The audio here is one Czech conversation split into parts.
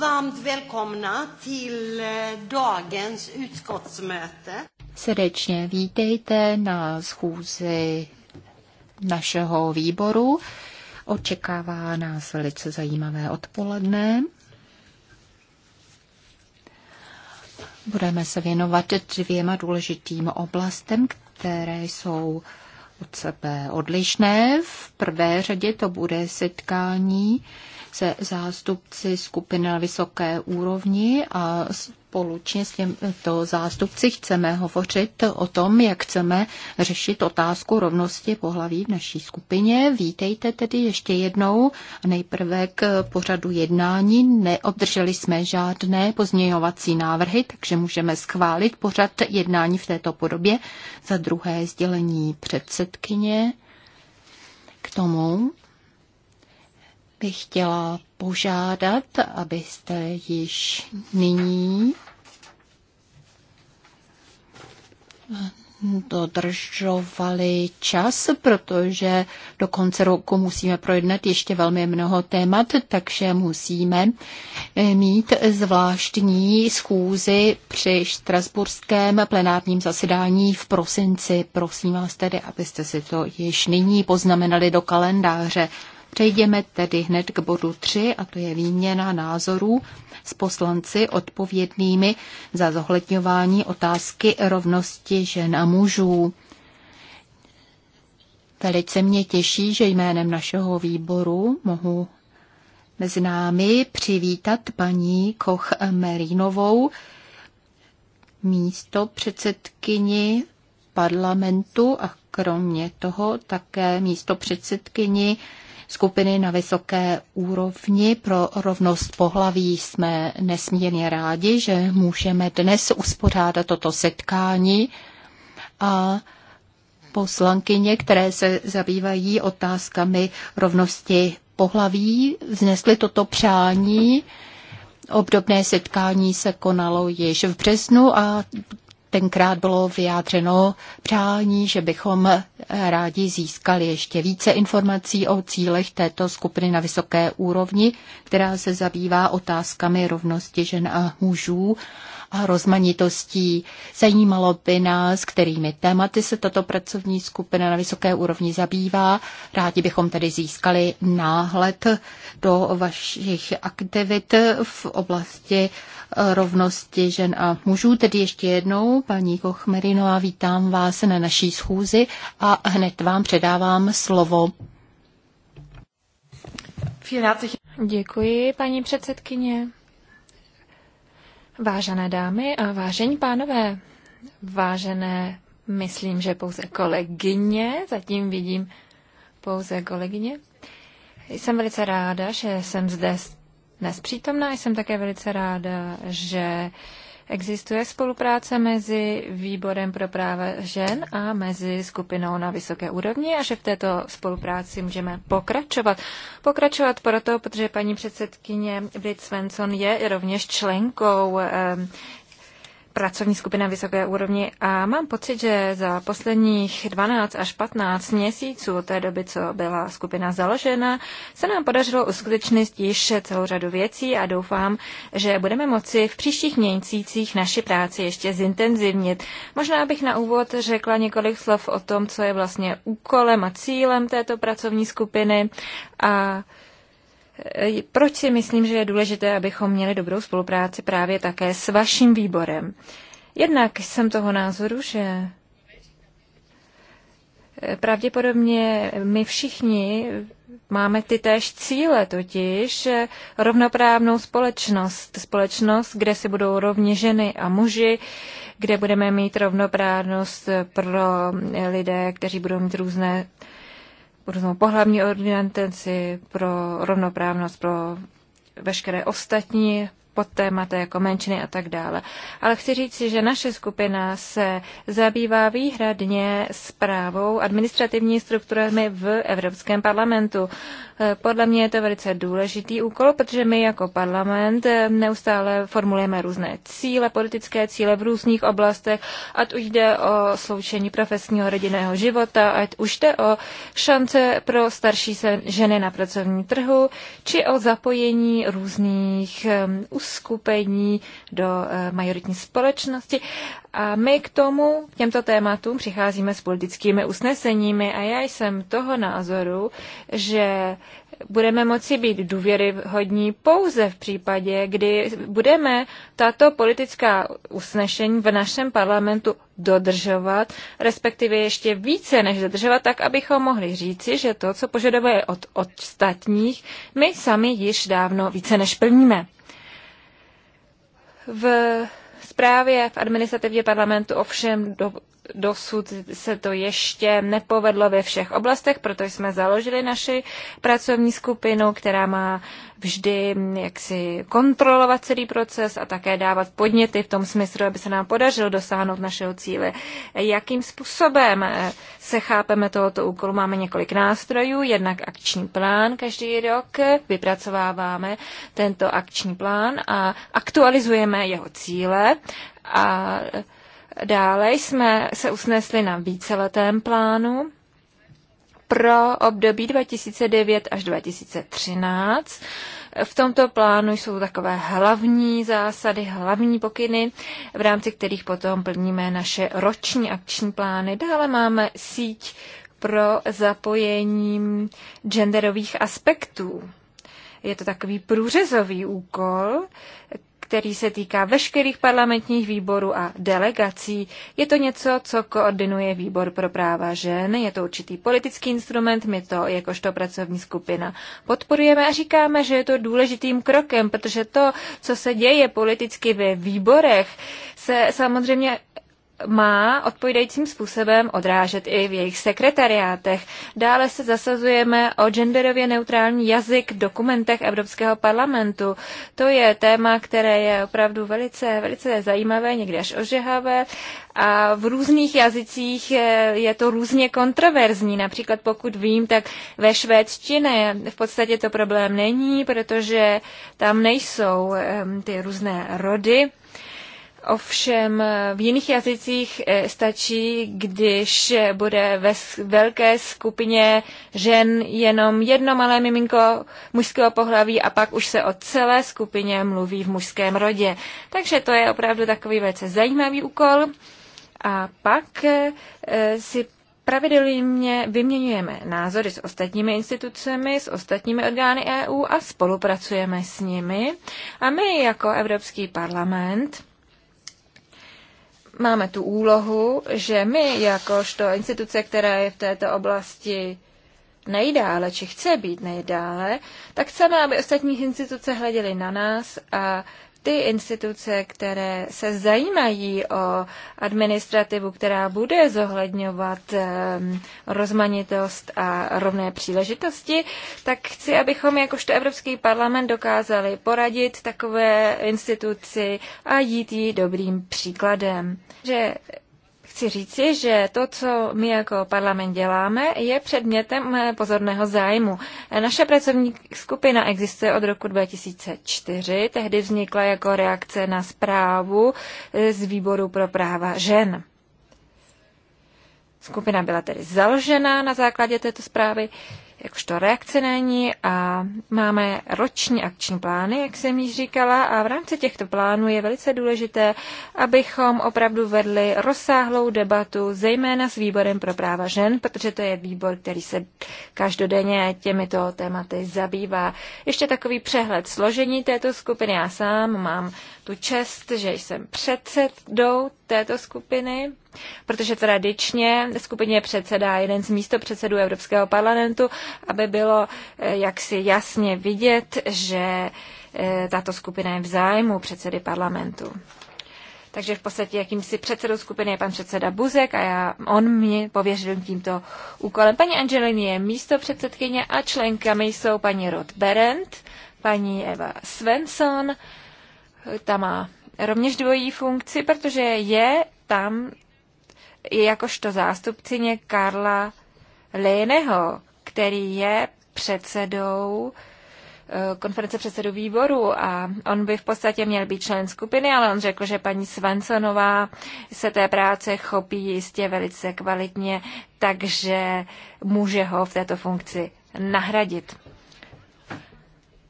varmt välkomna till eh, dagens utskottsmöte. Srdečně vítejte na schůzi našeho výboru. Očekává nás velice zajímavé odpoledne. Budeme se věnovat dvěma důležitým oblastem, které jsou od sebe odlišné. V prvé řadě to bude setkání se zástupci skupiny na vysoké úrovni a spolučně s těmito zástupci chceme hovořit o tom, jak chceme řešit otázku rovnosti pohlaví v naší skupině. Vítejte tedy ještě jednou. Nejprve k pořadu jednání. Neobdrželi jsme žádné pozměňovací návrhy, takže můžeme schválit pořad jednání v této podobě. Za druhé sdělení předsedkyně k tomu bych chtěla požádat, abyste již nyní dodržovali čas, protože do konce roku musíme projednat ještě velmi mnoho témat, takže musíme mít zvláštní schůzi při štrasburském plenárním zasedání v prosinci. Prosím vás tedy, abyste si to již nyní poznamenali do kalendáře. Přejdeme tedy hned k bodu 3, a to je výměna názorů s poslanci odpovědnými za zohledňování otázky rovnosti žen a mužů. Velice mě těší, že jménem našeho výboru mohu mezi námi přivítat paní Koch Merinovou, místo předsedkyni parlamentu a kromě toho také místo předsedkyni skupiny na vysoké úrovni pro rovnost pohlaví. Jsme nesmírně rádi, že můžeme dnes uspořádat toto setkání a poslankyně, které se zabývají otázkami rovnosti pohlaví, vznesly toto přání. Obdobné setkání se konalo již v březnu a tenkrát bylo vyjádřeno přání, že bychom rádi získali ještě více informací o cílech této skupiny na vysoké úrovni, která se zabývá otázkami rovnosti žen a mužů rozmanitostí. Zajímalo by nás, kterými tématy se tato pracovní skupina na vysoké úrovni zabývá. Rádi bychom tedy získali náhled do vašich aktivit v oblasti eh, rovnosti žen a mužů. Tedy ještě jednou, paní Kochmerinová, vítám vás na naší schůzi a hned vám předávám slovo. Děkuji, paní předsedkyně. Vážené dámy a vážení pánové, vážené, myslím, že pouze kolegyně, zatím vidím pouze kolegyně. Jsem velice ráda, že jsem zde dnes přítomná, jsem také velice ráda, že Existuje spolupráce mezi Výborem pro práva žen a mezi skupinou na vysoké úrovni a že v této spolupráci můžeme pokračovat. Pokračovat proto, protože paní předsedkyně Brit Svensson je rovněž členkou eh, pracovní skupina vysoké úrovni a mám pocit, že za posledních 12 až 15 měsíců od té doby, co byla skupina založena, se nám podařilo uskutečnit již celou řadu věcí a doufám, že budeme moci v příštích měsících naši práci ještě zintenzivnit. Možná bych na úvod řekla několik slov o tom, co je vlastně úkolem a cílem této pracovní skupiny a Eh, proč si myslím, že je důležité, abychom měli dobrou spolupráci právě také s vaším výborem? Jednak jsem toho názoru, že eh, pravděpodobně my všichni máme ty též cíle, totiž eh, rovnoprávnou společnost. Společnost, kde si budou rovni ženy a muži, kde budeme mít rovnoprávnost pro lidé, kteří budou mít různé různou pohlavní orientaci, pro rovnoprávnost, pro veškeré ostatní podtémata jako menšiny a tak dále. Ale chci říct, že naše skupina se zabývá výhradně zprávou administrativní strukturami v Evropském parlamentu. Eh, podle mě je to velice důležitý úkol, protože my jako parlament eh, neustále formulujeme různé cíle, politické cíle v různých oblastech, ať už jde o sloučení profesního rodinného života, ať už jde o šance pro starší ženy na pracovní trhu, či o zapojení různých um, uskupení, do eh, majoritní společnosti. A my k tomu, k těmto tématům, přicházíme s politickými usneseními a já jsem toho názoru, že budeme moci být důvěryhodní pouze v případě, kdy budeme tato politická usnešení v našem parlamentu dodržovat, respektive ještě více než dodržovat, tak abychom mohli říci, že to, co požaduje od ostatních, my sami již dávno více než plníme. V zprávě v administrativě parlamentu ovšem do, dosud se to ještě nepovedlo ve všech oblastech, proto jsme založili naši pracovní skupinu, která má vždy jaksi kontrolovat celý proces a také dávat podněty v tom smyslu, aby se nám podařilo dosáhnout našeho cíle. Jakým způsobem eh, se chápeme tohoto úkolu? Máme několik nástrojů, jednak akční plán každý rok, vypracováváme tento akční plán a aktualizujeme jeho cíle a Dále jsme se usnesli na víceletém plánu pro období 2009 až 2013. V tomto plánu jsou takové hlavní zásady, hlavní pokyny, v rámci kterých potom plníme naše roční akční plány. Dále máme síť pro zapojení genderových aspektů. Je to takový průřezový úkol, který se týká veškerých parlamentních výborů a delegací. Je to něco, co koordinuje výbor pro práva žen, je to určitý politický instrument, my to jakožto pracovní skupina podporujeme a říkáme, že je to důležitým krokem, protože to, co se děje politicky ve výborech, se samozřejmě má odpovídajícím způsobem odrážet i v jejich sekretariátech. Dále se zasazujeme o genderově neutrální jazyk v dokumentech Evropského parlamentu. To je téma, které je opravdu velice, velice zajímavé, někdy až ožehavé. A v různých jazycích je to různě kontroverzní. Například pokud vím, tak ve švédštině v podstatě to problém není, protože tam nejsou ty různé rody Ovšem v jiných jazycích eh, stačí, když bude ve velké skupině žen jenom jedno malé miminko mužského pohlaví a pak už se o celé skupině mluví v mužském rodě. Takže to je opravdu takový velice zajímavý úkol. A pak eh, si pravidelně vyměňujeme názory s ostatními institucemi, s ostatními orgány EU a spolupracujeme s nimi. A my jako Evropský parlament máme tu úlohu, že my jakožto instituce, která je v této oblasti nejdále, či chce být nejdále, tak chceme, aby ostatní instituce hleděly na nás a ty instituce, které se zajímají o administrativu, která bude zohledňovat ehm, rozmanitost a rovné příležitosti, tak chci, abychom jakožto Evropský parlament dokázali poradit takové instituci a jít jí dobrým příkladem. Že chci říci, že to, co my jako parlament děláme, je předmětem eh, pozorného zájmu. Eh, naše pracovní skupina existuje od roku 2004, tehdy vznikla jako reakce na zprávu eh, z výboru pro práva žen. Skupina byla tedy založena na základě této zprávy jakožto reakce na ní a máme roční akční plány, jak jsem již říkala, a v rámci těchto plánů je velice důležité, abychom opravdu vedli rozsáhlou debatu, zejména s výborem pro práva žen, protože to je výbor, který se každodenně těmito tématy zabývá. Ještě takový přehled složení této skupiny. Já sám mám tu čest, že jsem předsedou této skupiny protože tradičně skupině předsedá jeden z místopředsedů Evropského parlamentu, aby bylo eh, jaksi jasně vidět, že eh, tato skupina je v zájmu předsedy parlamentu. Takže v podstatě jakýmsi předsedou skupiny je pan předseda Buzek a já, on mě pověřil tímto úkolem. Paní Angelini je místo předsedkyně a členkami jsou paní Rod Berend, paní Eva Svensson, ta má rovněž dvojí funkci, protože je tam jakožto zástupcině Karla Léneho, který je předsedou eh, konference předsedu výboru a on by v podstatě měl být člen skupiny, ale on řekl, že paní Svensonová se té práce chopí jistě velice kvalitně, takže může ho v této funkci nahradit.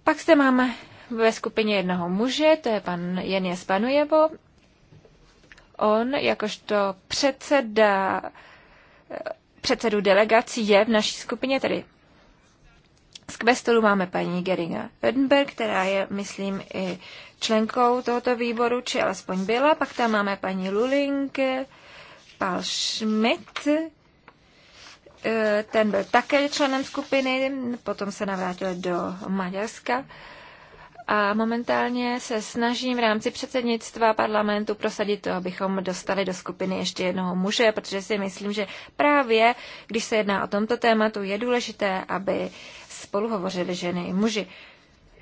Pak zde máme ve skupině jednoho muže, to je pan Jeně Spanujevo on jakožto předseda předsedu delegací je v naší skupině, tedy z kvestolu máme paní Geringa Ödenberg, která je, myslím, i členkou tohoto výboru, či alespoň byla. Pak tam máme paní Luling, Paul Schmidt, eh, ten byl také členem skupiny, potom se navrátil do Maďarska a momentálně se snažím v rámci předsednictva parlamentu prosadit to, abychom dostali do skupiny ještě jednoho muže, protože si myslím, že právě když se jedná o tomto tématu, je důležité, aby spolu hovořili ženy i muži.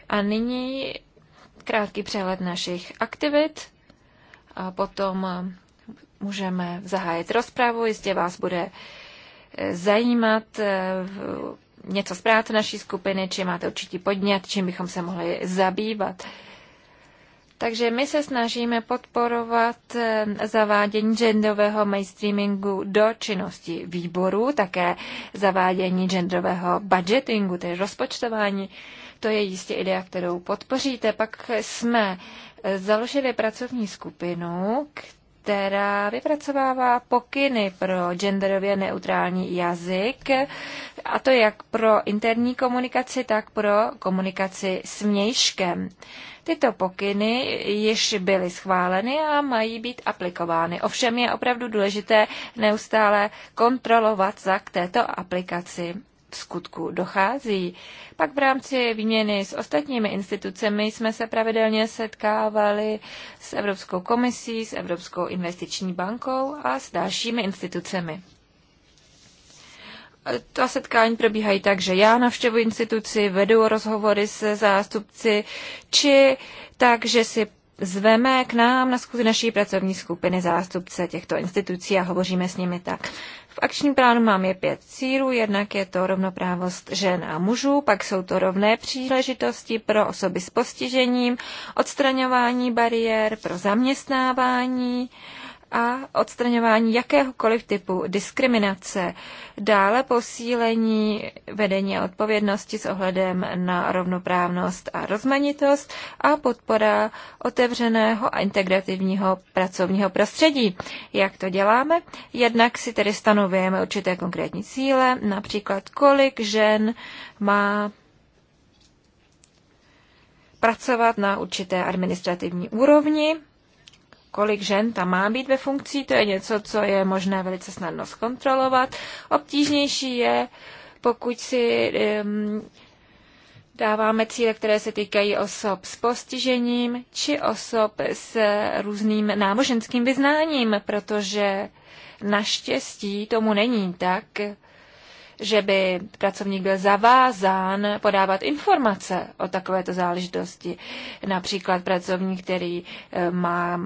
A nyní krátký přehled našich aktivit a potom můžeme zahájit rozpravu. Jistě vás bude eh, zajímat eh, něco z práce naší skupiny, či máte určitý podnět, čím bychom se mohli zabývat. Takže my se snažíme podporovat eh, zavádění genderového mainstreamingu do činnosti výboru, také zavádění genderového budgetingu, tedy rozpočtování. To je jistě idea, kterou podpoříte. Pak jsme eh, založili pracovní skupinu, která vypracovává pokyny pro genderově neutrální jazyk, a to jak pro interní komunikaci, tak pro komunikaci s mějškem. Tyto pokyny již byly schváleny a mají být aplikovány. Ovšem je opravdu důležité neustále kontrolovat, za k této aplikaci skutku dochází. Pak v rámci výměny s ostatními institucemi jsme se pravidelně setkávali s Evropskou komisí, s Evropskou investiční bankou a s dalšími institucemi. Ta setkání probíhají tak, že já navštěvuji instituci, vedu rozhovory se zástupci, či tak, že si zveme k nám na schůzi naší pracovní skupiny zástupce těchto institucí a hovoříme s nimi tak. V akčním plánu mám je pět cílů, jednak je to rovnoprávost žen a mužů, pak jsou to rovné příležitosti pro osoby s postižením, odstraňování bariér, pro zaměstnávání, a odstraňování jakéhokoliv typu diskriminace, dále posílení vedení a odpovědnosti s ohledem na rovnoprávnost a rozmanitost a podpora otevřeného a integrativního pracovního prostředí. Jak to děláme? Jednak si tedy stanovujeme určité konkrétní cíle, například kolik žen má pracovat na určité administrativní úrovni, kolik žen tam má být ve funkcí, to je něco, co je možné velice snadno zkontrolovat. Obtížnější je, pokud si um, dáváme cíle, které se týkají osob s postižením či osob s různým náboženským vyznáním, protože naštěstí tomu není tak, že by pracovník byl zavázán podávat informace o takovéto záležitosti. Například pracovník, který eh, má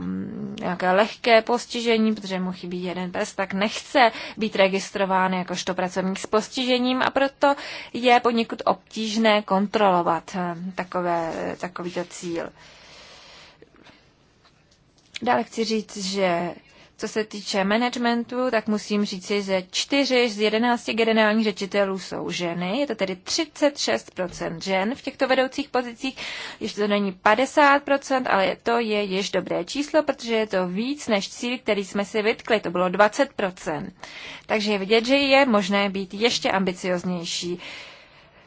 nějaké lehké postižení, protože mu chybí jeden prst, tak nechce být registrován jakožto pracovník s postižením a proto je poněkud obtížné kontrolovat eh, takové, eh, takovýto cíl. Dále chci říct, že co se týče managementu, tak musím říci, že 4 z 11 generálních řečitelů jsou ženy, je to tedy 36% žen v těchto vedoucích pozicích, ještě to není 50%, ale to je již dobré číslo, protože je to víc než cíl, který jsme si vytkli, to bylo 20%. Takže je vidět, že je možné být ještě ambicioznější.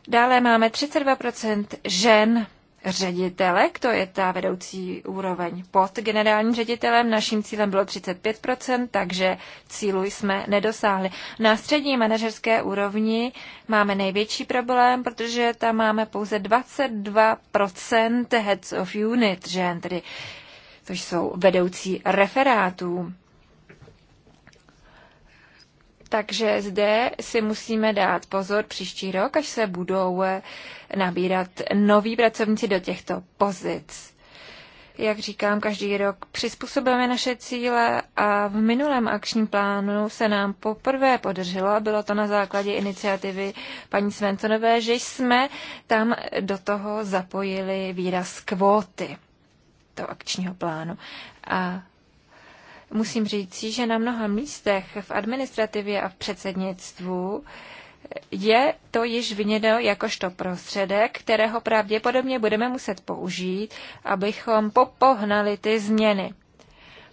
Dále máme 32% žen ředitelek, to je ta vedoucí úroveň pod generálním ředitelem. Naším cílem bylo 35%, takže cílu jsme nedosáhli. Na střední manažerské úrovni máme největší problém, protože tam máme pouze 22% heads of unit žen, tedy což jsou vedoucí referátů. Takže zde si musíme dát pozor příští rok, až se budou eh, nabírat noví pracovníci do těchto pozic. Jak říkám, každý rok přizpůsobujeme naše cíle a v minulém akčním plánu se nám poprvé podařilo, a bylo to na základě iniciativy paní Sventonové, že jsme tam do toho zapojili výraz kvóty do akčního plánu. A musím říct, že na mnoha místech v administrativě a v předsednictvu je to již vyněno jakožto prostředek, kterého pravděpodobně budeme muset použít, abychom popohnali ty změny.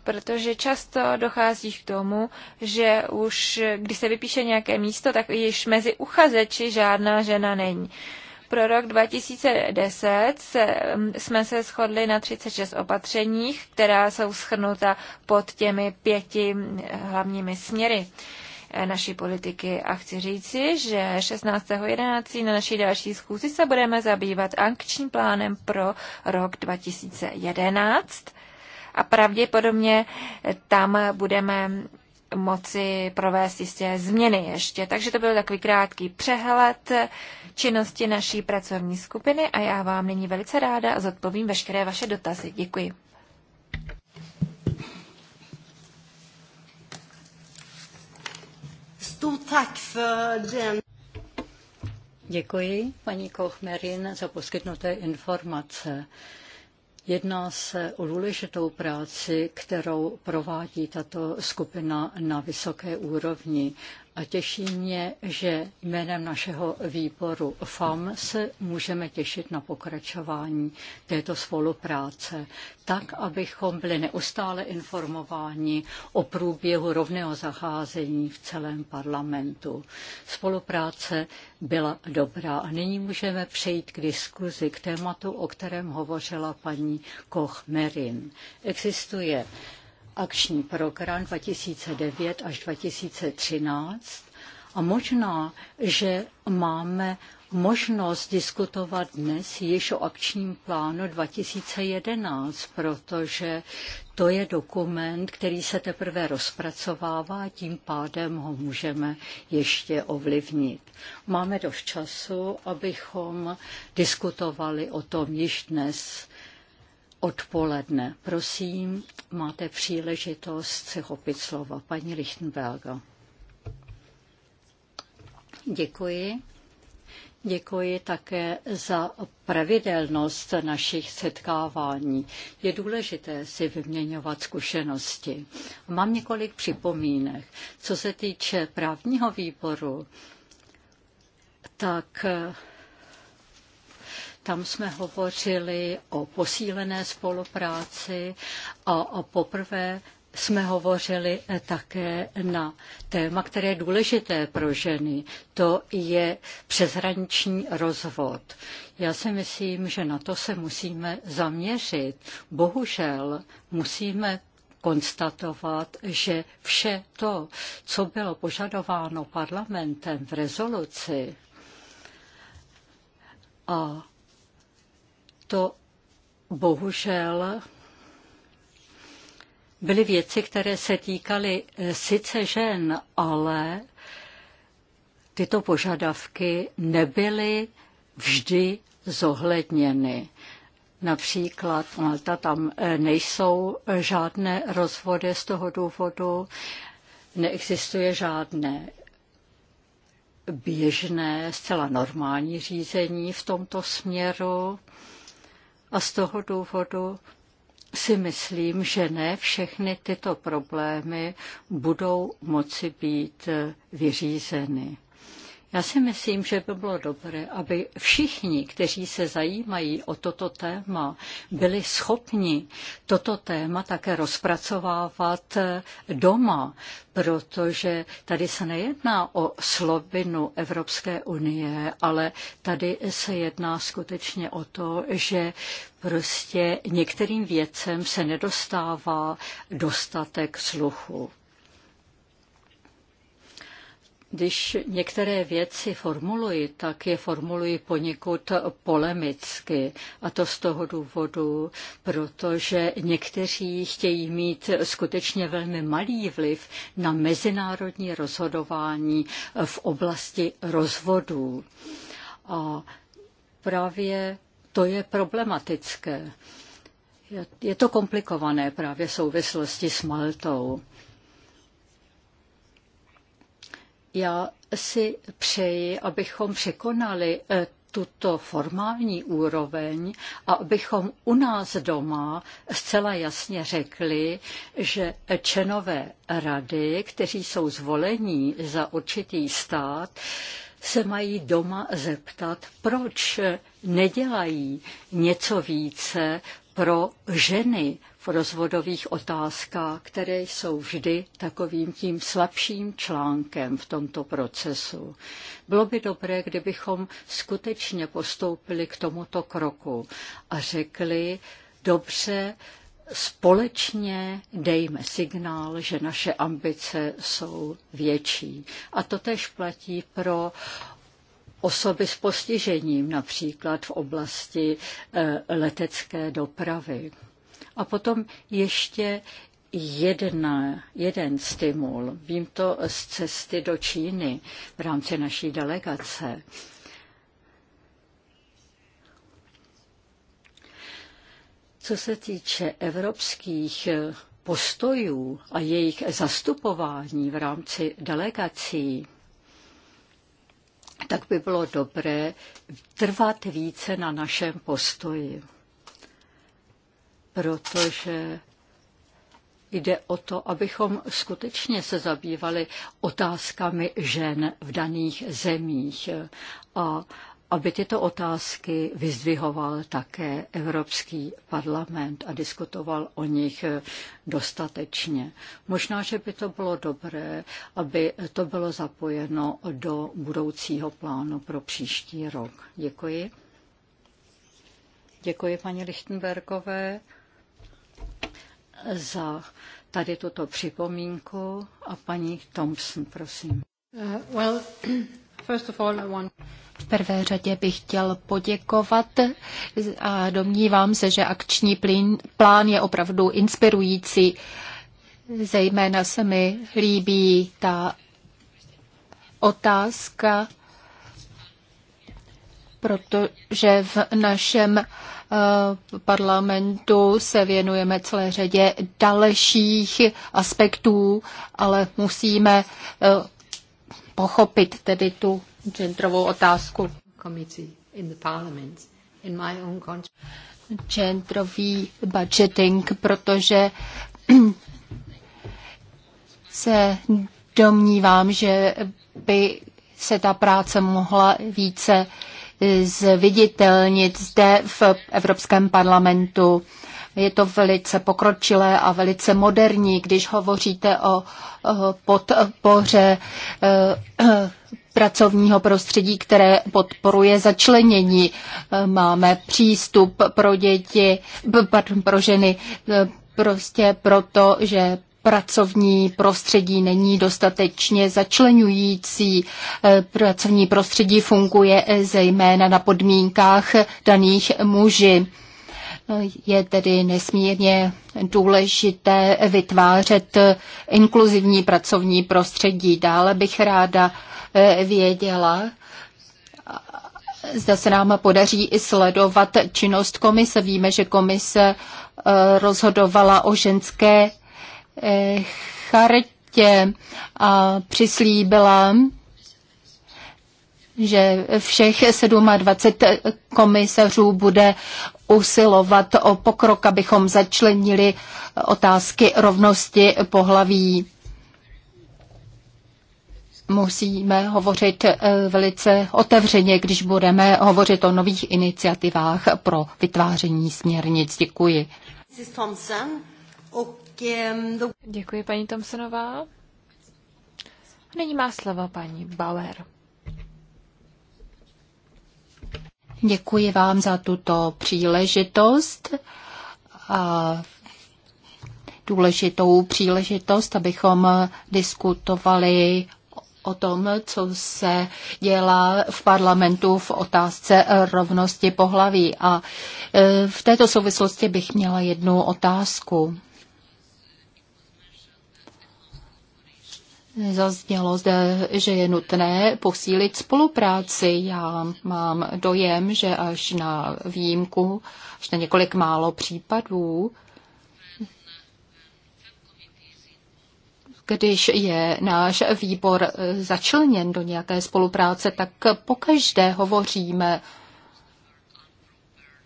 Protože často dochází k tomu, že už když se vypíše nějaké místo, tak již mezi uchazeči žádná žena není. Uh, pro rok 2010 se, mm, jsme se shodli na 36 opatřeních, která jsou schrnuta pod těmi pěti mm, hlavními směry eh, naší politiky. A chci říci, že 16.11. na naší další schůzi se budeme zabývat ankčním plánem pro rok 2011 a pravděpodobně tam budeme moci provést jistě změny ještě. Takže to byl takový krátký přehled činnosti naší pracovní skupiny a já vám nyní velice ráda zodpovím veškeré vaše dotazy. Děkuji. Děkuji, paní Kochmerin, za poskytnuté informace. Jedná se o důležitou práci, kterou provádí tato skupina na vysoké úrovni a těší mě, že jménem našeho výboru FAM se můžeme těšit na pokračování této spolupráce, tak, abychom byli neustále informováni o průběhu rovného zacházení v celém parlamentu. Spolupráce byla dobrá a nyní můžeme přejít k diskuzi, k tématu, o kterém hovořila paní Koch-Merin. Existuje akční program 2009 až 2013 a možná, že máme možnost diskutovat dnes již o akčním plánu 2011, protože to je dokument, který se teprve rozpracovává, tím pádem ho můžeme ještě ovlivnit. Máme dost času, abychom diskutovali o tom již dnes odpoledne. Prosím, máte příležitost se chopit slova. Paní Lichtenberger. Děkuji. Děkuji také za pravidelnost našich setkávání. Je důležité si vyměňovat zkušenosti. Mám několik připomínek. Co se týče právního výboru, tak tam jsme hovořili o posílené spolupráci a poprvé jsme hovořili eh, také na téma, které je důležité pro ženy. To je přeshraniční rozvod. Já si myslím, že na to se musíme zaměřit. Bohužel musíme konstatovat, že vše to, co bylo požadováno parlamentem v rezoluci a to bohužel byly věci, které se týkaly eh, sice žen, ale tyto požadavky nebyly vždy zohledněny. Například Malta, tam eh, nejsou žádné rozvody z toho důvodu, neexistuje žádné běžné, zcela normální řízení v tomto směru. A z toho důvodu si myslím, že ne všechny tyto problémy budou moci být vyřízeny. Já si myslím, že by bylo dobré, aby všichni, kteří se zajímají o toto téma, byli schopni toto téma také rozpracovávat eh, doma, protože tady se nejedná o slovinu Evropské unie, ale tady se jedná skutečně o to, že prostě některým věcem se nedostává dostatek sluchu. Když některé věci formuluji, tak je formuluji poněkud polemicky. A to z toho důvodu, protože někteří chtějí mít skutečně velmi malý vliv na mezinárodní rozhodování v oblasti rozvodů. A právě to je problematické. Je to komplikované právě v souvislosti s Maltou. Já si přeji, abychom překonali eh, tuto formální úroveň a abychom u nás doma zcela jasně řekli, že členové rady, kteří jsou zvolení za určitý stát, se mají doma zeptat, proč nedělají něco více pro ženy v rozvodových otázkách, které jsou vždy takovým tím slabším článkem v tomto procesu. Bylo by dobré, kdybychom skutečně postoupili k tomuto kroku a řekli, dobře, společně dejme signál, že naše ambice jsou větší. A to tež platí pro osoby s postižením, například v oblasti eh, letecké dopravy. A potom ještě jedna, jeden stimul. Vím to z cesty do Číny v rámci naší delegace. Co se týče evropských postojů a jejich zastupování v rámci delegací, tak by bylo dobré trvat více na našem postoji protože jde o to, abychom skutečně se zabývali otázkami žen v daných zemích a aby tyto otázky vyzdvihoval také Evropský parlament a diskutoval o nich dostatečně. Možná, že by to bylo dobré, aby to bylo zapojeno do budoucího plánu pro příští rok. Děkuji. Děkuji paní Lichtenbergové za tady tuto připomínku a paní Thompson, prosím. Uh, well, first of all, I want... V prvé řadě bych chtěl poděkovat a domnívám se, že akční plín, plán je opravdu inspirující. Zejména se mi líbí ta otázka, protože v našem Eh, parlamentu se věnujeme celé řadě dalších aspektů, ale musíme eh, pochopit tedy tu genderovou otázku. Genderový budgeting, protože se domnívám, že by se ta práce mohla více zviditelnit zde v Evropském parlamentu. Je to velice pokročilé a velice moderní, když hovoříte o podpoře eh, eh, pracovního prostředí, které podporuje začlenění. Eh, máme přístup pro děti, pardon, pro ženy, prostě proto, že pracovní prostředí není dostatečně začlenující. Eh, pracovní prostředí funguje eh, zejména na podmínkách daných muži. Eh, je tedy nesmírně důležité vytvářet inkluzivní pracovní prostředí. Dále bych ráda věděla, zda se nám podaří i sledovat činnost komise. Víme, že komise rozhodovala o ženské Eh, charitě a přislíbila, že všech 27 komisařů bude usilovat o pokrok, abychom začlenili otázky rovnosti pohlaví. Musíme hovořit eh, velice otevřeně, když budeme hovořit o nových iniciativách pro vytváření směrnic. Děkuji. Mrs. Thompson, Děkuji, paní Tomsonová. Nyní má slovo paní Bauer. Děkuji vám za tuto příležitost a důležitou příležitost, abychom diskutovali o tom, co se dělá v parlamentu v otázce rovnosti pohlaví. A e, v této souvislosti bych měla jednu otázku. Zaznělo zde, že je nutné posílit spolupráci. Já mám dojem, že až na výjimku, až na několik málo případů, když je náš výbor začleněn do nějaké spolupráce, tak pokaždé hovoříme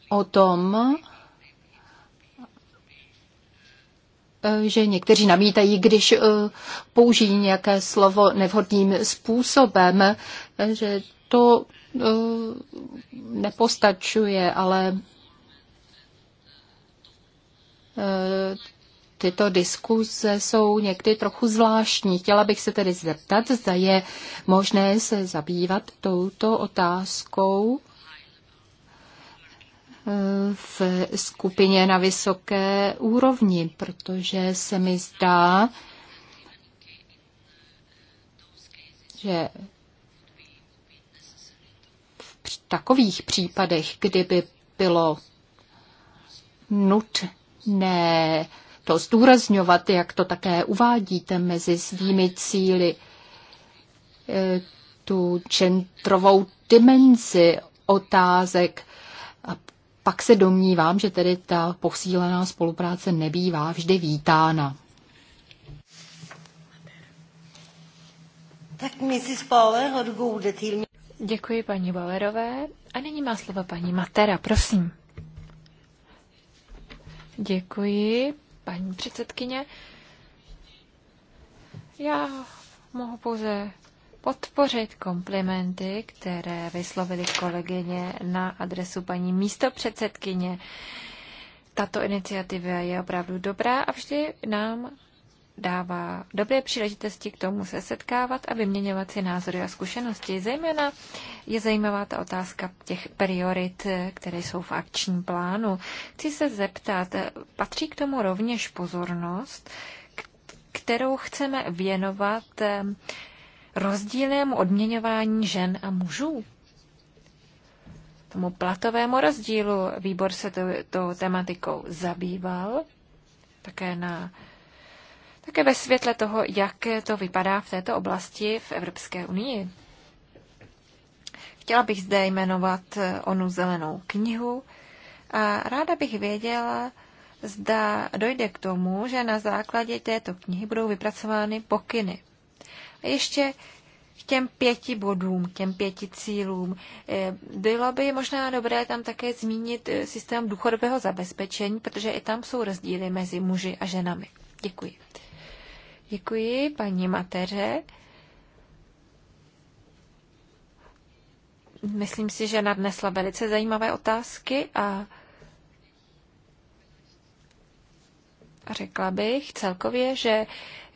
o tom, Eh, že někteří namítají, když eh, použijí nějaké slovo nevhodným způsobem, eh, že to nepostačuje, ale tyto diskuze jsou někdy trochu zvláštní. Chtěla bych se tedy zeptat, zda je možné se zabývat touto otázkou v skupině na vysoké úrovni, protože se mi zdá, že v takových případech, kdyby bylo nutné to zdůrazňovat, jak to také uvádíte mezi svými cíly, eh, tu čentrovou dimenzi otázek a pak se domnívám, že tedy ta posílená spolupráce nebývá vždy vítána. Tak Mrs. Bauer, odgůde Děkuji paní Bauerové. A nyní má slovo paní Matera, prosím. Děkuji, paní předsedkyně. Já mohu pouze podpořit komplimenty, které vyslovili kolegyně na adresu paní místopředsedkyně. Tato iniciativa je opravdu dobrá a vždy nám dává dobré příležitosti k tomu se setkávat a vyměňovat si názory a zkušenosti. Zejména je zajímavá ta otázka těch priorit, které jsou v akčním plánu. Chci se zeptat, patří k tomu rovněž pozornost, kterou chceme věnovat rozdílnému odměňování žen a mužů? Tomu platovému rozdílu výbor se tou tematikou zabýval, také na také ve světle toho, jak to vypadá v této oblasti v Evropské unii. Chtěla bych zde jmenovat onu zelenou knihu a ráda bych věděla, zda dojde k tomu, že na základě této knihy budou vypracovány pokyny. Ještě k těm pěti bodům, k těm pěti cílům. Eh, bylo by možná dobré tam také zmínit eh, systém důchodového zabezpečení, protože i tam jsou rozdíly mezi muži a ženami. Děkuji. Děkuji paní Mateře. Myslím si, že nadnesla velice zajímavé otázky a řekla bych celkově, že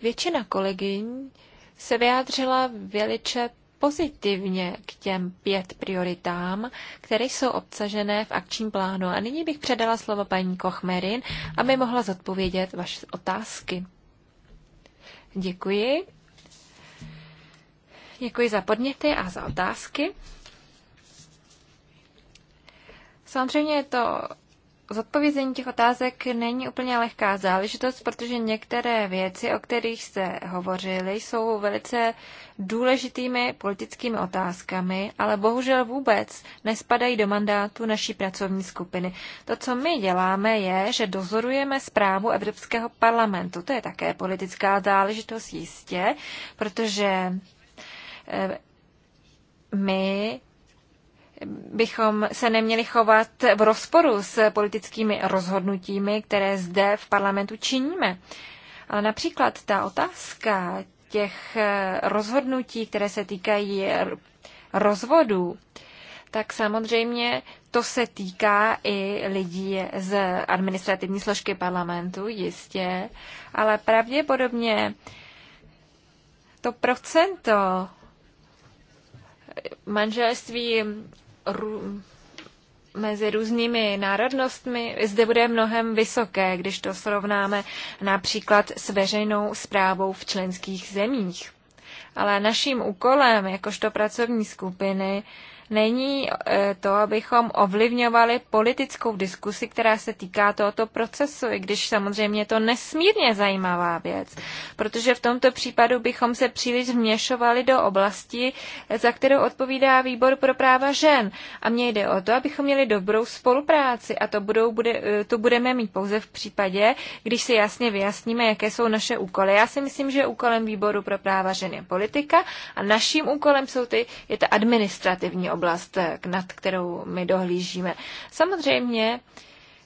většina kolegyň se vyjádřila velice pozitivně k těm pět prioritám, které jsou obsažené v akčním plánu. A nyní bych předala slovo paní Kochmerin, aby mohla zodpovědět vaše otázky. Děkuji. Děkuji za podněty a za otázky. Samozřejmě je to zodpovězení těch otázek není úplně lehká záležitost, protože některé věci, o kterých jste hovořili, jsou velice důležitými politickými otázkami, ale bohužel vůbec nespadají do mandátu naší pracovní skupiny. To, co my děláme, je, že dozorujeme zprávu Evropského parlamentu. To je také politická záležitost jistě, protože eh, my bychom se neměli chovat v rozporu s politickými rozhodnutími, které zde v parlamentu činíme. Ale například ta otázka těch eh, rozhodnutí, které se týkají rozvodů, tak samozřejmě to se týká i lidí z administrativní složky parlamentu, jistě, ale pravděpodobně to procento manželství mezi různými národnostmi zde bude mnohem vysoké, když to srovnáme například s veřejnou zprávou v členských zemích. Ale naším úkolem, jakožto pracovní skupiny, není eh, to, abychom ovlivňovali politickou diskusi, která se týká tohoto procesu, i když samozřejmě je to nesmírně zajímavá věc, protože v tomto případu bychom se příliš vměšovali do oblasti, eh, za kterou odpovídá výbor pro práva žen. A mně jde o to, abychom měli dobrou spolupráci a to, budou, bude, eh, to budeme mít pouze v případě, když si jasně vyjasníme, jaké jsou naše úkoly. Já si myslím, že úkolem výboru pro práva žen je politika a naším úkolem jsou ty, je ta administrativní oblast oblast, nad kterou my dohlížíme. Samozřejmě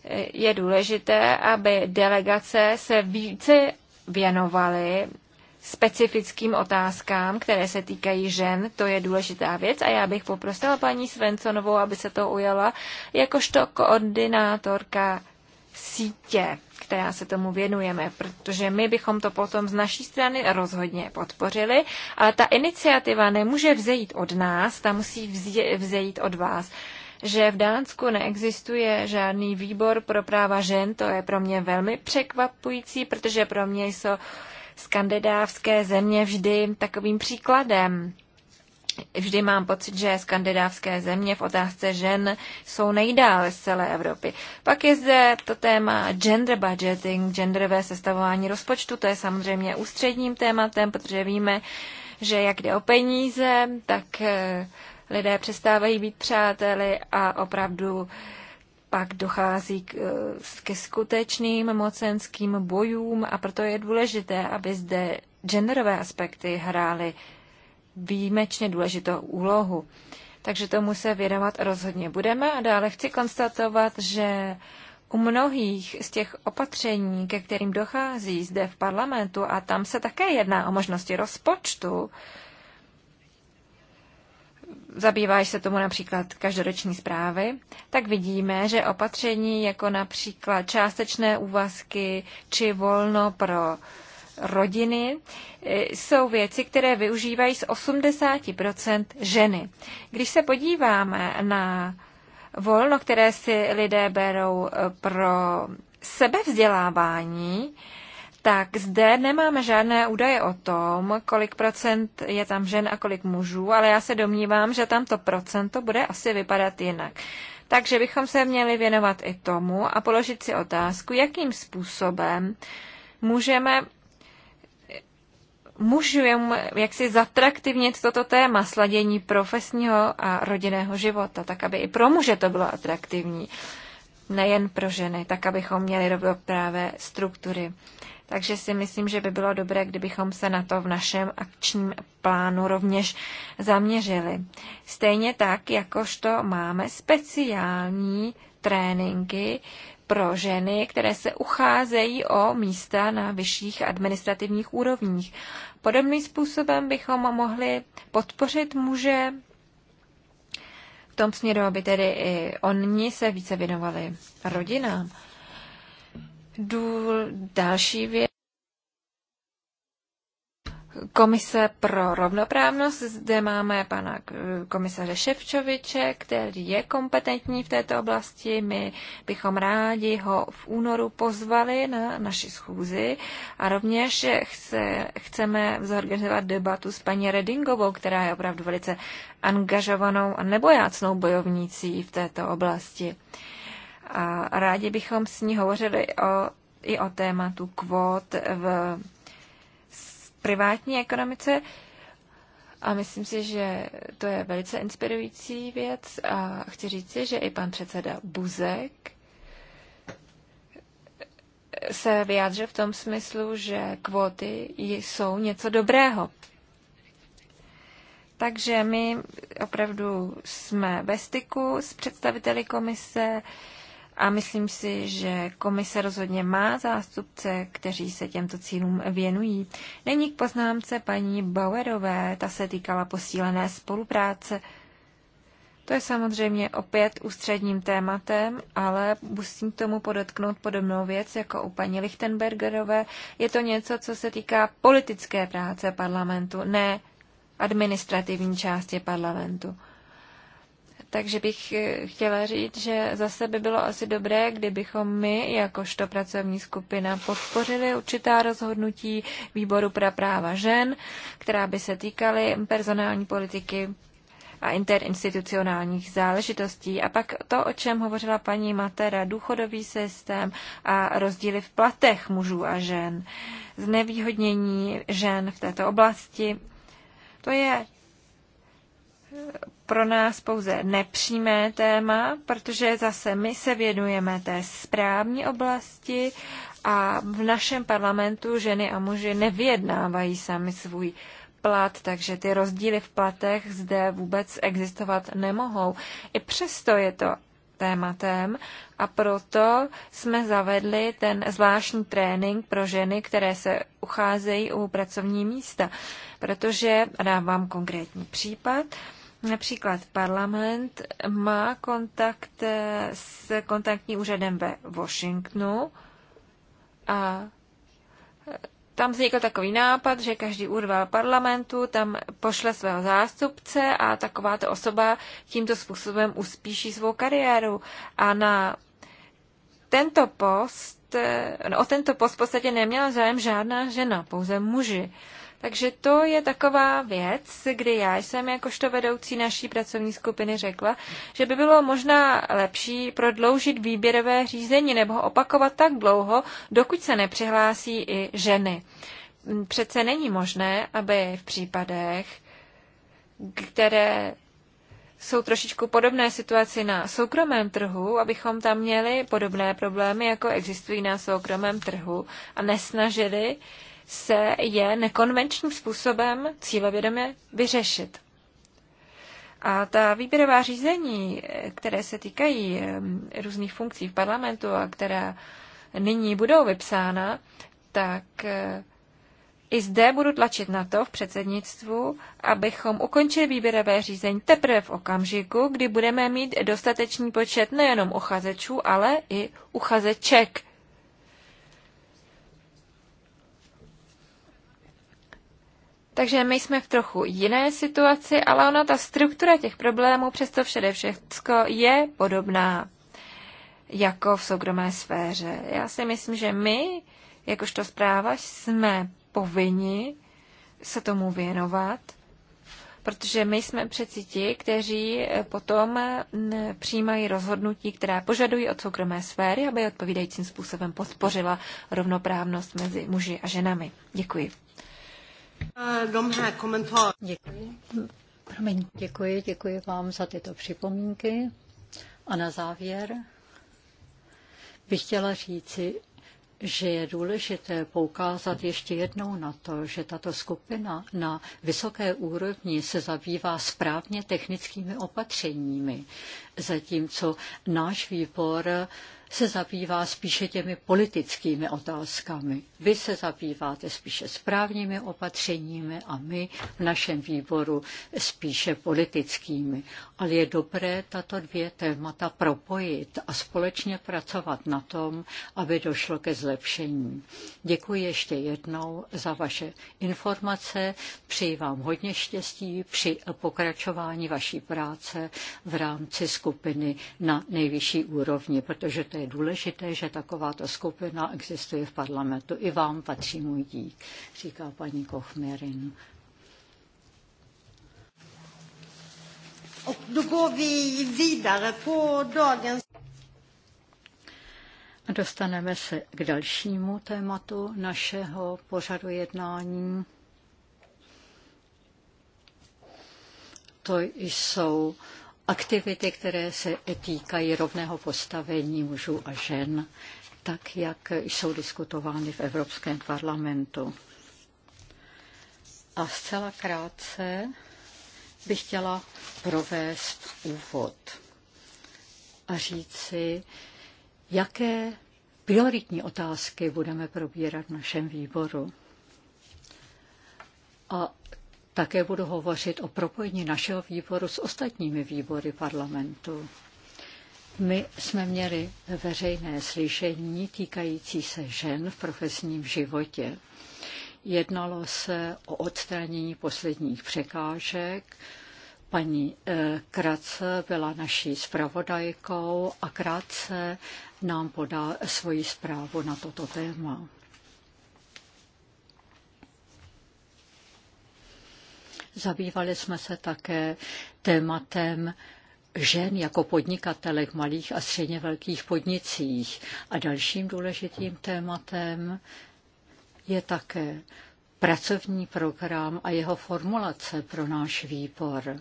eh, je důležité, aby delegace se více věnovaly specifickým otázkám, které se týkají žen, to je důležitá věc a já bych poprosila paní Svensonovou, aby se to ujala jakožto koordinátorka sítě která se tomu věnujeme, protože my bychom to potom z naší strany rozhodně podpořili, ale ta iniciativa nemůže vzejít od nás, ta musí vzejít od vás že v Dánsku neexistuje žádný výbor pro práva žen, to je pro mě velmi překvapující, protože pro mě jsou skandinávské země vždy takovým příkladem. Vždy mám pocit, že skandinávské země v otázce žen jsou nejdále z celé Evropy. Pak je zde to téma gender budgeting, genderové sestavování rozpočtu. To je samozřejmě ústředním tématem, protože víme, že jak jde o peníze, tak eh, lidé přestávají být přáteli a opravdu pak dochází k, eh, ke skutečným mocenským bojům a proto je důležité, aby zde genderové aspekty hrály výjimečně důležitou úlohu. Takže tomu se věnovat rozhodně budeme a dále chci konstatovat, že u mnohých z těch opatření, ke kterým dochází zde v parlamentu, a tam se také jedná o možnosti rozpočtu, zabýváš se tomu například každoroční zprávy, tak vidíme, že opatření jako například částečné úvazky či volno pro rodiny e, jsou věci, které využívají z 80% ženy. Když se podíváme na volno, které si lidé berou e, pro sebevzdělávání, tak zde nemáme žádné údaje o tom, kolik procent je tam žen a kolik mužů, ale já se domnívám, že tam to procento bude asi vypadat jinak. Takže bychom se měli věnovat i tomu a položit si otázku, jakým způsobem můžeme jak si zatraktivnit toto téma sladění profesního a rodinného života, tak aby i pro muže to bylo atraktivní, nejen pro ženy, tak abychom měli rovnoprávné struktury. Takže si myslím, že by bylo dobré, kdybychom se na to v našem akčním plánu rovněž zaměřili. Stejně tak, jakožto máme speciální tréninky pro ženy, které se ucházejí o místa na vyšších administrativních úrovních. Podobným způsobem bychom mohli podpořit muže v tom směru, aby tedy i oni se více věnovali rodinám. Důl, další věc. Komise pro rovnoprávnost. Zde máme pana komisaře Ševčoviče, který je kompetentní v této oblasti. My bychom rádi ho v únoru pozvali na naši schůzi a rovněž chce, chceme zorganizovat debatu s paní Redingovou, která je opravdu velice angažovanou a nebojácnou bojovnící v této oblasti. A rádi bychom s ní hovořili o, i o tématu kvót v privátní ekonomice. A myslím si, že to je velice inspirující věc a chci si, že i pan předseda Buzek se vyjádřil v tom smyslu, že kvóty jsou něco dobrého. Takže my opravdu jsme ve styku s představiteli komise, a myslím si, že komise rozhodně má zástupce, kteří se těmto cílům věnují. Není k poznámce paní Bauerové, ta se týkala posílené spolupráce. To je samozřejmě opět ústředním tématem, ale musím k tomu podotknout podobnou věc jako u paní Lichtenbergerové. Je to něco, co se týká politické práce parlamentu, ne administrativní části parlamentu. Takže bych eh, chtěla říct, že zase by bylo asi dobré, kdybychom my, jakožto pracovní skupina, podpořili určitá rozhodnutí výboru pro práva žen, která by se týkaly personální politiky a interinstitucionálních záležitostí. A pak to, o čem hovořila paní Matera, důchodový systém a rozdíly v platech mužů a žen, znevýhodnění žen v této oblasti. To je pro nás pouze nepřímé téma, protože zase my se věnujeme té správní oblasti a v našem parlamentu ženy a muži nevyjednávají sami svůj plat, takže ty rozdíly v platech zde vůbec existovat nemohou. I přesto je to tématem a proto jsme zavedli ten zvláštní trénink pro ženy, které se ucházejí o pracovní místa. Protože, a dám vám konkrétní případ, Například parlament má kontakt s kontaktním úřadem ve Washingtonu a tam vznikl takový nápad, že každý úrval parlamentu tam pošle svého zástupce a takováto osoba tímto způsobem uspíší svou kariéru. A na tento post, no, o tento post v podstatě neměla zájem žádná žena, pouze muži. Takže to je taková věc, kdy já jsem jakožto vedoucí naší pracovní skupiny řekla, že by bylo možná lepší prodloužit výběrové řízení nebo ho opakovat tak dlouho, dokud se nepřihlásí i ženy. Přece není možné, aby v případech, které jsou trošičku podobné situaci na soukromém trhu, abychom tam měli podobné problémy, jako existují na soukromém trhu a nesnažili uh, se je nekonvenčním způsobem cílevědomě vyřešit. A ta výběrová řízení, které se týkají různých funkcí v parlamentu a která nyní budou vypsána, tak eh, i zde budu tlačit na to v předsednictvu, abychom ukončili výběrové řízení teprve v okamžiku, kdy budeme mít dostatečný počet nejenom uchazečů, ale i uchazeček Takže my jsme v trochu jiné situaci, ale ona ta struktura těch problémů přesto všede všechno je podobná jako v soukromé sféře. Já si myslím, že my, jakožto zpráva, jsme povinni se tomu věnovat, protože my jsme přeci ti, kteří potom přijímají rozhodnutí, která požadují od soukromé sféry, aby odpovídajícím způsobem podpořila rovnoprávnost mezi muži a ženami. Děkuji. Děkuji. děkuji, děkuji vám za tyto připomínky. A na závěr bych chtěla říci, že je důležité poukázat ještě jednou na to, že tato skupina na vysoké úrovni se zabývá správně technickými opatřeními, zatímco náš výbor se zabývá spíše těmi politickými otázkami. Vy se zabýváte spíše správními opatřeními a my v našem výboru spíše politickými. Ale je dobré tato dvě témata propojit a společně pracovat na tom, aby došlo ke zlepšení. Děkuji ještě jednou za vaše informace. Přeji vám hodně štěstí při pokračování vaší práce v rámci skupiny na nejvyšší úrovni, protože to je důležité, že takováto skupina existuje v parlamentu i vám patří můj dík, říká paní Kochmerin. A dostaneme se k dalšímu tématu našeho pořadu jednání. To jsou aktivity, které se týkají rovného postavení mužů a žen tak jak jsou diskutovány v Evropském parlamentu. A zcela krátce bych chtěla provést úvod a říci, jaké prioritní otázky budeme probírat v našem výboru. A také budu hovořit o propojení našeho výboru s ostatními výbory parlamentu. My jsme měli veřejné slyšení týkající se žen v profesním životě. Jednalo se o odstranění posledních překážek. Paní eh, Kratce byla naší zpravodajkou a Kratce nám podá svoji zprávu na toto téma. Zabývali jsme se také tématem žen jako podnikatelek malých a středně velkých podnicích. A dalším důležitým tématem je také pracovní program a jeho formulace pro náš výbor.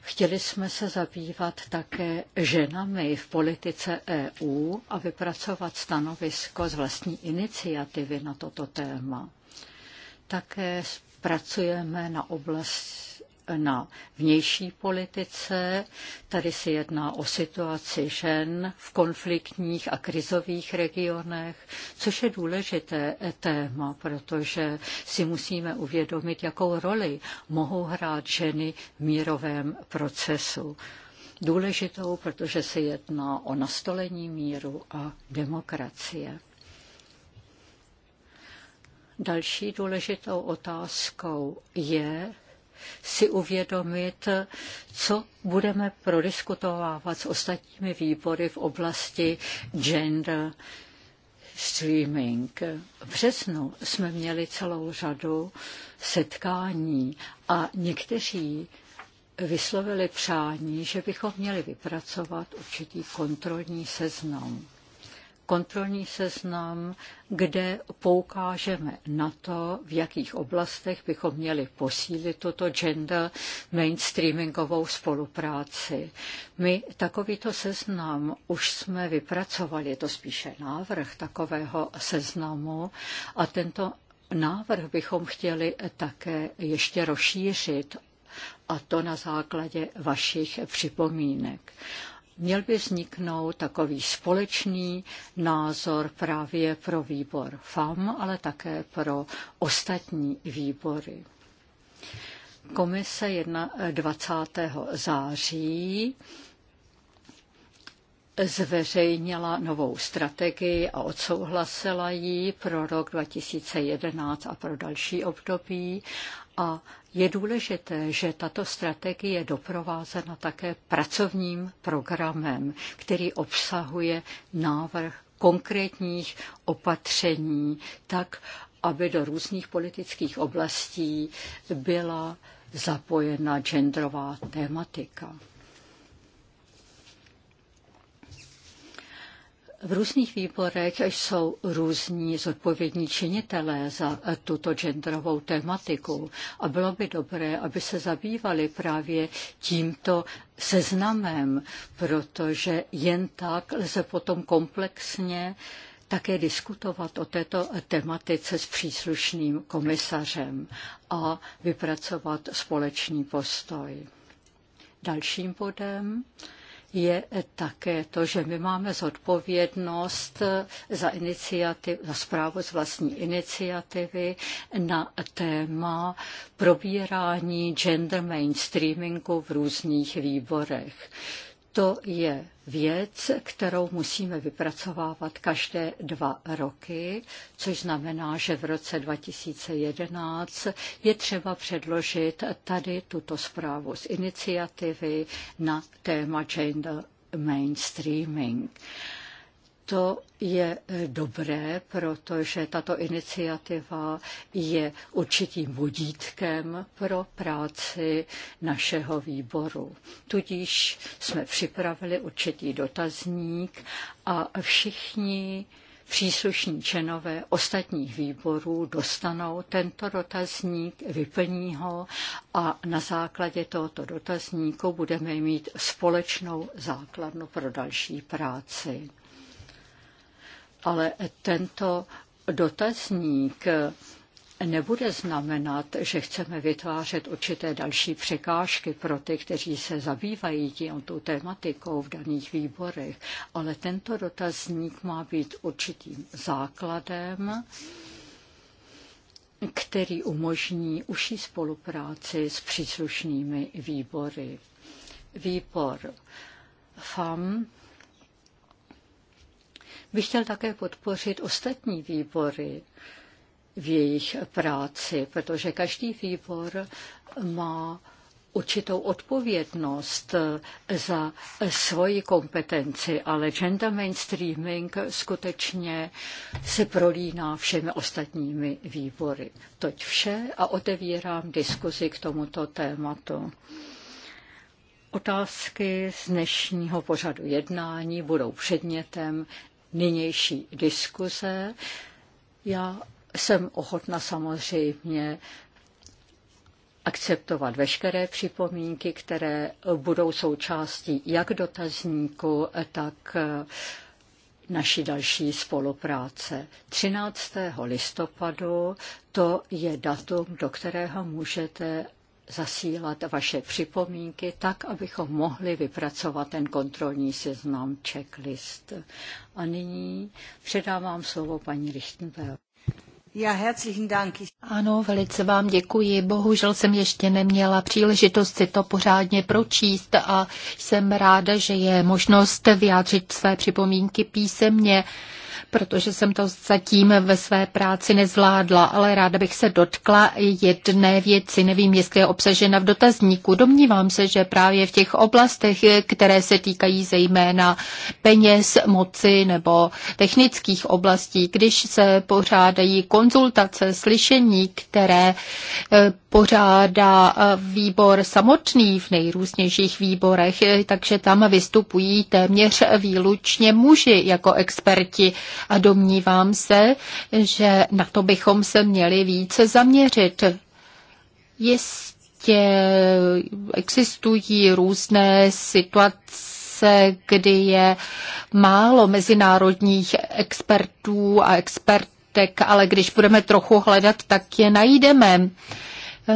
Chtěli jsme se zabývat také ženami v politice EU a vypracovat stanovisko z vlastní iniciativy na toto téma. Také pracujeme na oblasti na vnější politice. Tady se jedná o situaci žen v konfliktních a krizových regionech, což je důležité téma, protože si musíme uvědomit, jakou roli mohou hrát ženy v mírovém procesu důležitou, protože se jedná o nastolení míru a demokracie. Další důležitou otázkou je si uvědomit, co budeme prodiskutovávat s ostatními výbory v oblasti gender streaming. V březnu jsme měli celou řadu setkání a někteří vyslovili přání, že bychom měli vypracovat určitý kontrolní seznam kontrolní seznam, kde poukážeme na to, v jakých oblastech bychom měli posílit tuto gender mainstreamingovou spolupráci. My takovýto seznam už jsme vypracovali, je to spíše návrh takového seznamu a tento návrh bychom chtěli také ještě rozšířit a to na základě vašich připomínek měl by vzniknout takový společný názor právě pro výbor FAM, ale také pro ostatní výbory. Komise 21. Eh, září zveřejnila novou strategii a odsouhlasila ji pro rok 2011 a pro další období a je důležité, že tato strategie je doprovázena také pracovním programem, který obsahuje návrh konkrétních opatření, tak, aby do různých politických oblastí byla zapojena genderová tématika. V různých výborech jsou různí zodpovědní činitelé za tuto genderovou tematiku a bylo by dobré, aby se zabývali právě tímto seznamem, protože jen tak lze potom komplexně také diskutovat o této tematice s příslušným komisařem a vypracovat společný postoj. Dalším bodem je také to, že my máme zodpovědnost za, iniciativ, za zprávu z vlastní iniciativy na téma probírání gender mainstreamingu v různých výborech. To je věc, kterou musíme vypracovávat každé dva roky, což znamená, že v roce 2011 je třeba předložit tady tuto zprávu z iniciativy na téma gender mainstreaming. To je eh, dobré, protože tato iniciativa je určitým vodítkem pro práci našeho výboru. Tudíž jsme připravili určitý dotazník a všichni příslušní členové ostatních výborů dostanou tento dotazník, vyplní ho a na základě tohoto dotazníku budeme mít společnou základnu pro další práci ale tento dotazník nebude znamenat, že chceme vytvářet určité další překážky pro ty, kteří se zabývají tímto tématikou v daných výborech, ale tento dotazník má být určitým základem, který umožní užší spolupráci s příslušnými výbory. Výbor FAM bych chtěl také podpořit ostatní výbory v jejich práci, protože každý výbor má určitou odpovědnost za svoji kompetenci, ale gender mainstreaming skutečně se prolíná všemi ostatními výbory. Toť vše a otevírám diskuzi k tomuto tématu. Otázky z dnešního pořadu jednání budou předmětem nynější diskuze. Já jsem ochotna samozřejmě akceptovat veškeré připomínky, které budou součástí jak dotazníku, tak naší další spolupráce. 13. listopadu to je datum, do kterého můžete zasílat vaše připomínky tak, abychom mohli vypracovat ten kontrolní seznam checklist. A nyní předávám slovo paní Richtenberg. Já herzlichen Dank. Ano, velice vám děkuji. Bohužel jsem ještě neměla příležitost si to pořádně pročíst a jsem ráda, že je možnost vyjádřit své připomínky písemně protože jsem to zatím ve své práci nezvládla, ale ráda bych se dotkla jedné věci. Nevím, jestli je obsažena v dotazníku. Domnívám se, že právě v těch oblastech, které se týkají zejména peněz, moci nebo technických oblastí, když se pořádají konzultace, slyšení, které eh, pořádá eh, výbor samotný v nejrůznějších výborech, eh, takže tam vystupují téměř výlučně muži jako experti a domnívám se, že na to bychom se měli více zaměřit. Jistě existují různé situace, situace, kdy je málo mezinárodních expertů a expertek, ale když budeme trochu hledat, tak je najdeme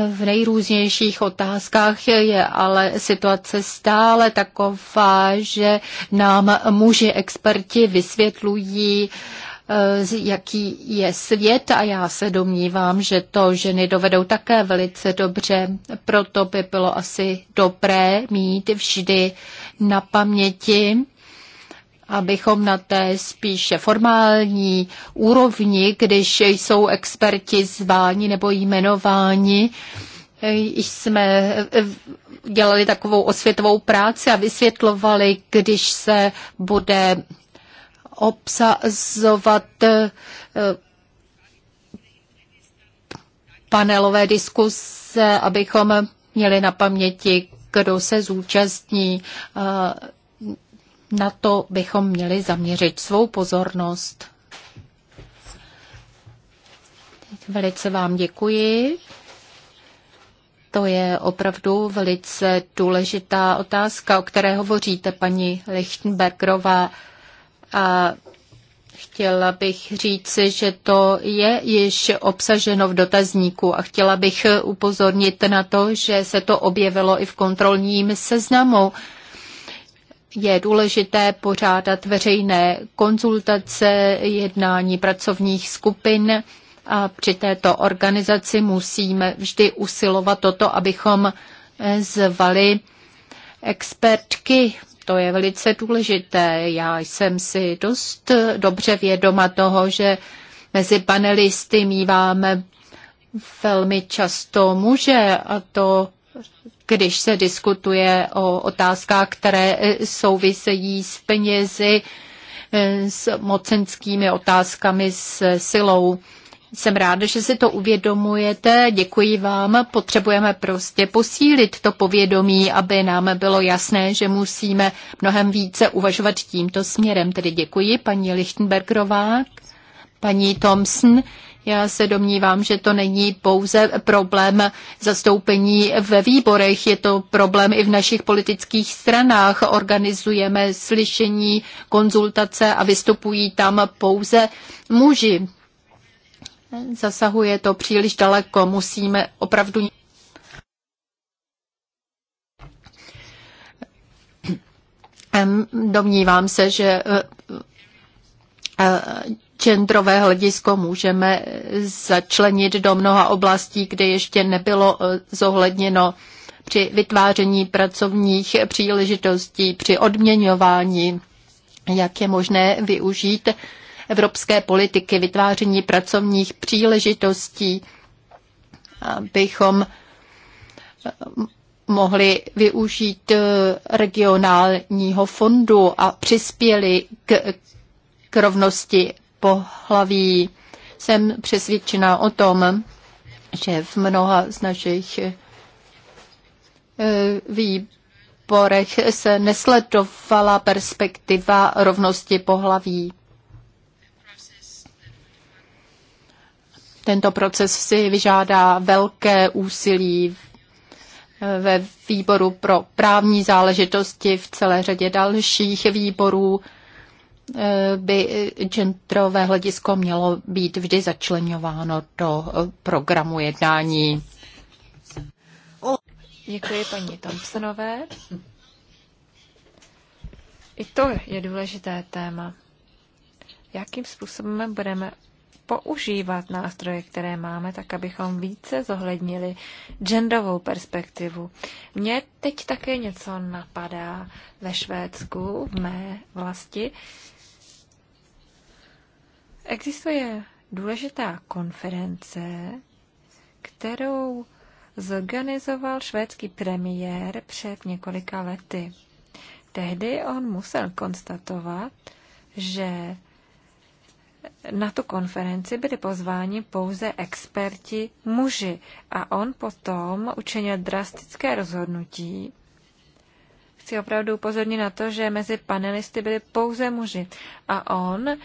v nejrůznějších otázkách je ale situace stále taková, že nám muži experti vysvětlují, eh, jaký je svět a já se domnívám, že to ženy dovedou také velice dobře. Proto by bylo asi dobré mít vždy na paměti, abychom na té spíše formální úrovni, když jsou experti zváni nebo jmenováni, jsme eh, dělali takovou osvětovou práci a vysvětlovali, když se bude obsazovat eh, panelové diskuse, abychom měli na paměti, kdo se zúčastní, na to bychom měli zaměřit svou pozornost. Velice vám děkuji. To je opravdu velice důležitá otázka, o které hovoříte, paní Lichtenbergerová. A chtěla bych říci, že to je již obsaženo v dotazníku a chtěla bych upozornit na to, že se to objevilo i v kontrolním seznamu je důležité pořádat veřejné konzultace, jednání pracovních skupin a při této organizaci musíme vždy usilovat o to, abychom eh, zvali expertky. To je velice důležité. Já jsem si dost eh, dobře vědoma toho, že mezi panelisty míváme velmi často muže a to když se diskutuje o otázkách, které eh, souvisejí s penězi, eh, s mocenskými otázkami, s silou. Jsem ráda, že si to uvědomujete. Děkuji vám. Potřebujeme prostě posílit to povědomí, aby nám bylo jasné, že musíme mnohem více uvažovat tímto směrem. Tedy děkuji paní Lichtenbergerová, paní Thompson. Já se domnívám, že to není pouze problém zastoupení ve výborech, je to problém i v našich politických stranách. Organizujeme slyšení, konzultace a vystupují tam pouze muži. Zasahuje to příliš daleko, musíme opravdu Domnívám se, že eh, eh, genderové hledisko můžeme začlenit do mnoha oblastí, kde ještě nebylo eh, zohledněno při vytváření pracovních příležitostí, při odměňování, jak je možné využít evropské politiky, vytváření pracovních příležitostí, abychom eh, mohli využít eh, regionálního fondu a přispěli k, k rovnosti pohlaví. Jsem přesvědčená o tom, že v mnoha z našich eh, výborech se nesledovala perspektiva rovnosti pohlaví. Tento proces si vyžádá velké úsilí eh, ve výboru pro právní záležitosti, v celé řadě dalších výborů by genderové hledisko mělo být vždy začlenováno do programu jednání. Děkuji paní Thompsonové. I to je důležité téma. Jakým způsobem budeme používat nástroje, které máme, tak abychom více zohlednili genderovou perspektivu. Mně teď také něco napadá ve Švédsku, v mé vlasti. Uh, Existuje důležitá konference, kterou zorganizoval švédský premiér před několika lety. Tehdy on musel konstatovat, že na tu konferenci byli pozváni pouze experti muži a on potom učinil drastické rozhodnutí, chci opravdu upozornit na to, že mezi panelisty byli pouze muži. A on eh,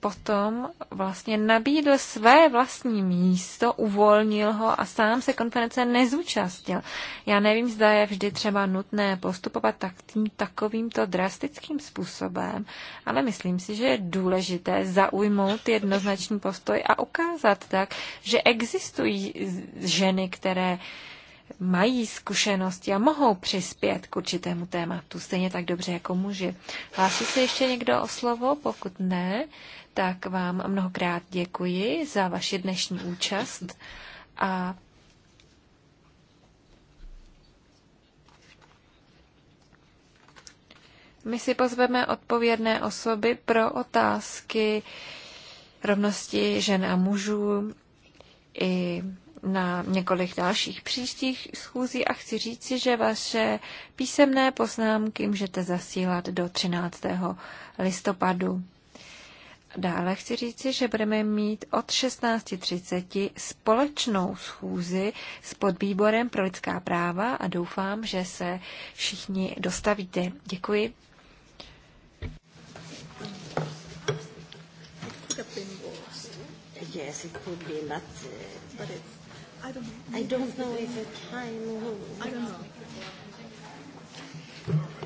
potom vlastně nabídl své vlastní místo, uvolnil ho a sám se konference nezúčastnil. Já nevím, zda je vždy třeba nutné postupovat tak, tím, takovýmto drastickým způsobem, ale myslím si, že je důležité zaujmout jednoznačný postoj a ukázat tak, že existují ženy, které mají zkušenosti a mohou přispět k určitému tématu, stejně tak dobře jako muži. Hlásí se ještě někdo o slovo? Pokud ne, tak vám mnohokrát děkuji za vaši dnešní účast a My si pozveme odpovědné osoby pro otázky rovnosti žen a mužů i na několik dalších příštích schůzí a chci říci, že vaše písemné poznámky můžete zasílat do 13. listopadu. Dále chci říci, že budeme mít od 16.30 společnou schůzi s podvýborem pro lidská práva a doufám, že se všichni dostavíte. Děkuji. Yes, it could be, but, uh, but it's i don't know. I don't know if the time. I don't know.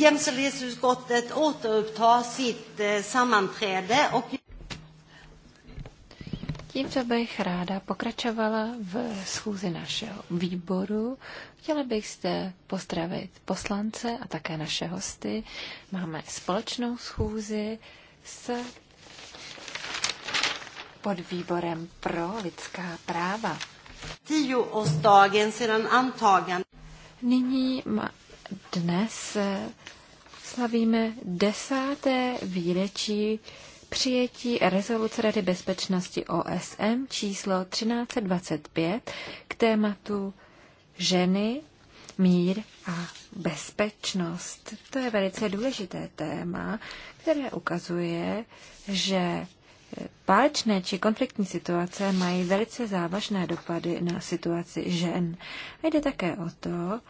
Jämställdhetsutskottet återupptar sitt eh, sammanträde och Tímto bych ráda pokračovala v schůzi našeho výboru. Chtěla bych zde pozdravit poslance a také naše hosty. Máme společnou schůzi s podvýborem pro lidská práva. Nyní dnes eh, slavíme desáté výročí přijetí rezoluce Rady bezpečnosti OSM číslo 1325 k tématu ženy, mír a bezpečnost. To je velice důležité téma, které ukazuje, že eh, Válečné či konfliktní situace mají velice závažné dopady na situaci žen. A jde také o to,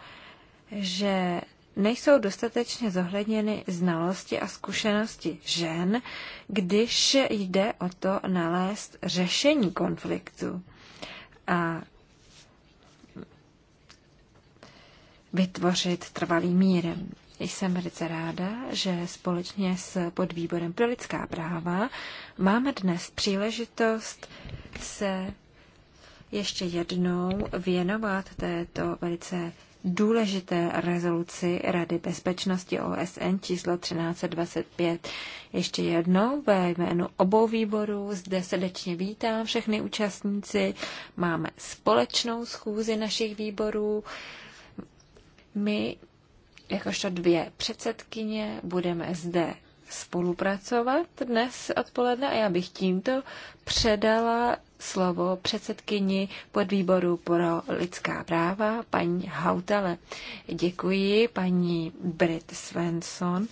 že nejsou dostatečně zohledněny znalosti a zkušenosti žen, když jde o to nalézt řešení konfliktu a vytvořit trvalý mír. Jsem velice ráda, že společně s podvýborem pro lidská práva máme dnes příležitost se ještě jednou věnovat této velice důležité rezoluci Rady bezpečnosti OSN číslo 1325. Ještě jednou ve jménu obou výborů zde srdečně vítám všechny účastníci. Máme společnou schůzi našich výborů. My, jakožto dvě předsedkyně, budeme zde spolupracovat dnes odpoledne a já bych tímto předala slovo předsedkyni podvýboru pro lidská práva, paní Hautale. Děkuji, paní Brit Svensson.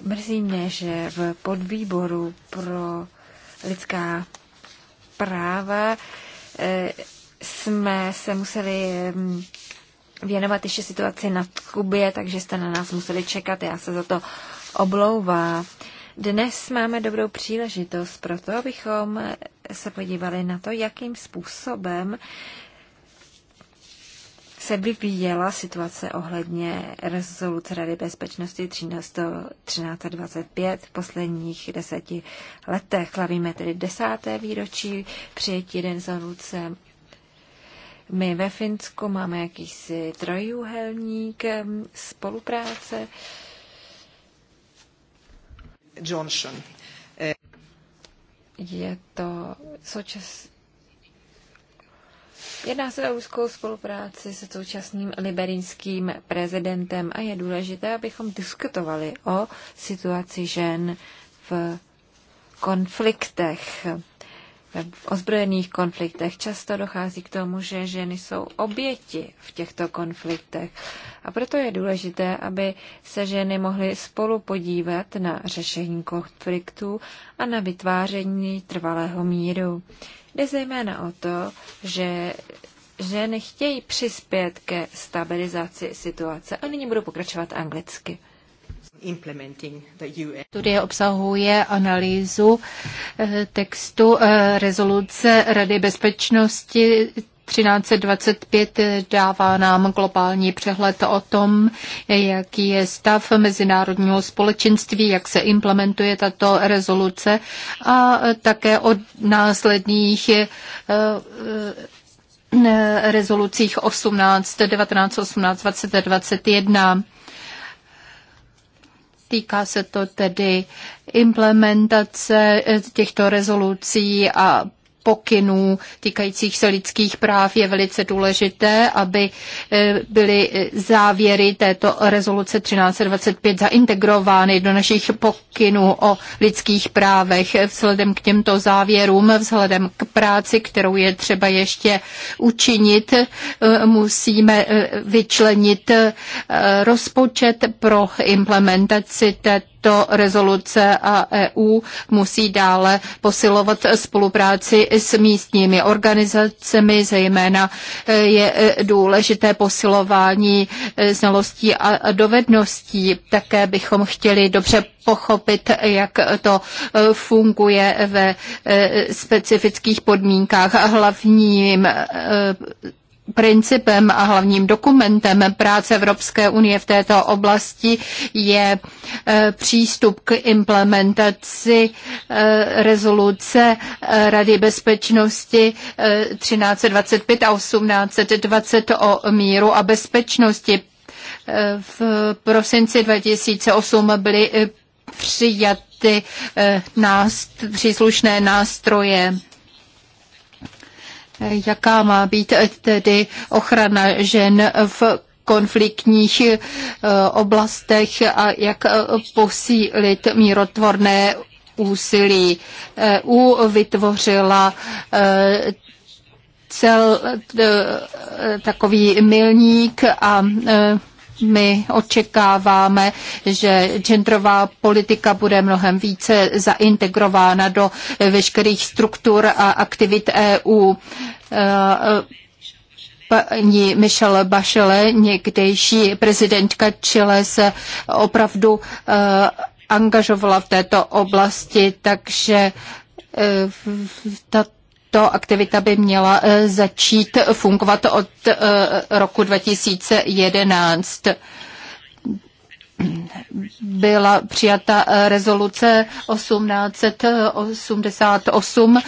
Mrzí mě, že v podvýboru pro lidská práva eh, jsme se museli věnovat ještě situaci na Kubě, takže jste na nás museli čekat. Já se za to oblouvám. Dnes máme dobrou příležitost pro to, abychom se podívali na to, jakým způsobem se vyvíjela situace ohledně rezoluce Rady bezpečnosti 1325 v posledních deseti letech. hlavíme tedy desáté výročí přijetí rezoluce. My ve Finsku máme jakýsi trojúhelník spolupráce Johnson. Je to součas... Jedná se o úzkou spolupráci se současným liberínským prezidentem a je důležité, abychom diskutovali o situaci žen v konfliktech v ozbrojených konfliktech. Často dochází k tomu, že ženy jsou oběti v těchto konfliktech. A proto je důležité, aby se ženy mohly spolu podívat na řešení konfliktů a na vytváření trvalého míru. Jde zejména o to, že ženy chtějí přispět ke stabilizaci situace. A nyní budu pokračovat anglicky. Studie obsahuje analýzu eh, textu eh, rezoluce Rady bezpečnosti 1325 dává nám globální přehled o tom, jaký je stav mezinárodního společenství, jak se implementuje tato rezoluce a také o následných eh, rezolucích 18, 19, 18, 20, 21. Týká se to tedy implementace eh, těchto rezolucí a pokynů týkajících se lidských práv je velice důležité, aby eh, byly eh, závěry této rezoluce 1325 zaintegrovány do našich pokynů o lidských právech. Vzhledem k těmto závěrům, vzhledem k práci, kterou je třeba ještě učinit, eh, musíme vyčlenit rozpočet pro implementaci této této rezoluce a EU musí dále posilovat spolupráci s místními organizacemi, zejména eh, je eh, důležité posilování eh, znalostí a dovedností. Také bychom chtěli dobře pochopit, jak to funguje ve specifických podmínkách. Hlavním principem a hlavním dokumentem práce Evropské unie v této oblasti je e, přístup k implementaci e, rezoluce e, Rady bezpečnosti 1325 a 1820 o míru a bezpečnosti. V prosinci 2008 byly přijaty nást, příslušné nástroje Jaká má být tedy ochrana žen v konfliktních eh, oblastech a jak eh, posílit mírotvorné úsilí. EU vytvořila eh, cel takový milník a my očekáváme, že genderová politika bude mnohem více zaintegrována do veškerých struktur a aktivit EU. Eh, paní Michelle Bachelet, někdejší prezidentka Chile, se opravdu eh, angažovala v této oblasti, takže ta eh, tato aktivita by měla eh, začít fungovat od eh, roku 2011 byla přijata eh, rezoluce 1888 eh,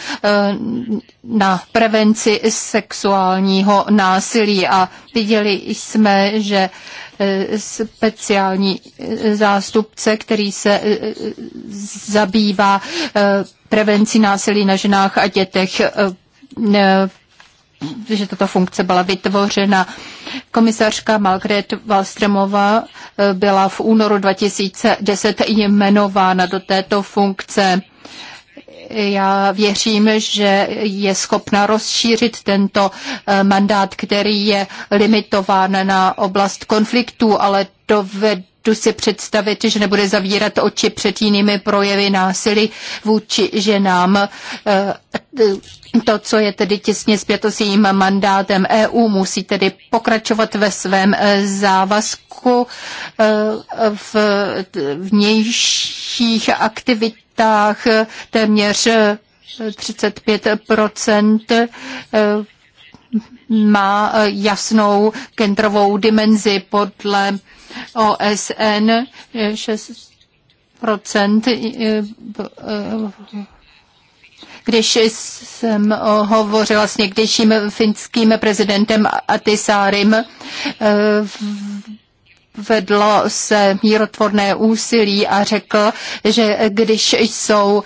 na prevenci sexuálního násilí a viděli jsme, že eh, speciální zástupce, který se zabývá prevenci násilí na ženách a dětech, že tato funkce byla vytvořena. Komisařka Margaret Wallströmová eh, byla v únoru 2010 jmenována do této funkce. Já věřím, že je schopna rozšířit tento eh, mandát, který je limitován na oblast konfliktů, ale dovede dovedu si představit, že nebude zavírat oči před jinými projevy násilí vůči ženám. E, to, co je tedy těsně zpěto s jejím mandátem EU, musí tedy pokračovat ve svém e, závazku e, v vnějších aktivitách téměř 35 má jasnou kentrovou dimenzi podle OSN 6 eh, eh, eh, když jsem hovořila s někdejším finským prezidentem Atisárim, vedlo se mírotvorné úsilí a řekl, že když jsou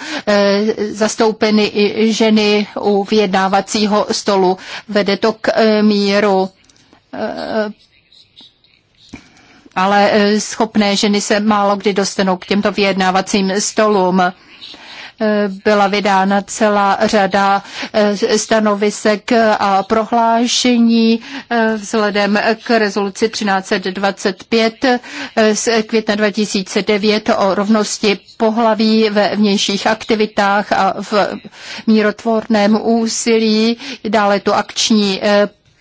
zastoupeny i ženy u vyjednávacího stolu, vede to k míru ale e, schopné ženy se málo kdy dostanou k těmto vyjednávacím stolům e, byla vydána celá řada e, stanovisek a prohlášení vzhledem k rezoluci 1325 z května 2009 o rovnosti pohlaví ve vnějších aktivitách a v mírotvorném úsilí. Dále tu akční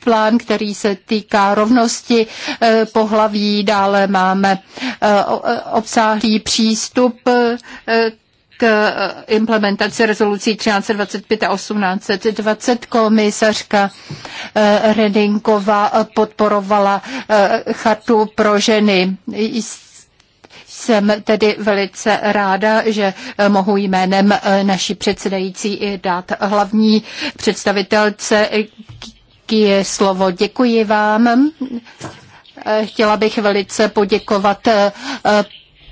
plán, který se týká rovnosti eh, pohlaví. Dále máme eh, obsáhlý přístup eh, k implementaci rezolucí 1325 a 1820 komisařka Redinková podporovala chatu pro ženy. Jsem tedy velice ráda, že mohu jménem naší předsedající dát hlavní představitelce Vždycky je slovo. Děkuji vám. Chtěla bych velice poděkovat eh,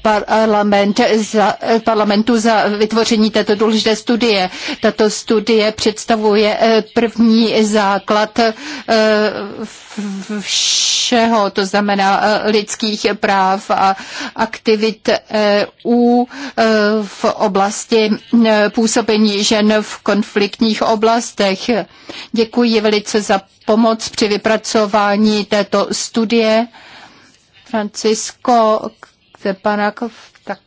parlament za, parlamentu za vytvoření této důležité studie. Tato studie představuje eh, první základ eh, všeho, to znamená eh, lidských práv a aktivit EU v oblasti působení žen v konfliktních oblastech. Děkuji velice za pomoc při vypracování této studie. Francisco Stepanakov tak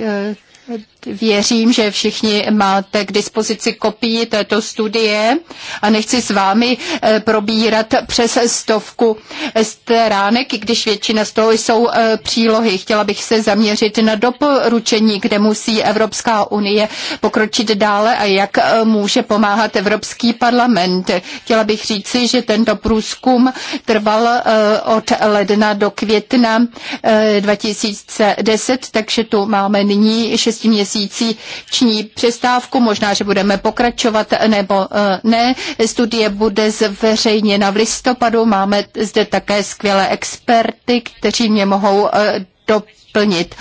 eh, Věřím, že všichni máte k dispozici kopii této studie a nechci s vámi eh, probírat přes stovku stránek, i když většina z toho jsou eh, přílohy. Chtěla bych se zaměřit na doporučení, kde musí Evropská unie pokročit dále a jak eh, může pomáhat Evropský parlament. Chtěla bych říci, že tento průzkum trval od ledna do května 2010, takže tu máme nyní 6 šestiměsíční přestávku. Možná, že budeme pokračovat nebo eh, ne. Studie bude zveřejněna v listopadu. Máme zde také skvělé experty, kteří mě mohou eh, doplnit.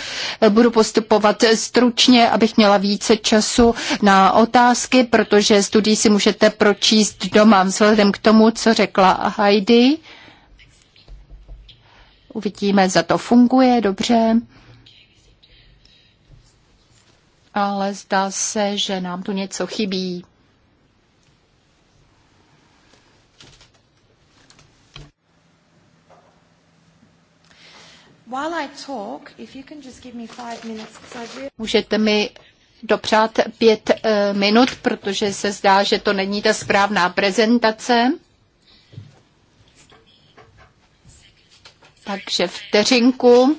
Budu postupovat stručně, abych měla více času na otázky, protože studii si můžete pročíst doma vzhledem k tomu, co řekla Heidi. Uvidíme, za to funguje dobře ale zdá se, že nám tu něco chybí. Můžete mi dopřát pět eh, minut, protože se zdá, že to není ta správná prezentace. Takže vteřinku.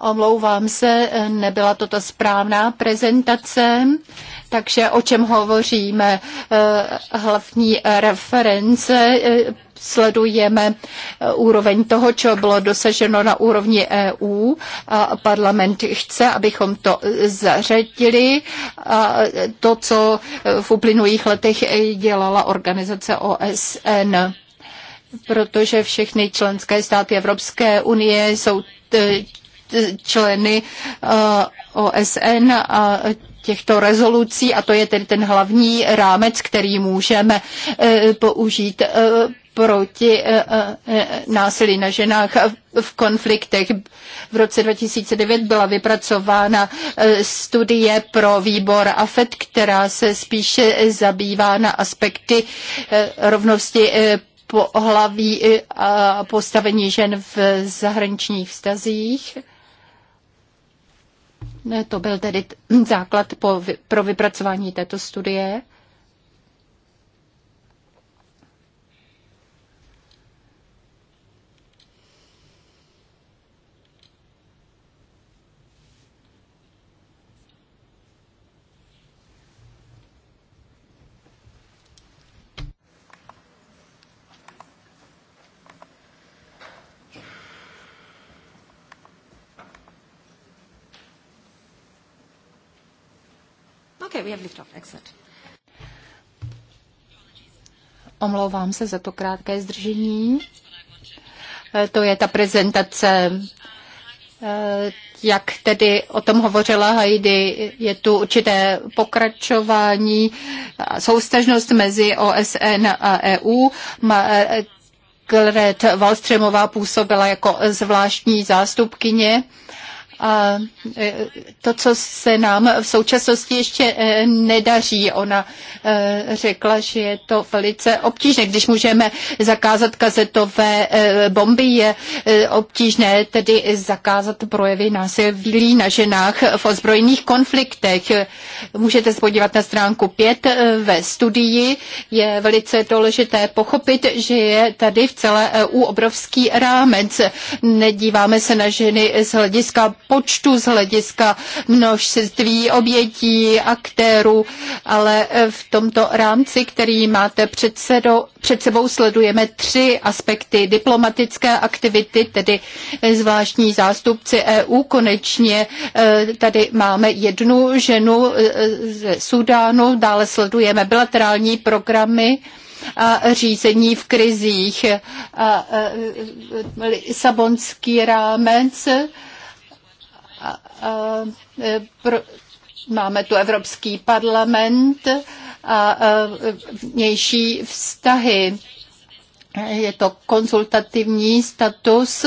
Omlouvám se, nebyla to ta správná prezentace, takže o čem hovoříme? Eh, hlavní reference eh, sledujeme eh, úroveň toho, co bylo dosaženo na úrovni EU. parlament chce, abychom to zařadili. to, co v uplynulých letech dělala organizace OSN protože všechny členské státy Evropské unie jsou členy eh, OSN a těchto rezolucí a to je tedy ten hlavní rámec, který můžeme eh, použít eh, proti násilí na ženách v konfliktech. V roce 2009 byla vypracována studie pro výbor AFED, která se spíše zabývá na aspekty rovnosti hlaví a postavení žen v zahraničních vztazích. To byl tedy základ pro vypracování této studie. Okay, we have lift off. Excellent. Omlouvám se za to krátké zdržení. Eh, to je ta prezentace eh, jak tedy o tom hovořila Heidi, je tu určité pokračování, soustažnost mezi OSN a EU. Margaret eh, Wallströmová působila jako zvláštní zástupkyně a e, to, co se nám v současnosti ještě e, nedaří, ona e, řekla, že je to velice obtížné. Když můžeme zakázat kazetové bomby, je obtížné tedy zakázat projevy násilí na ženách v ozbrojených konfliktech. Můžete se podívat na stránku 5 ve studii. Je velice důležité pochopit, že je tady v celé EU obrovský rámec. Nedíváme se na ženy z hlediska počtu, z hlediska množství obětí, aktérů, ale eh, v tomto rámci, který máte před, sedo, před sebou, sledujeme tři aspekty. Diplomatické aktivity, tedy eh, zvláštní zástupci EU, konečně eh, tady máme jednu ženu ze Sudánu, dále sledujeme bilaterální programy, a řízení v krizích. A, a, Sabonský rámec a, e, pro, máme tu Evropský parlament a, a vnější vztahy. Je to konzultativní status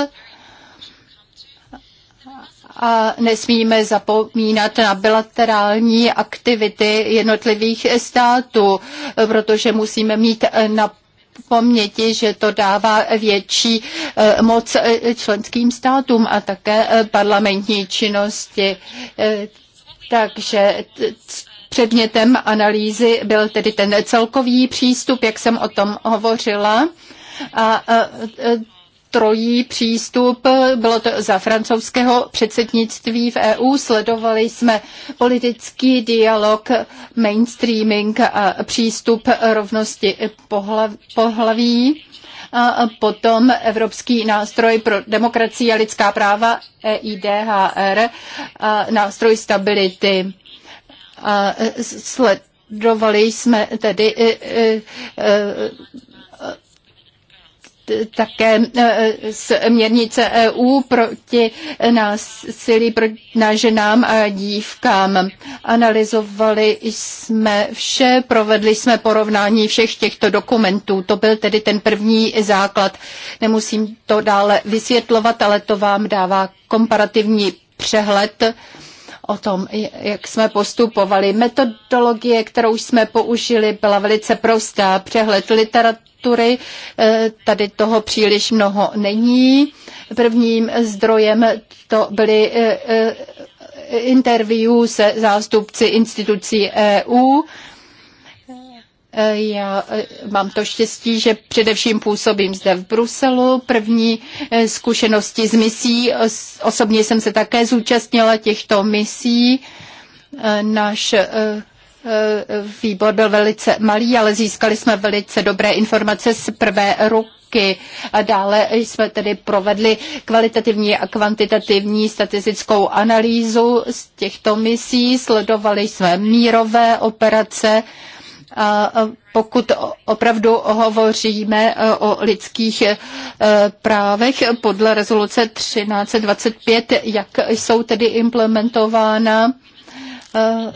a nesmíme zapomínat na bilaterální aktivity jednotlivých států, protože musíme mít na paměti, že to dává větší eh, moc eh, členským státům a také eh, parlamentní činnosti. Takže předmětem analýzy byl tedy ten celkový přístup, jak jsem o tom hovořila. A trojí přístup. Bylo to za francouzského předsednictví v EU. Sledovali jsme politický dialog, mainstreaming a přístup rovnosti pohlaví. A potom Evropský nástroj pro demokracii a lidská práva EIDHR, a nástroj stability. A sledovali jsme tedy e, e, e, také eh, směrnice EU proti násilí na ženám a dívkám. Analyzovali jsme vše, provedli jsme porovnání všech těchto dokumentů. To byl tedy ten první základ. Nemusím to dále vysvětlovat, ale to vám dává komparativní přehled o tom, jak jsme postupovali. Metodologie, kterou jsme použili, byla velice prostá. Přehled literatury, eh, tady toho příliš mnoho není. Prvním zdrojem to byly eh, eh, interview se zástupci institucí EU já eh, mám to štěstí, že především působím zde v Bruselu. První eh, zkušenosti z misí, osobně jsem se také zúčastnila těchto misí. Eh, náš výbor byl velice malý, ale získali jsme velice dobré informace z prvé ruky. A dále jsme tedy provedli kvalitativní a kvantitativní statistickou analýzu z těchto misí, sledovali jsme mírové operace, pokud opravdu hovoříme e, o lidských e, právech podle rezoluce 1325, jak jsou tedy implementována e,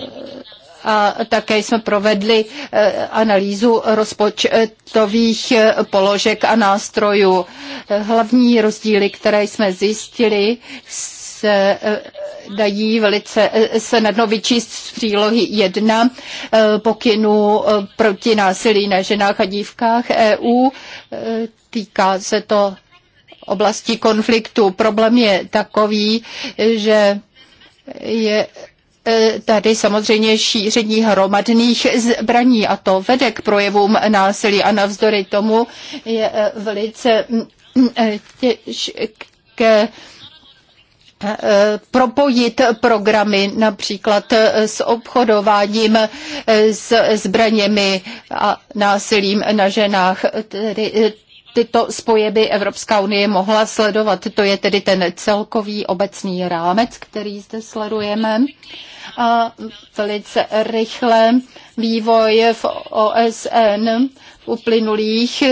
a také jsme provedli analýzu rozpočtových položek a nástrojů. Hlavní rozdíly, které jsme zjistili, se eh, dají velice eh, snadno vyčíst z přílohy 1 eh, pokynu proti násilí na ženách a dívkách EU. Týká se to oblasti konfliktu. Problém je takový, že je tady samozřejmě šíření hromadných zbraní a to vede k projevům násilí a navzdory tomu je velice mm, těžké Eh, propojit programy například eh, s obchodováním eh, s zbraněmi a násilím na ženách. Tedy tyto spoje by Evropská unie mohla sledovat. To je tedy ten celkový obecný rámec, který zde sledujeme. A velice rychle vývoj v OSN v uplynulých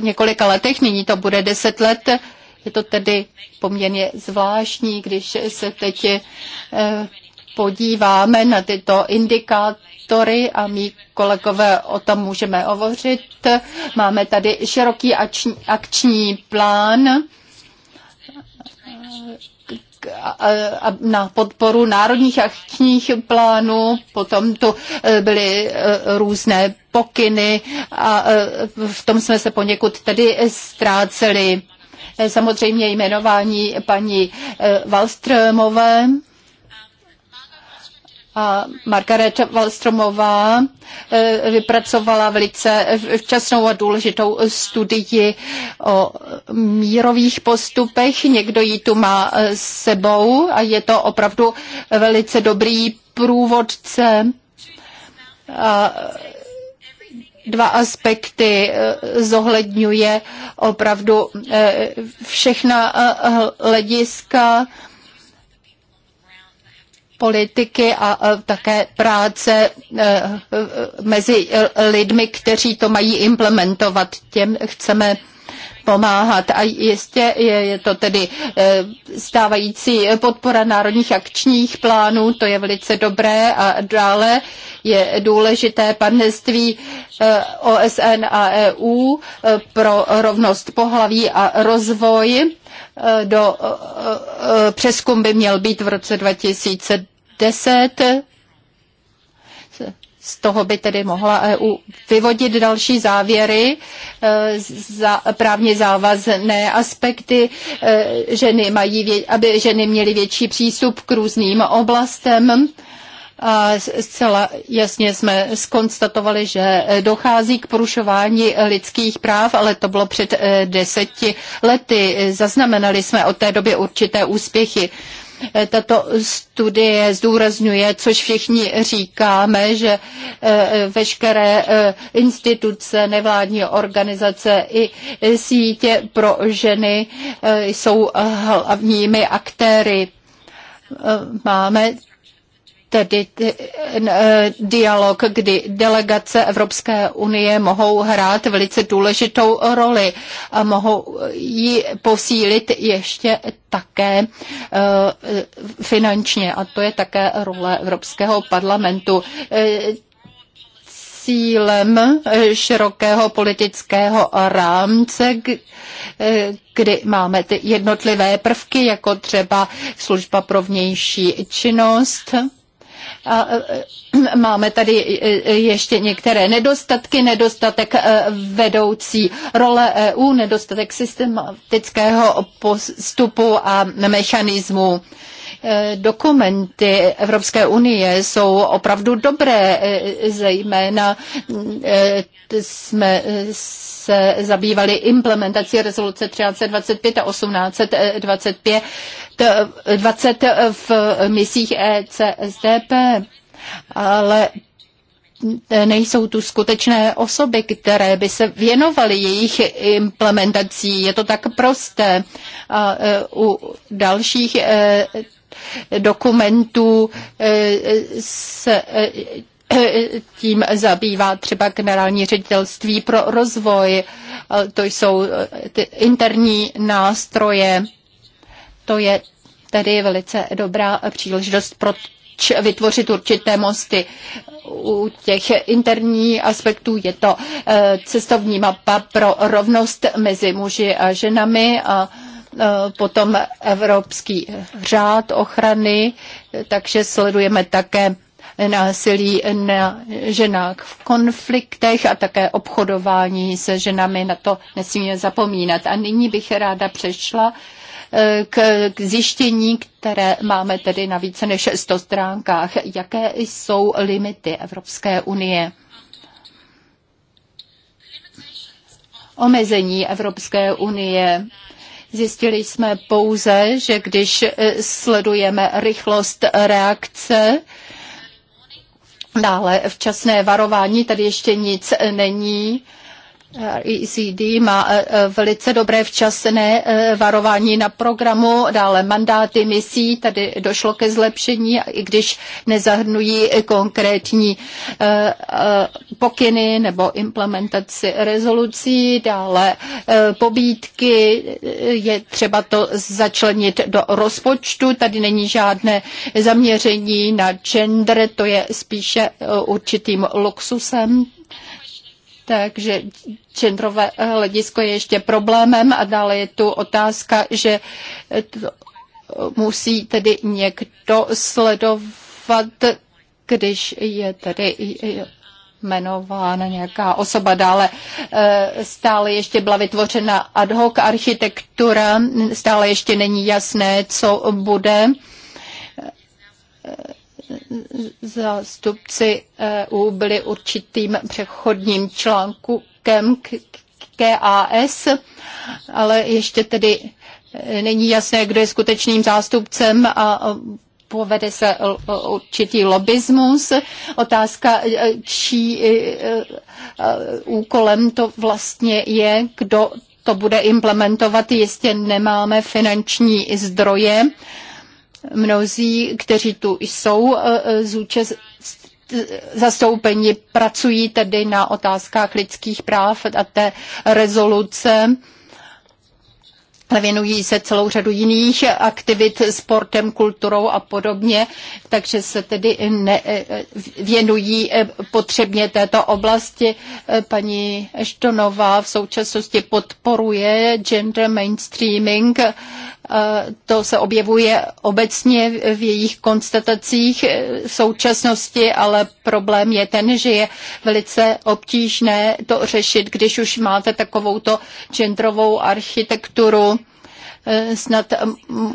několika letech, nyní to bude deset let, je to tedy poměrně zvláštní, když se teď eh, podíváme na tyto indikátory a mý kolegové o tom můžeme hovořit. Máme tady široký akční plán eh, na podporu národních akčních plánů, potom tu eh, byly různé pokyny a v tom jsme se poněkud tedy ztráceli samozřejmě jmenování paní eh, Wallströmové a Margaret Wallströmová eh, vypracovala velice včasnou a důležitou studii o mírových postupech. Někdo ji tu má eh, sebou a je to opravdu velice dobrý průvodce. A dva aspekty, eh, zohledňuje opravdu eh, všechna eh, hlediska politiky a také práce mezi lidmi, kteří to mají implementovat. Těm chceme pomáhat. A jistě je to tedy eh, stávající podpora národních akčních plánů, to je velice dobré a dále je důležité partnerství eh, OSN a EU eh, pro rovnost pohlaví a rozvoj. Do, přeskum by měl být v roce 2010 z toho by tedy mohla EU vyvodit další závěry, e, za právně závazné aspekty, e, ženy mají, aby ženy měly větší přístup k různým oblastem. A zcela jasně jsme skonstatovali, že dochází k porušování lidských práv, ale to bylo před e, deseti lety. Zaznamenali jsme od té doby určité úspěchy. Eh, tato studie zdůrazňuje, což všichni říkáme, že eh, veškeré eh, instituce, nevládní organizace i sítě pro ženy jsou hlavními aktéry. Máme tedy e, dialog, kdy delegace Evropské unie mohou hrát velice důležitou roli a mohou ji posílit ještě také e, finančně. A to je také role Evropského parlamentu e, cílem širokého politického rámce, kdy máme ty jednotlivé prvky, jako třeba služba pro vnější činnost, a e, e, máme tady e, ještě některé nedostatky, nedostatek vedoucí role EU, nedostatek systematického postupu a mechanismu. Eh, dokumenty Evropské unie jsou opravdu dobré, eh, zejména eh, jsme se zabývali implementací rezoluce 1325 a 1825 20 v misích ECSDP, ale nejsou tu skutečné osoby, které by se věnovaly jejich implementací. Je to tak prosté. A u dalších dokumentů eh, s eh, tím zabývá třeba generální ředitelství pro rozvoj. Eh, to jsou ty interní nástroje. To je tedy velice dobrá příležitost pro vytvořit určité mosty. U těch interních aspektů je to cestovní mapa pro rovnost mezi muži a ženami a Eh, potom Evropský řád ochrany, takže sledujeme také násilí na ženách v konfliktech a také obchodování se ženami, na to nesmíme zapomínat. A nyní bych ráda přešla eh, k, zjištění, které máme tedy na více než 100 stránkách. Jaké jsou limity Evropské unie? Omezení Evropské unie Zjistili jsme pouze, že když eh, sledujeme rychlost reakce, dále včasné varování, tady ještě nic není, ECD e má e, e, velice dobré včasné varování na programu, dále mandáty misí, tady došlo ke zlepšení, i když nezahrnují konkrétní pokyny nebo implementaci rezolucí, dále pobídky, je třeba to začlenit do rozpočtu, tady není žádné zaměření na gender, to je spíše určitým luxusem takže čendrové hledisko je ještě problémem a dále je tu otázka, že musí tedy někdo sledovat, když je tedy jmenována nějaká osoba. Dále eh, stále ještě byla vytvořena ad hoc architektura, stále ještě není jasné, co bude zástupci EU byli určitým přechodním článkem KAS, ale ještě tedy není jasné, kdo je skutečným zástupcem a povede se určitý lobismus. Otázka, e, čí e, e, úkolem to vlastně je, kdo to bude implementovat, jistě nemáme finanční zdroje Mnozí, kteří tu jsou e, e, zúčast, zastoupeni, pracují tedy na otázkách lidských práv a té rezoluce. Věnují se celou řadu jiných aktivit, sportem, kulturou a podobně, takže se tedy ne, e, věnují potřebně této oblasti. Paní Štonová v současnosti podporuje gender mainstreaming to se objevuje obecně v jejich konstatacích v současnosti, ale problém je ten, že je velice obtížné to řešit, když už máte takovouto genderovou architekturu snad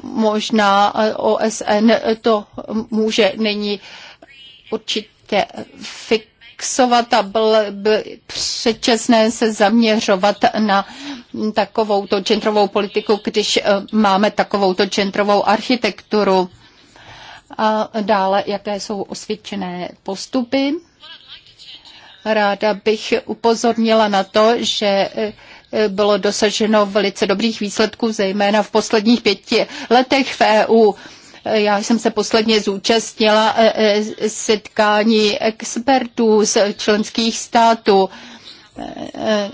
možná OSN to může, není určitě fik relaxovat a byl, byl předčasné se zaměřovat na takovouto centrovou politiku, když eh, máme takovouto centrovou architekturu. A dále, jaké jsou osvědčené postupy. Ráda bych upozornila na to, že eh, bylo dosaženo velice dobrých výsledků, zejména v posledních pěti letech v EU. Já jsem se posledně zúčastnila e, e, setkání expertů z členských států.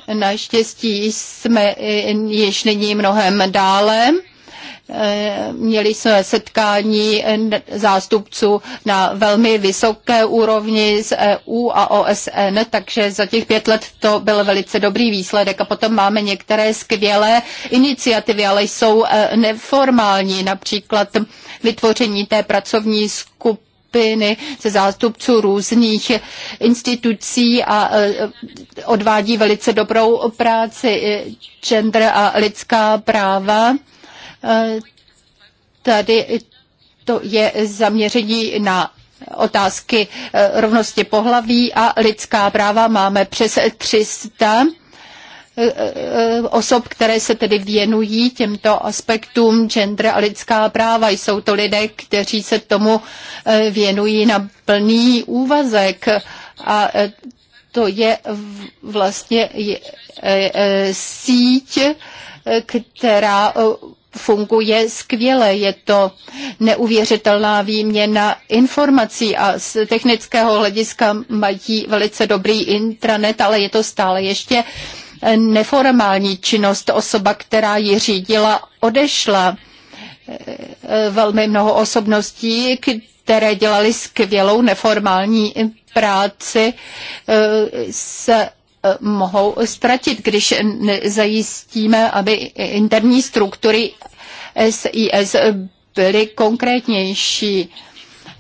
E, naštěstí jsme již není mnohem dále. Měli jsme setkání zástupců na velmi vysoké úrovni z EU a OSN, takže za těch pět let to byl velice dobrý výsledek. A potom máme některé skvělé iniciativy, ale jsou neformální, například vytvoření té pracovní skupiny se zástupců různých institucí a e, odvádí velice dobrou práci e, gender a lidská práva. E, tady to je zaměření na otázky rovnosti pohlaví a lidská práva. Máme přes 300 Eh, eh, osob, které se tedy věnují těmto aspektům gender a lidská práva. Jsou to lidé, kteří se tomu eh, věnují na plný úvazek a to je vlastně síť, která funguje skvěle. Je to neuvěřitelná výměna informací a z technického hlediska mají velice dobrý intranet, ale je to stále ještě neformální činnost. Osoba, která ji řídila, odešla. Velmi mnoho osobností, které dělali skvělou neformální práci, se mohou ztratit, když zajistíme, aby interní struktury SIS byly konkrétnější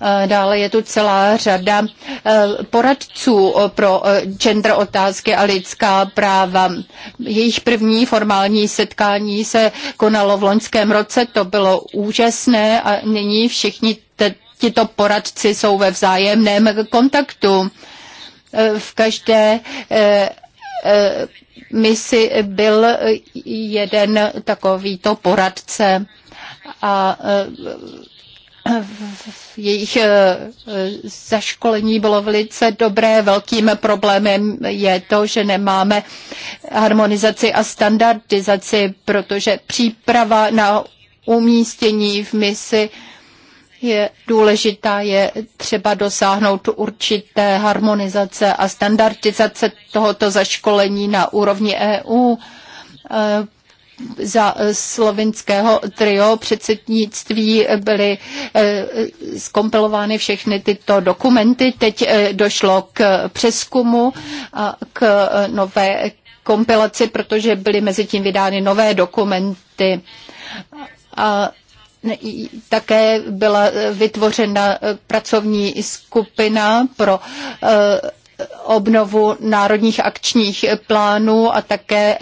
Eh, dále je tu celá řada eh, poradců eh, pro gender otázky a lidská práva. Jejich první formální setkání se konalo v loňském roce, to bylo úžasné a nyní všichni tito poradci jsou ve vzájemném kontaktu. V každé misi byl jeden takovýto poradce a jejich eh, zaškolení bylo velice dobré. Velkým problémem je to, že nemáme harmonizaci a standardizaci, protože příprava na umístění v misi je důležitá, je třeba dosáhnout určité harmonizace a standardizace tohoto zaškolení na úrovni EU eh, za eh, slovinského trio předsednictví byly skompilovány eh, všechny tyto dokumenty. Teď eh, došlo k přeskumu a k nové kompilaci, protože byly mezi tím vydány nové dokumenty. A také byla vytvořena pracovní skupina pro obnovu národních akčních plánů a také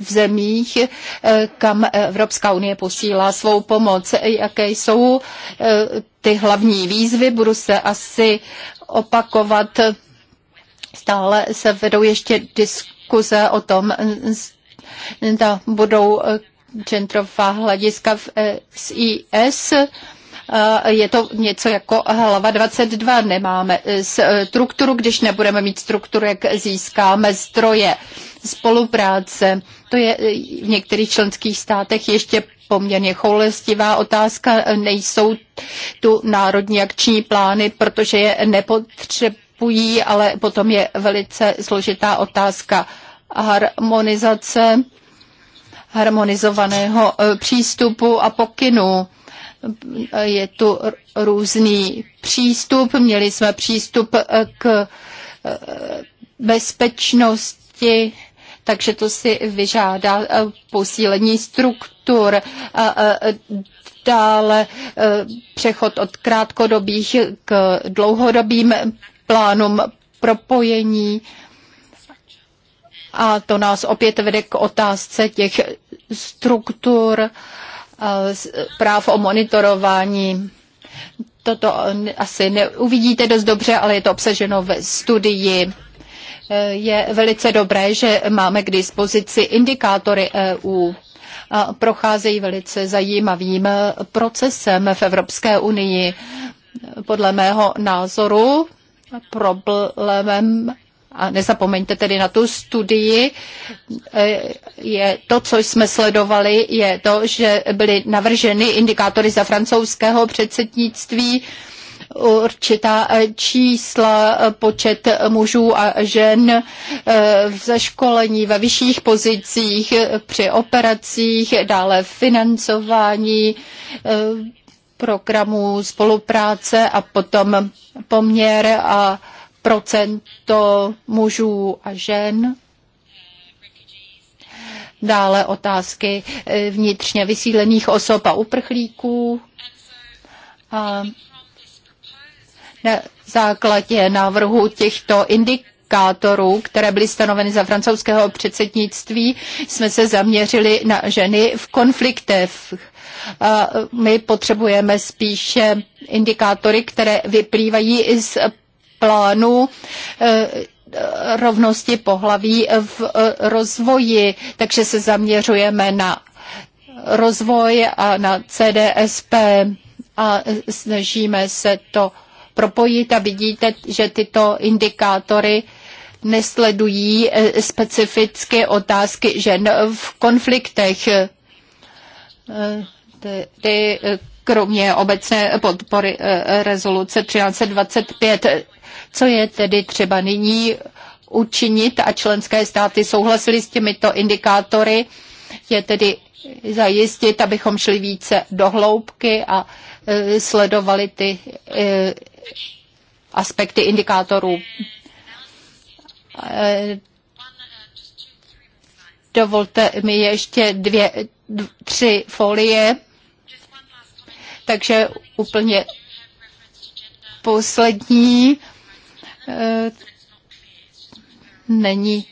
v zemích, eh, kam Evropská unie posílá svou pomoc. Jaké jsou eh, ty hlavní výzvy? Budu se asi opakovat. Stále se vedou ještě diskuze o tom, zda budou eh, centrová hlediska v SIS. Je to něco jako hlava 22. Nemáme strukturu, když nebudeme mít strukturu, jak získáme zdroje spolupráce to je e, v některých členských státech ještě poměrně choulestivá otázka. Nejsou tu národní akční plány, protože je nepotřebují, ale potom je velice složitá otázka harmonizace, harmonizovaného e, přístupu a pokynů je tu různý přístup. Měli jsme přístup e, k bezpečnosti takže to si vyžádá eh, posílení struktur, eh, eh, dále přechod od krátkodobých k dlouhodobým plánům propojení. A to nás opět vede k otázce těch struktur práv o monitorování. Toto asi neuvidíte dost dobře, ale je to obsaženo ve studii je velice dobré, že máme k dispozici indikátory EU. A procházejí velice zajímavým procesem v Evropské unii. Podle mého názoru problémem a nezapomeňte tedy na tu studii, je to, co jsme sledovali, je to, že byly navrženy indikátory za francouzského předsednictví, určitá eh, čísla, eh, počet mužů a žen v eh, zaškolení ve vyšších pozicích, při operacích, dále financování programů spolupráce a potom poměr a procento mužů a žen. Dále otázky vnitřně vysílených osob a uprchlíků. A na základě návrhu těchto indikátorů indikátorů, které byly stanoveny za francouzského předsednictví, jsme se zaměřili na ženy v konfliktech. My potřebujeme spíše indikátory, které vyplývají z plánu e, rovnosti pohlaví v e, rozvoji, takže se zaměřujeme na rozvoj a na CDSP a snažíme se to propojit a vidíte, že tyto indikátory nesledují eh, specifické otázky žen v konfliktech. Eh, tedy eh, kromě obecné podpory rezoluce 1325. Co je tedy třeba nyní učinit a členské státy souhlasily s těmito indikátory, je tedy zajistit, abychom šli více do hloubky a sledovali ty aspekty indikátorů. Eh, dovolte mi ještě dvě, tři folie. Takže úplně poslední. Eh, není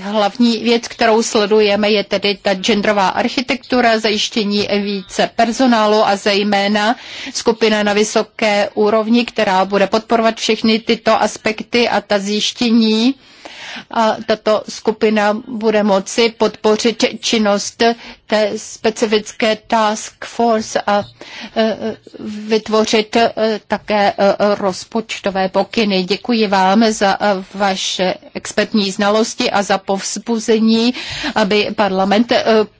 Hlavní věc, kterou sledujeme, je tedy ta genderová architektura, zajištění více personálu a zejména skupina na vysoké úrovni, která bude podporovat všechny tyto aspekty a ta zjištění a tato skupina bude moci podpořit činnost té specifické task force a e, e, vytvořit e, také rozpočtové pokyny. Děkuji vám za vaše expertní znalosti a za povzbuzení, aby parlament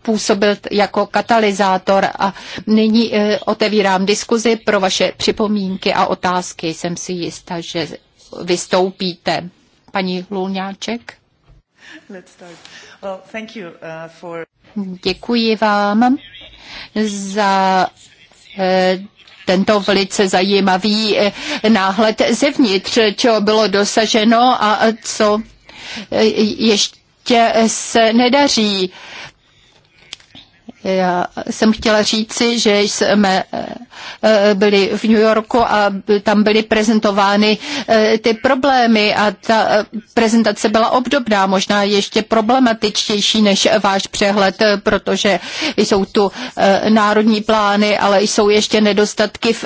působil jako katalyzátor. A nyní otevírám diskuzi pro vaše připomínky a otázky. Jsem si jistá, že vystoupíte. Paní Lulňáček. Uh, Děkuji vám za eh, tento velice zajímavý eh, náhled zevnitř, čeho bylo dosaženo a co eh, ještě se nedaří. Já jsem chtěla říci, že jsme eh, eh, byli v New Yorku a tam byly prezentovány eh, ty problémy a ta prezentace byla obdobná, možná ještě problematičtější než váš přehled, protože jsou tu národní plány, ale jsou ještě nedostatky v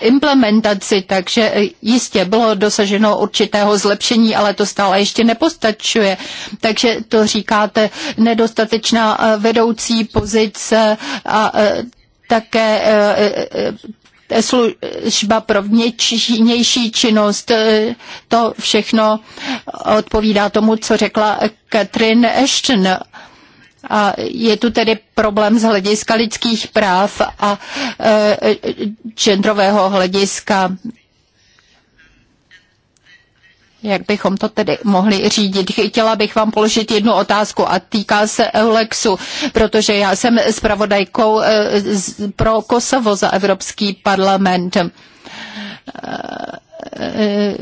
implementaci, takže jistě bylo dosaženo určitého zlepšení, ale to stále ještě nepostačuje. Takže to říkáte nedostatečná vedoucí pozice justice a e, také e, e, služba pro vnější činnost. To všechno odpovídá tomu, co řekla Catherine Ashton. A je tu tedy problém z hlediska lidských práv a e, genderového hlediska. Jak bychom to tedy mohli řídit? Chtěla bych vám položit jednu otázku a týká se Eulexu, protože já jsem zpravodajkou eh, pro Kosovo za Evropský parlament. Eh, eh,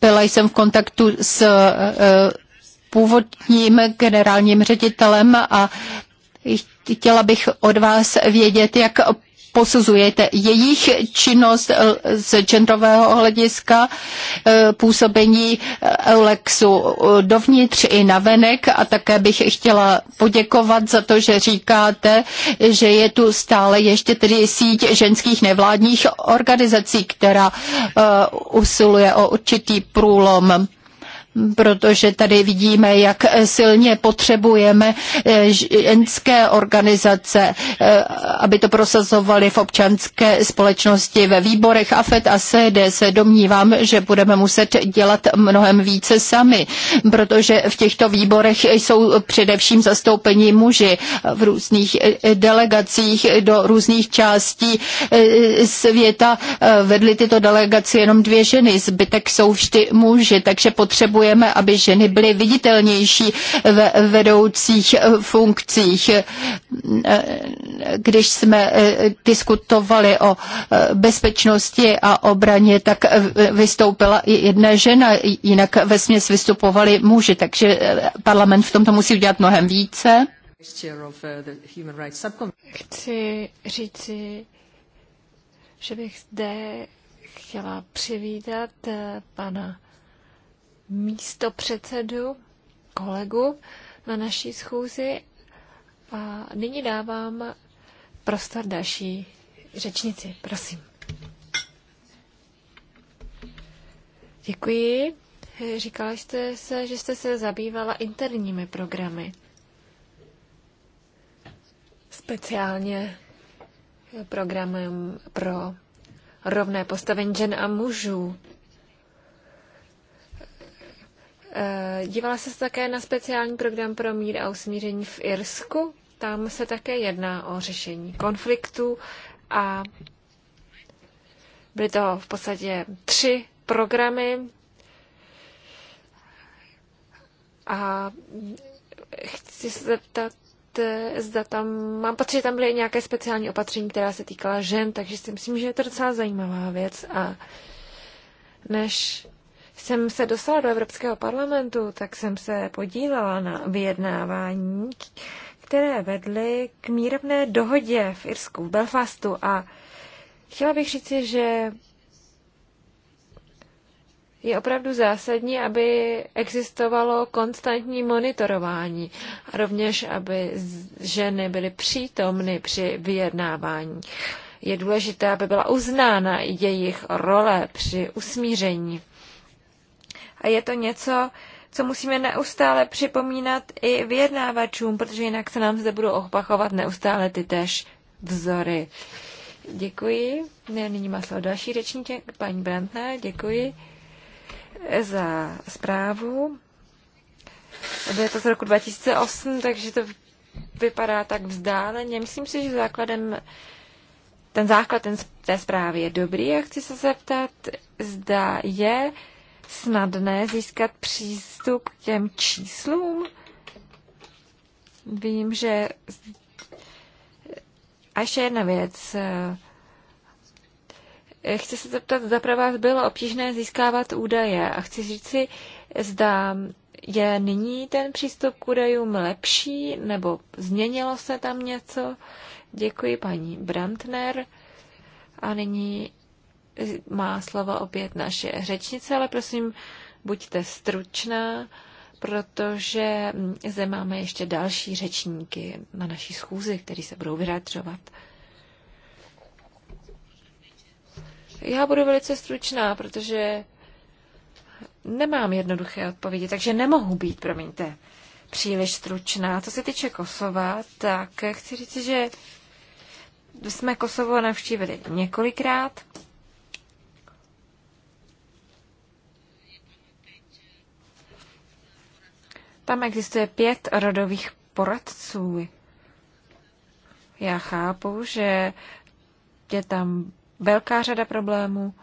byla jsem v kontaktu s původním generálním ředitelem a chtěla bych od vás vědět, jak posuzujete jejich činnost eh, z genderového hlediska, eh, působení Eulexu eh, dovnitř i na venek a také bych chtěla poděkovat za to, že říkáte, že je tu stále ještě tedy síť ženských nevládních organizací, která usiluje o určitý průlom protože tady vidíme, jak silně potřebujeme eh, ženské organizace, eh, aby to prosazovali v občanské společnosti ve výborech AFET a SED. Se domnívám, že budeme muset dělat mnohem více sami, protože v těchto výborech jsou především zastoupení muži v různých eh, delegacích do různých částí světa. Vedly tyto delegace jenom dvě ženy, zbytek jsou vždy muži, takže potřebujeme potřebujeme, aby ženy byly viditelnější ve vedoucích eh, funkcích. Eh, když jsme eh, diskutovali o bezpečnosti a obraně, tak vystoupila jedna žena, jinak ve směs vystupovali muži, takže parlament v tomto musí udělat mnohem více. Chci říci, že bych zde chtěla přivítat pana místo předsedu, kolegu na naší schůzi a nyní dávám prostor další řečnici. Prosím. Děkuji. Říkala jste se, že jste se zabývala interními programy. Speciálně programem pro rovné postavení žen a mužů. Eh, dívala se také na speciální program pro mír a usmíření v Irsku. Tam se také jedná o řešení konfliktu. a byly to v podstatě tři programy a chci se zeptat, eh, zda tam, mám pocit, že tam byly nějaké speciální opatření, která se týkala žen, takže si myslím, že je to docela zajímavá věc a než jsem se dostala do Evropského parlamentu, tak jsem se podílela na vyjednávání, které vedly k mírovné dohodě v Irsku, v Belfastu. A chtěla bych říci, že je opravdu zásadní, aby existovalo konstantní monitorování a rovněž, aby ženy byly přítomny při vyjednávání. Je důležité, aby byla uznána jejich role při usmíření. A je to něco, co musíme neustále připomínat i vyjednávačům, protože jinak se nám zde budou opakovat neustále ty též vzory. Děkuji. Nyní má slovo další řečníček, paní Brantné. děkuji za zprávu. Bylo to z roku 2008, takže to vypadá tak vzdáleně. Myslím si, že základem, ten základ ten, té zprávy je dobrý a chci se zeptat, zda je snadné získat přístup k těm číslům? Vím, že... A ještě jedna věc. Chci se zeptat, zda pro vás bylo obtížné získávat údaje a chci říct si, zda je nyní ten přístup k údajům lepší nebo změnilo se tam něco? Děkuji paní Brantner. A nyní má slovo opět naše řečnice, ale prosím, buďte stručná, protože zde máme ještě další řečníky na naší schůzi, kteří se budou vyjadřovat. Já budu velice stručná, protože nemám jednoduché odpovědi, takže nemohu být, promiňte, příliš stručná. Co se týče Kosova, tak chci říct, že jsme Kosovo navštívili několikrát. Tam existuje pět rodových poradců. Já chápu, že je tam velká řada problémů.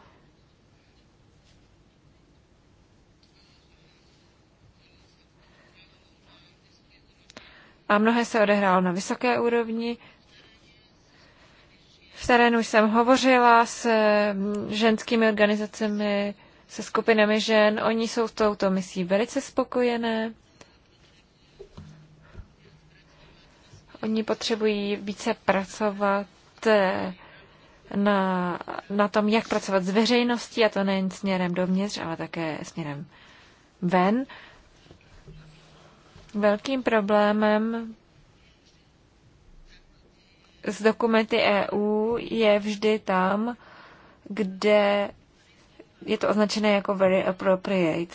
A mnohé se odehrálo na vysoké úrovni. V terénu jsem hovořila s ženskými organizacemi, se skupinami žen. Oni jsou s touto misí velice spokojené. Oni potřebují více pracovat eh, na, na tom, jak pracovat s veřejností, a to nejen směrem dovnitř, ale také směrem ven. Velkým problémem s dokumenty EU je vždy tam, kde je to označené jako very appropriate.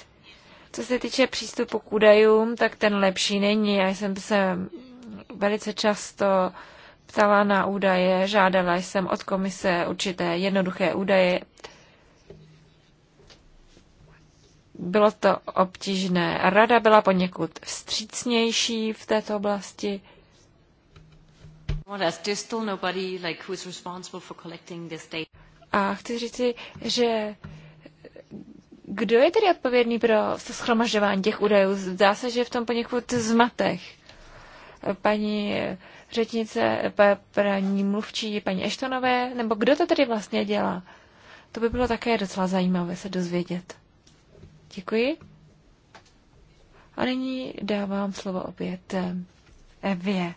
Co se týče přístupu k údajům, tak ten lepší není. Já jsem se velice často ptala na údaje, žádala jsem od komise určité jednoduché údaje. Bylo to obtížné. Rada byla poněkud vstřícnější v této oblasti. A chci říci, že kdo je tedy odpovědný pro schromažďování těch údajů? Zdá se, že je v tom poněkud zmatech paní řečnice, paní mluvčí, paní Eštonové, nebo kdo to tedy vlastně dělá? To by bylo také docela zajímavé se dozvědět. Děkuji. A nyní dávám slovo opět eh, Evě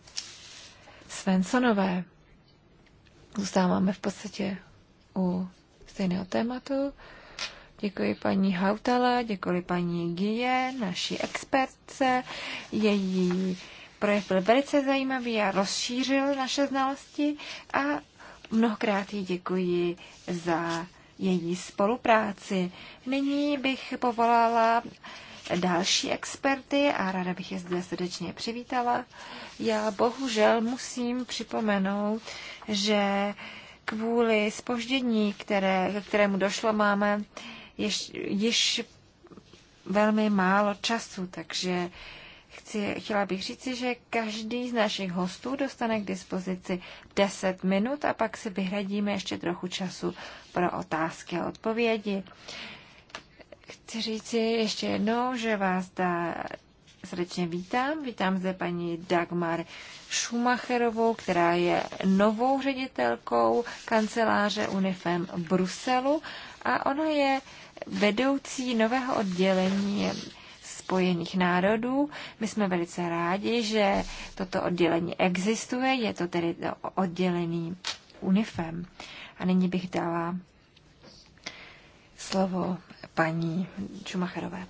Svensonové. Zůstáváme v podstatě u stejného tématu. Děkuji paní Hautala, děkuji paní Gie, naší expertce, její Projev byl velice zajímavý a rozšířil naše znalosti a mnohokrát jí děkuji za její spolupráci. Nyní bych povolala další experty a ráda bych je zde srdečně přivítala. Já bohužel musím připomenout, že kvůli spoždění, které, ke kterému došlo, máme již, již velmi málo času, takže Chci, chtěla bych říci, že každý z našich hostů dostane k dispozici 10 minut a pak si vyhradíme ještě trochu času pro otázky a odpovědi. Chci říci ještě jednou, že vás dá srdečně vítám. Vítám zde paní Dagmar Schumacherovou, která je novou ředitelkou kanceláře UNIFEM v Bruselu a ona je vedoucí nového oddělení Spojených národů. My jsme velice rádi, že toto oddělení existuje, je to tedy oddělený UNIFEM. A nyní bych dala slovo paní Čumacherové.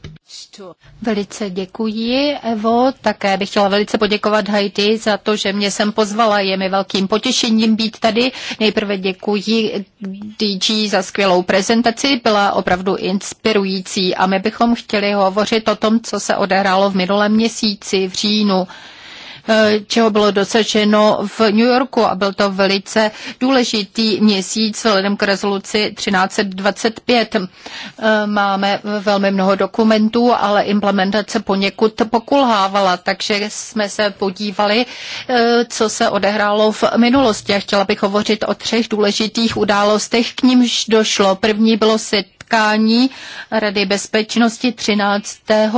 Velice děkuji, Evo. Také bych chtěla velice poděkovat Haiti za to, že mě sem pozvala. Je mi velkým potěšením být tady. Nejprve děkuji DG za skvělou prezentaci. Byla opravdu inspirující a my bychom chtěli hovořit o tom, co se odehrálo v minulém měsíci v říjnu. Eh, čeho bylo dosaženo v New Yorku a byl to velice důležitý měsíc vzhledem k rezoluci 1325. Eh, máme velmi mnoho dokumentů, ale implementace poněkud pokulhávala, takže jsme se podívali, eh, co se odehrálo v minulosti a chtěla bych hovořit o třech důležitých událostech, k nímž došlo. První bylo si setkání Rady bezpečnosti 13.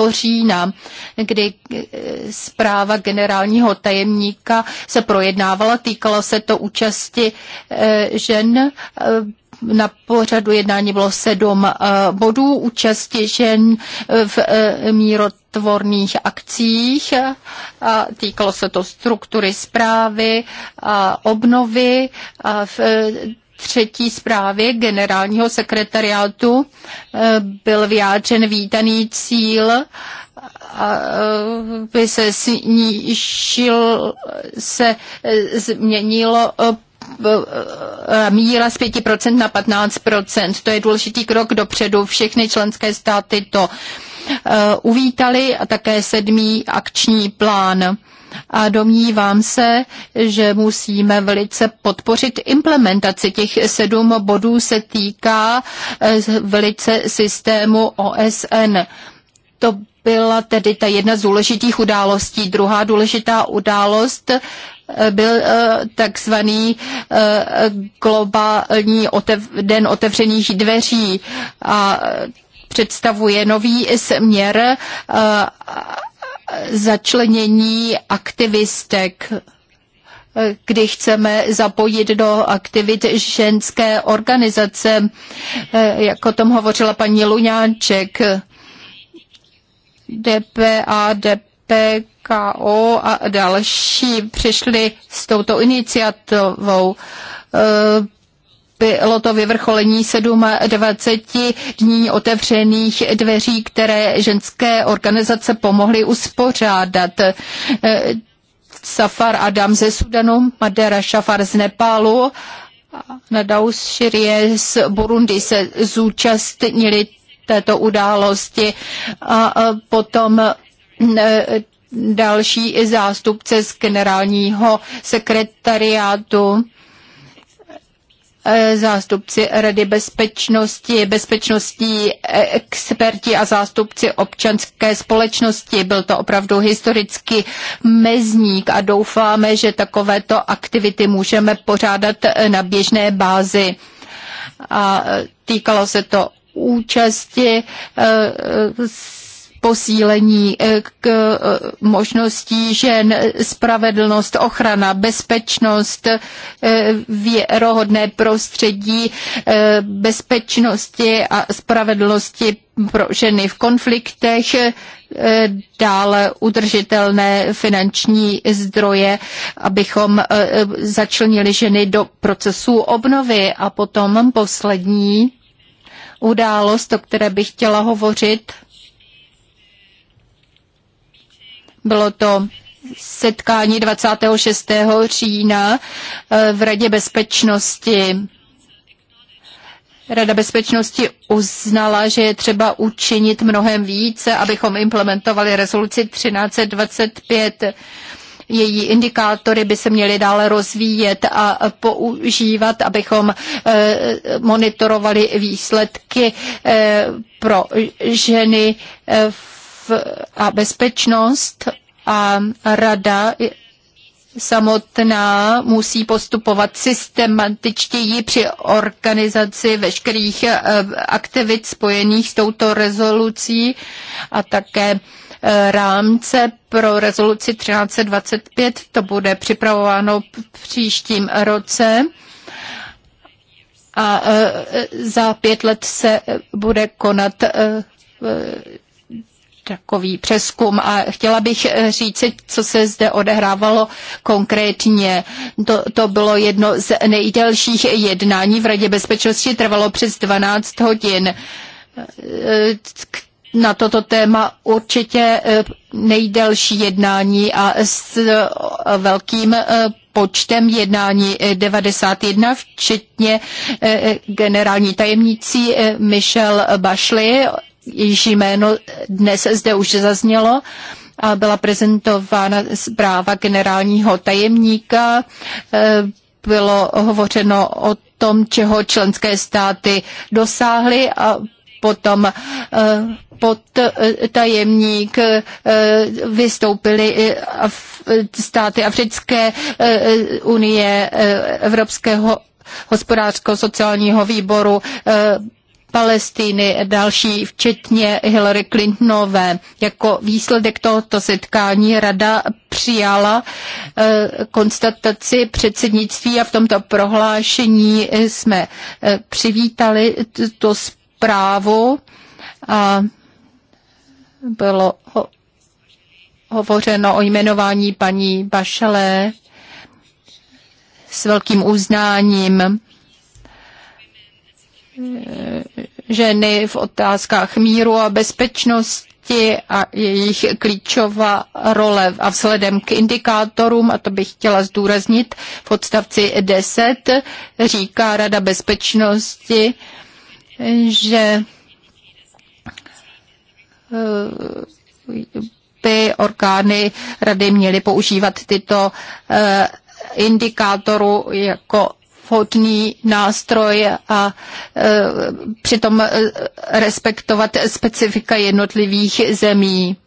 října, kdy eh, zpráva generálního tajemníka se projednávala, týkalo se to účasti eh, žen eh, na pořadu jednání bylo sedm bodů účasti žen v mírotvorných akcích. A týkalo se to struktury zprávy a obnovy. A v třetí zprávě generálního sekretariátu eh, byl vyjádřen vítaný cíl, aby eh, se snížil, se eh, změnilo míra z 5% na 15%. To je důležitý krok dopředu. Všechny členské státy to uvítali a také sedmý akční plán a domnívám se, že musíme velice podpořit implementaci. Těch sedm bodů se týká eh, velice systému OSN. To byla tedy ta jedna z důležitých událostí. Druhá důležitá událost eh, byl eh, takzvaný globální otev- den otevřených dveří a představuje nový směr začlenění aktivistek, kdy chceme zapojit do aktivit ženské organizace, jak o tom hovořila paní Luňáček, DPA, DPKO a další přišli s touto iniciativou bylo to vyvrcholení 27 dní otevřených dveří, které ženské organizace pomohly uspořádat. Safar Adam ze Sudanu, Madera Shafar z Nepálu, Nadaus Širie z Burundi se zúčastnili této události a potom další zástupce z generálního sekretariátu E, zástupci Rady bezpečnosti, bezpečnostní e, experti a zástupci občanské společnosti. Byl to opravdu historicky mezník a doufáme, že takovéto aktivity můžeme pořádat e, na běžné bázi. A týkalo se to účasti s posílení eh, k eh, možností žen, spravedlnost, ochrana, bezpečnost, eh, věrohodné prostředí bezpečnosti a spravedlnosti pro ženy v konfliktech, dále udržitelné finanční zdroje, abychom začlenili ženy do procesu obnovy. A potom poslední událost, o které bych chtěla hovořit, Bylo to setkání 26. října eh, v Radě bezpečnosti. Rada bezpečnosti uznala, že je třeba učinit mnohem více, abychom implementovali rezoluci 1325. Její indikátory by se měly dále rozvíjet a používat, abychom eh, monitorovali výsledky eh, pro ženy v a bezpečnost a rada samotná musí postupovat systematičtěji při organizaci veškerých eh, aktivit spojených s touto rezolucí a také eh, rámce pro rezoluci 1325. To bude připravováno v příštím roce a eh, za pět let se bude konat takový přeskum a chtěla bych eh, říci, co se zde odehrávalo konkrétně. To, to bylo jedno z nejdelších jednání v Radě bezpečnosti, trvalo přes 12 hodin. Eh, na toto téma určitě eh, nejdelší jednání a s velkým počtem jednání 91, včetně generální tajemnící Michel Bašly jejíž jméno dnes zde už zaznělo. A byla prezentována zpráva generálního tajemníka. Eh, bylo hovořeno o tom, čeho členské státy dosáhly a potom eh, pod eh, tajemník vystoupily státy Africké unie Evropského hospodářsko-sociálního výboru Palestiny, další, včetně Hillary Clintonové. Jako výsledek tohoto setkání rada přijala eh, konstataci předsednictví a v tomto prohlášení jsme eh, přivítali to zprávu a bylo ho- hovořeno o jmenování paní Bašelé s velkým uznáním ženy v otázkách míru a bezpečnosti a jejich klíčová role. A vzhledem k indikátorům, a to bych chtěla zdůraznit, v odstavci 10 říká Rada bezpečnosti, že eh, by orgány rady měly používat tyto eh, indikátoru jako vhodný nástroj a e, přitom e, respektovat specifika jednotlivých zemí.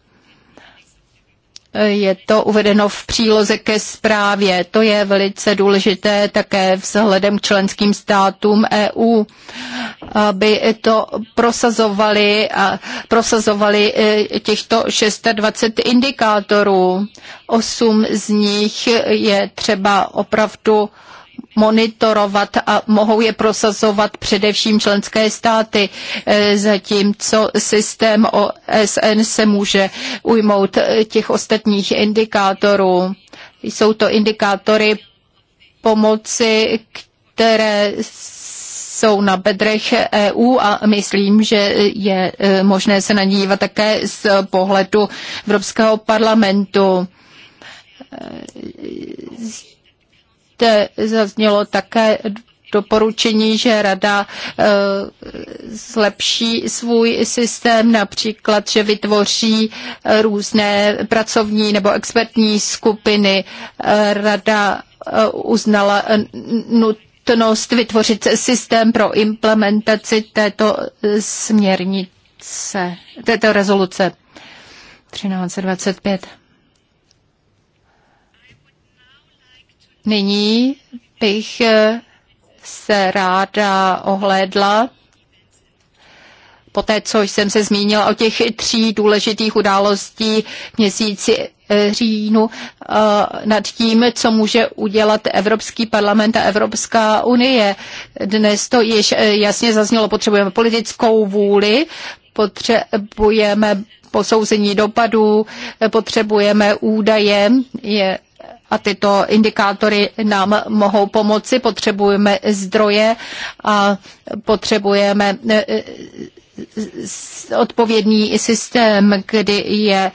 E, je to uvedeno v příloze ke zprávě. To je velice důležité také vzhledem k členským státům EU, aby to prosazovali a prosazovali těchto 26 indikátorů. Osm z nich je třeba opravdu monitorovat a mohou je prosazovat především členské státy, e, zatímco systém OSN se může ujmout e, těch ostatních indikátorů. Jsou to indikátory pomoci, které jsou na bedrech EU a myslím, že je e, možné se na ní dívat také z pohledu Evropského parlamentu zaznělo také doporučení, že rada e, zlepší svůj systém, například, že vytvoří e, různé pracovní nebo expertní skupiny. E, rada uznala nutnost vytvořit systém pro implementaci této směrnice, této rezoluce 1325. Nyní bych eh, se ráda ohlédla po té, co jsem se zmínila o těch tří důležitých událostí v měsíci eh, říjnu eh, nad tím, co může udělat Evropský parlament a Evropská unie. Dnes to již jasně zaznělo, potřebujeme politickou vůli, potřebujeme posouzení dopadů, potřebujeme údaje, je a tyto indikátory nám mohou pomoci. Potřebujeme zdroje a potřebujeme e, e, odpovědný systém, kdy je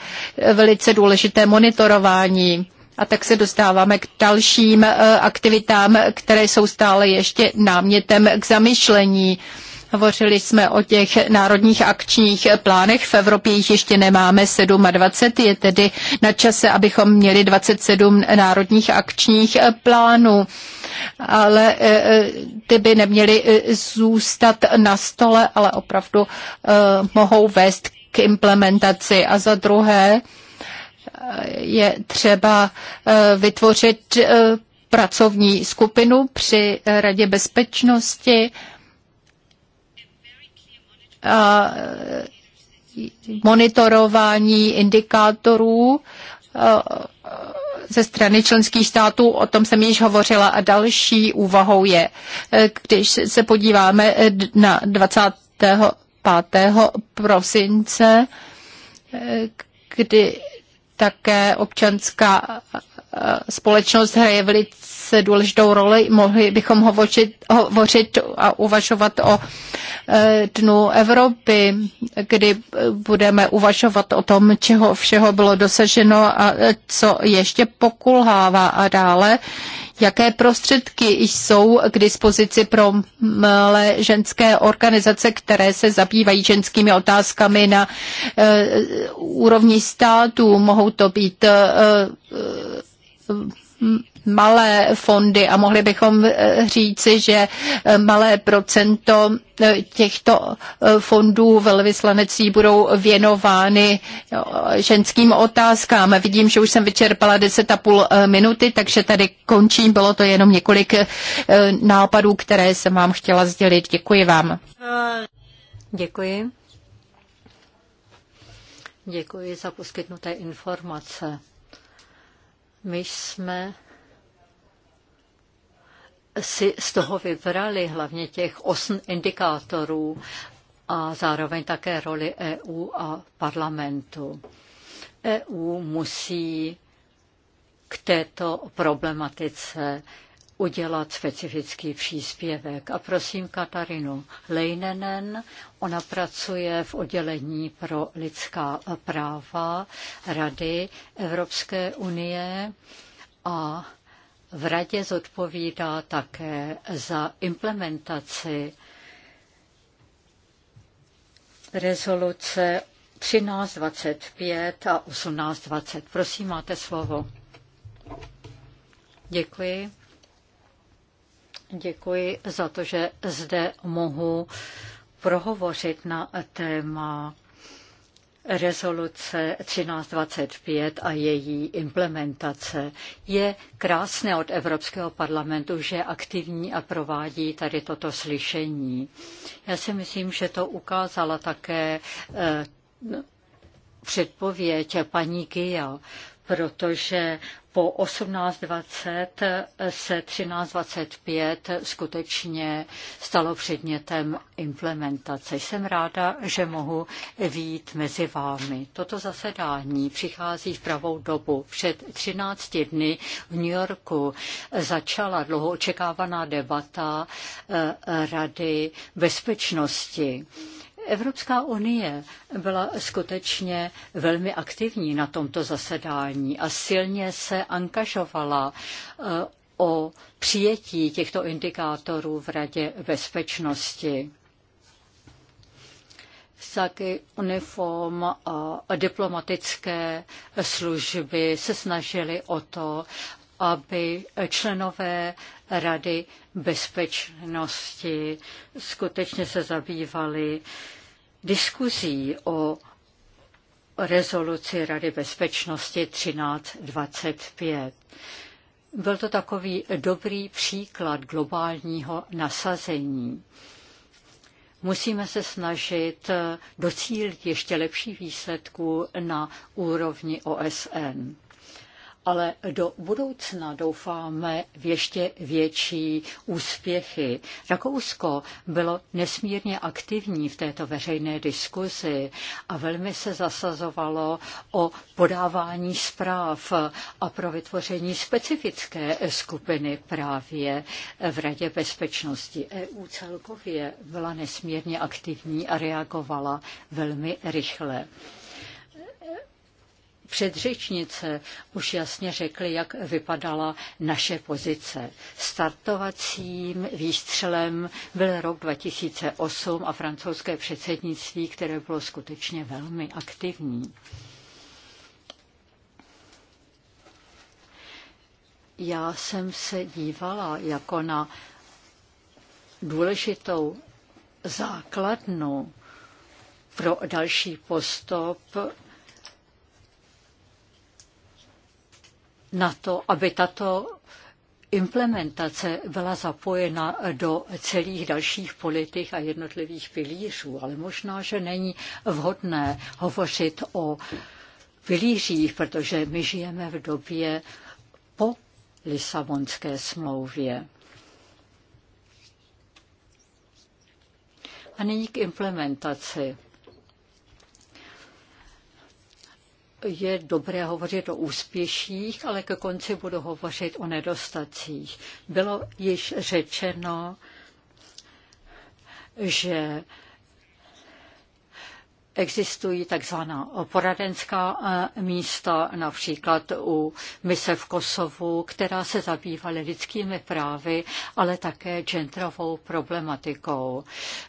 velice důležité monitorování. A tak se dostáváme k dalším e, aktivitám, které jsou stále ještě námětem k zamyšlení. Hovořili jsme o těch národních akčních plánech. V Evropě jich ještě nemáme 27. Je tedy na čase, abychom měli 27 národních akčních plánů. Ale e, e, ty by neměly e, zůstat na stole, ale opravdu mohou vést k implementaci. A za druhé je třeba vytvořit pracovní skupinu při Radě bezpečnosti, Eh, monitorování indikátorů eh, ze strany členských států, o tom jsem již hovořila, a další úvahou je, eh, když se podíváme na 25. prosince, kdy také občanská společnost hraje velice důležitou roli. Mohli bychom hovořit, hovořit a uvažovat o e, Dnu Evropy, kdy budeme uvažovat o tom, čeho všeho bylo dosaženo a e, co ještě pokulhává a dále. Jaké prostředky jsou k dispozici pro malé ženské organizace, které se zabývají ženskými otázkami na uh, úrovni států, Mohou to být uh, uh, malé fondy a mohli bychom eh, říci, že eh, malé procento eh, těchto fondů velvyslanecí budou věnovány ženským otázkám. Vidím, že už jsem vyčerpala 10,5 minuty, takže tady končím. Bylo to jenom několik nápadů, které jsem vám chtěla sdělit. Děkuji vám. Děkuji. Děkuji za poskytnuté informace. My jsme si z toho vybrali hlavně těch osm indikátorů a zároveň také roli EU a parlamentu. EU musí k této problematice udělat specifický příspěvek. A prosím Katarinu Leinenen, ona pracuje v oddělení pro lidská práva Rady Evropské unie a v radě zodpovídá také za implementaci rezoluce 1325 a 1820. Prosím, máte slovo. Děkuji. Děkuji za to, že zde mohu prohovořit na téma rezoluce 1325 a její implementace. Je krásné od Evropského parlamentu, že je aktivní a provádí tady toto slyšení. Já si myslím, že to ukázala také eh, předpověď paní Gil, protože po 18.20 se 13.25 skutečně stalo předmětem implementace. Jsem ráda, že mohu vít mezi vámi. Toto zasedání přichází v pravou dobu. Před 13 dny v New Yorku začala dlouho očekávaná debata eh, Rady bezpečnosti Evropská unie byla skutečně velmi aktivní na tomto zasedání a silně se angažovala eh, o přijetí těchto indikátorů v Radě bezpečnosti saky, uniform a diplomatické služby se snažily o to, aby členové Rady bezpečnosti skutečně se zabývali diskuzí o rezoluci Rady bezpečnosti 1325. Byl to takový dobrý příklad globálního nasazení. Musíme se snažit docílit ještě lepší výsledků na úrovni OSN ale do budoucna doufáme v ještě větší úspěchy. Rakousko bylo nesmírně aktivní v této veřejné diskuzi a velmi se zasazovalo o podávání zpráv a pro vytvoření specifické skupiny právě v Radě bezpečnosti. EU celkově byla nesmírně aktivní a reagovala velmi rychle předřečnice už jasně řekly, jak vypadala naše pozice. Startovacím výstřelem byl rok 2008 a francouzské předsednictví, které bylo skutečně velmi aktivní. Já jsem se dívala jako na důležitou základnu pro další postup na to, aby tato implementace byla zapojena do celých dalších politik a jednotlivých pilířů, ale možná, že není vhodné hovořit o pilířích, protože my žijeme v době po Lisabonské smlouvě. A nyní k implementaci. je dobré hovořit o úspěších, ale ke konci budu hovořit o nedostacích. Bylo již řečeno, že Existují takzvaná poradenská e, místa, například u mise v Kosovu, která se zabývaly lidskými právy, ale také genderovou problematikou.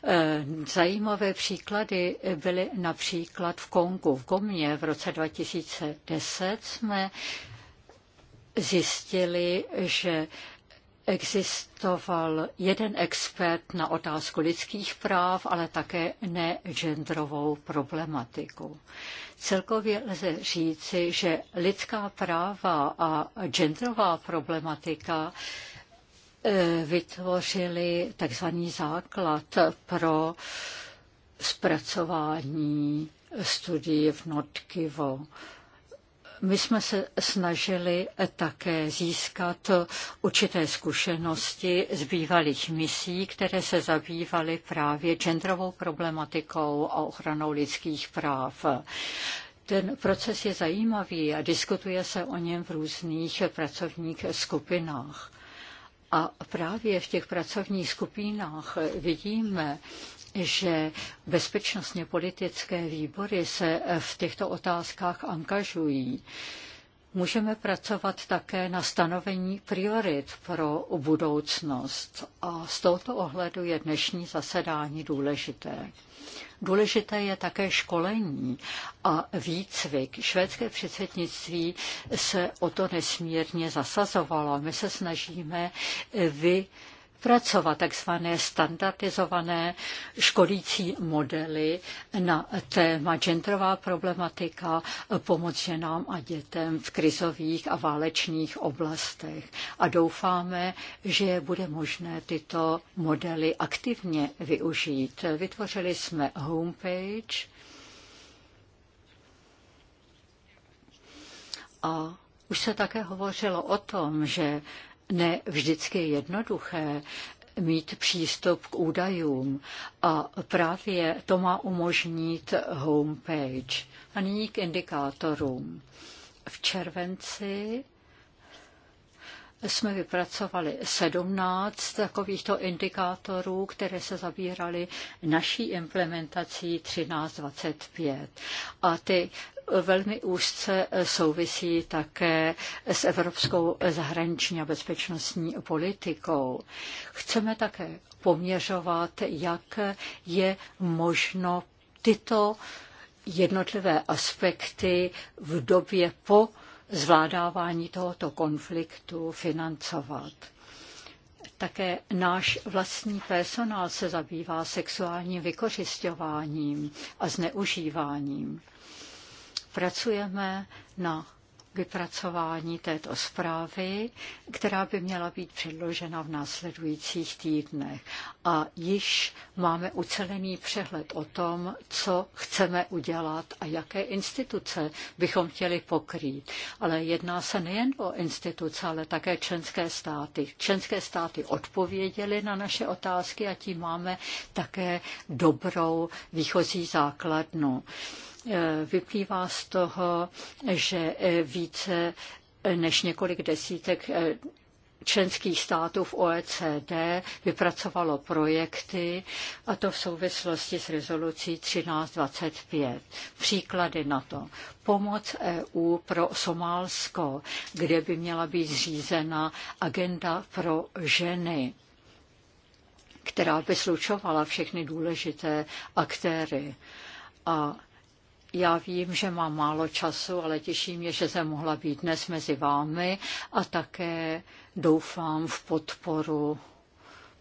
E, zajímavé příklady byly například v Kongu, v Gomě v roce 2010 jsme zjistili, že existoval jeden expert na otázku lidských práv, ale také ne genderovou problematiku. Celkově lze říci, že lidská práva a genderová problematika eh, vytvořili takzvaný základ pro zpracování studií v Notkivo my jsme se snažili eh, také získat eh, určité zkušenosti z bývalých misí, které se zabývaly právě genderovou problematikou a ochranou lidských práv. Ten proces je zajímavý a diskutuje se o něm v různých pracovních skupinách. A právě v těch pracovních skupinách vidíme, že bezpečnostně politické výbory se v těchto otázkách angažují. Můžeme pracovat také na stanovení priorit pro budoucnost a z tohoto ohledu je dnešní zasedání důležité. Důležité je také školení a výcvik. Švédské předsednictví se o to nesmírně zasazovalo. My se snažíme vy pracovat takzvané standardizované školící modely na téma genderová problematika, pomoc ženám a dětem v krizových a válečných oblastech. A doufáme, že bude možné tyto modely aktivně využít. Vytvořili jsme homepage a už se také hovořilo o tom, že ne vždycky je jednoduché mít přístup k údajům a právě to má umožnit homepage. A nyní k indikátorům. V červenci jsme vypracovali 17 takovýchto indikátorů, které se zabíraly naší implementací 1325. A ty velmi úzce souvisí také s evropskou zahraniční a bezpečnostní politikou. Chceme také poměřovat, jak je možno tyto jednotlivé aspekty v době po zvládávání tohoto konfliktu financovat. Také náš vlastní personál se zabývá sexuálním vykořišťováním a zneužíváním. Pracujeme na vypracování této zprávy, která by měla být předložena v následujících týdnech. A již máme ucelený přehled o tom, co chceme udělat a jaké instituce bychom chtěli pokrýt. Ale jedná se nejen o instituce, ale také členské státy. Členské státy odpověděly na naše otázky a tím máme také dobrou výchozí základnu. Eh, vyplývá z toho, že eh, více eh, než několik desítek členských států v OECD vypracovalo projekty, a to v souvislosti s rezolucí 1325. Příklady na to. Pomoc EU pro Somálsko, kde by měla být zřízena agenda pro ženy která by slučovala všechny důležité aktéry. A já vím, že mám málo času, ale těší mě, že jsem mohla být dnes mezi vámi a také doufám v podporu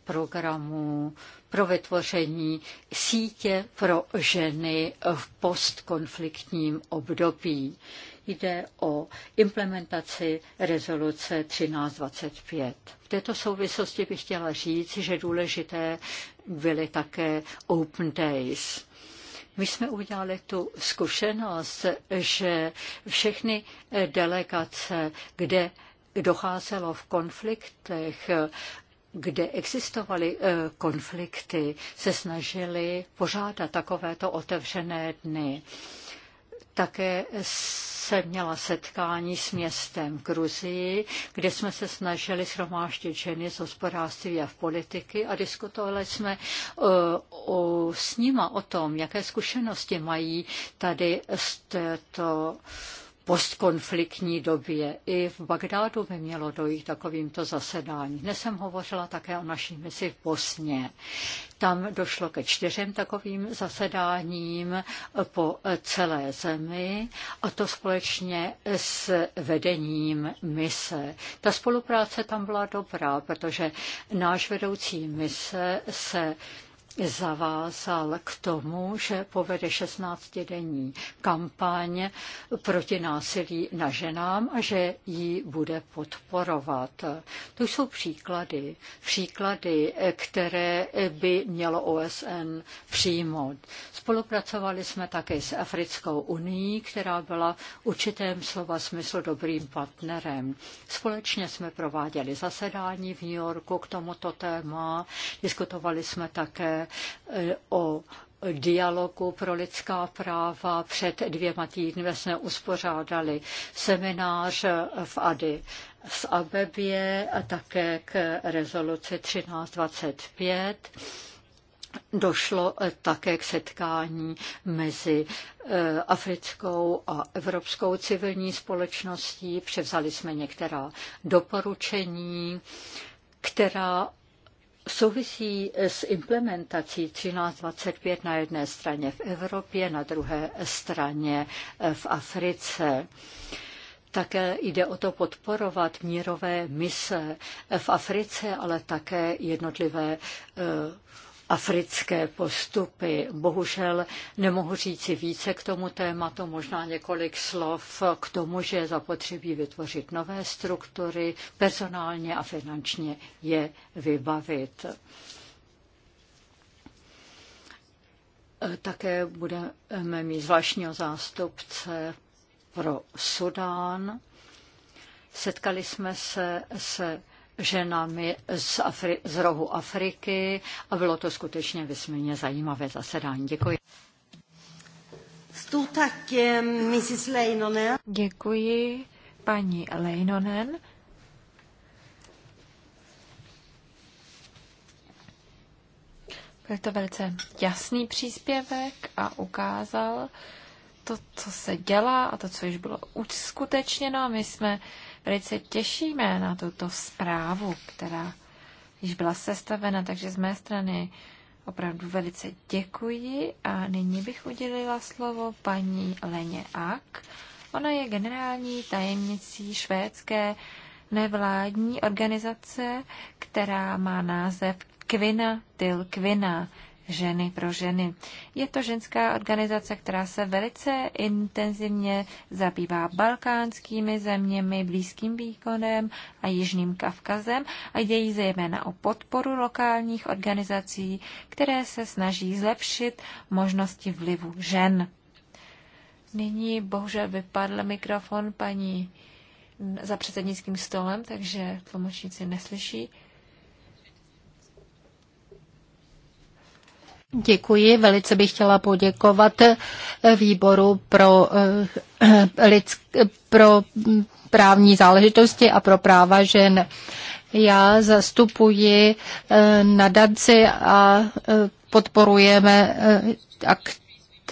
programu pro vytvoření sítě pro ženy v postkonfliktním období. Jde o implementaci rezoluce 1325. V této souvislosti bych chtěla říct, že důležité byly také Open Days my jsme udělali tu zkušenost, že všechny delegace, kde docházelo v konfliktech, kde existovaly eh, konflikty, se snažili pořádat takovéto otevřené dny také se měla setkání s městem Gruzii, kde jsme se snažili shromáždit ženy z hospodářství a v politiky a diskutovali jsme uh, o, s nima o tom, jaké zkušenosti mají tady z této uh, postkonfliktní době. I v Bagdádu by mělo dojít takovýmto zasedání. Dnes jsem hovořila také o naší misi v Bosně. Tam došlo ke čtyřem takovým zasedáním po celé zemi a to společně s vedením mise. Ta spolupráce tam byla dobrá, protože náš vedoucí mise se zavázal k tomu, že povede 16-denní kampaň proti násilí na ženám a že ji bude podporovat. To jsou příklady, příklady, které by mělo OSN přijmout. Spolupracovali jsme také s Africkou unii, která byla určitém slova smyslu dobrým partnerem. Společně jsme prováděli zasedání v New Yorku k tomuto téma, diskutovali jsme také o dialogu pro lidská práva. Před dvěma týdny jsme uspořádali seminář v Ady z Abebě a také k rezoluci 1325. Došlo také k setkání mezi eh, africkou a evropskou civilní společností. Převzali jsme některá doporučení, která souvisí eh, s implementací 1325 na jedné straně v Evropě, na druhé straně eh, v Africe. Také jde o to podporovat mírové mise v Africe, ale také jednotlivé eh, africké postupy. Bohužel nemohu říci více k tomu tématu, možná několik slov k tomu, že je zapotřebí vytvořit nové struktury, personálně a finančně je vybavit. Také budeme mít zvláštního zástupce pro Sudán. Setkali jsme se se ženami z, Afri- z rohu Afriky a bylo to skutečně vysměně zajímavé zasedání. Děkuji. Eh, Děkuji paní Leinonen. Byl to velice jasný příspěvek a ukázal to, co se dělá a to, co již bylo uskutečněno. My jsme uh, Velice těšíme na tuto zprávu, která již byla sestavena, takže z mé strany opravdu velice děkuji a nyní bych udělila slovo paní Leně Ak. Ona je generální tajemnicí švédské nevládní organizace, která má název Kvina Til Kvina ženy pro ženy. Je to ženská organizace, která se velice intenzivně zabývá balkánskými zeměmi, Blízkým výkonem a Jižním Kavkazem a dějí zejména o podporu lokálních organizací, které se snaží zlepšit možnosti vlivu žen. Nyní bohužel vypadl mikrofon paní za předsednickým stolem, takže tlumočníci neslyší Děkuji, velice bych chtěla poděkovat eh, výboru pro, eh, lidsk, pro právní záležitosti a pro práva žen. Já zastupuji eh, nadaci a podporujeme akt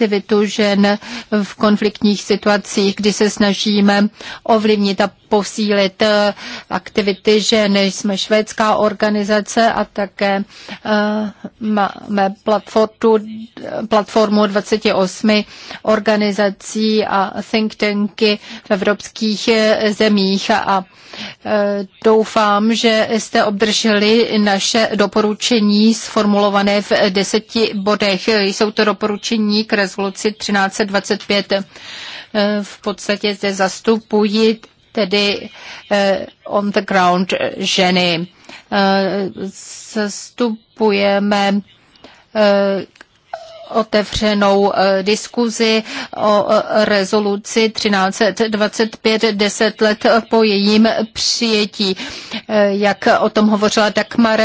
aktivitu žen v konfliktních situacích, kdy se snažíme ovlivnit a posílit eh, aktivity žen. Jsme švédská organizace a také eh, máme platformu, platformu 28 organizací a think tanky v evropských eh, zemích a doufám, že jste obdrželi naše doporučení sformulované v deseti bodech. Jsou to doporučení k rezoluci 1325. Eh, v podstatě zde zastupují tedy eh, on the ground ženy. Eh, zastupujeme otevřenou diskuzi o rezoluci 1325 deset let po jejím přijetí. Jak o tom hovořila Dagmar,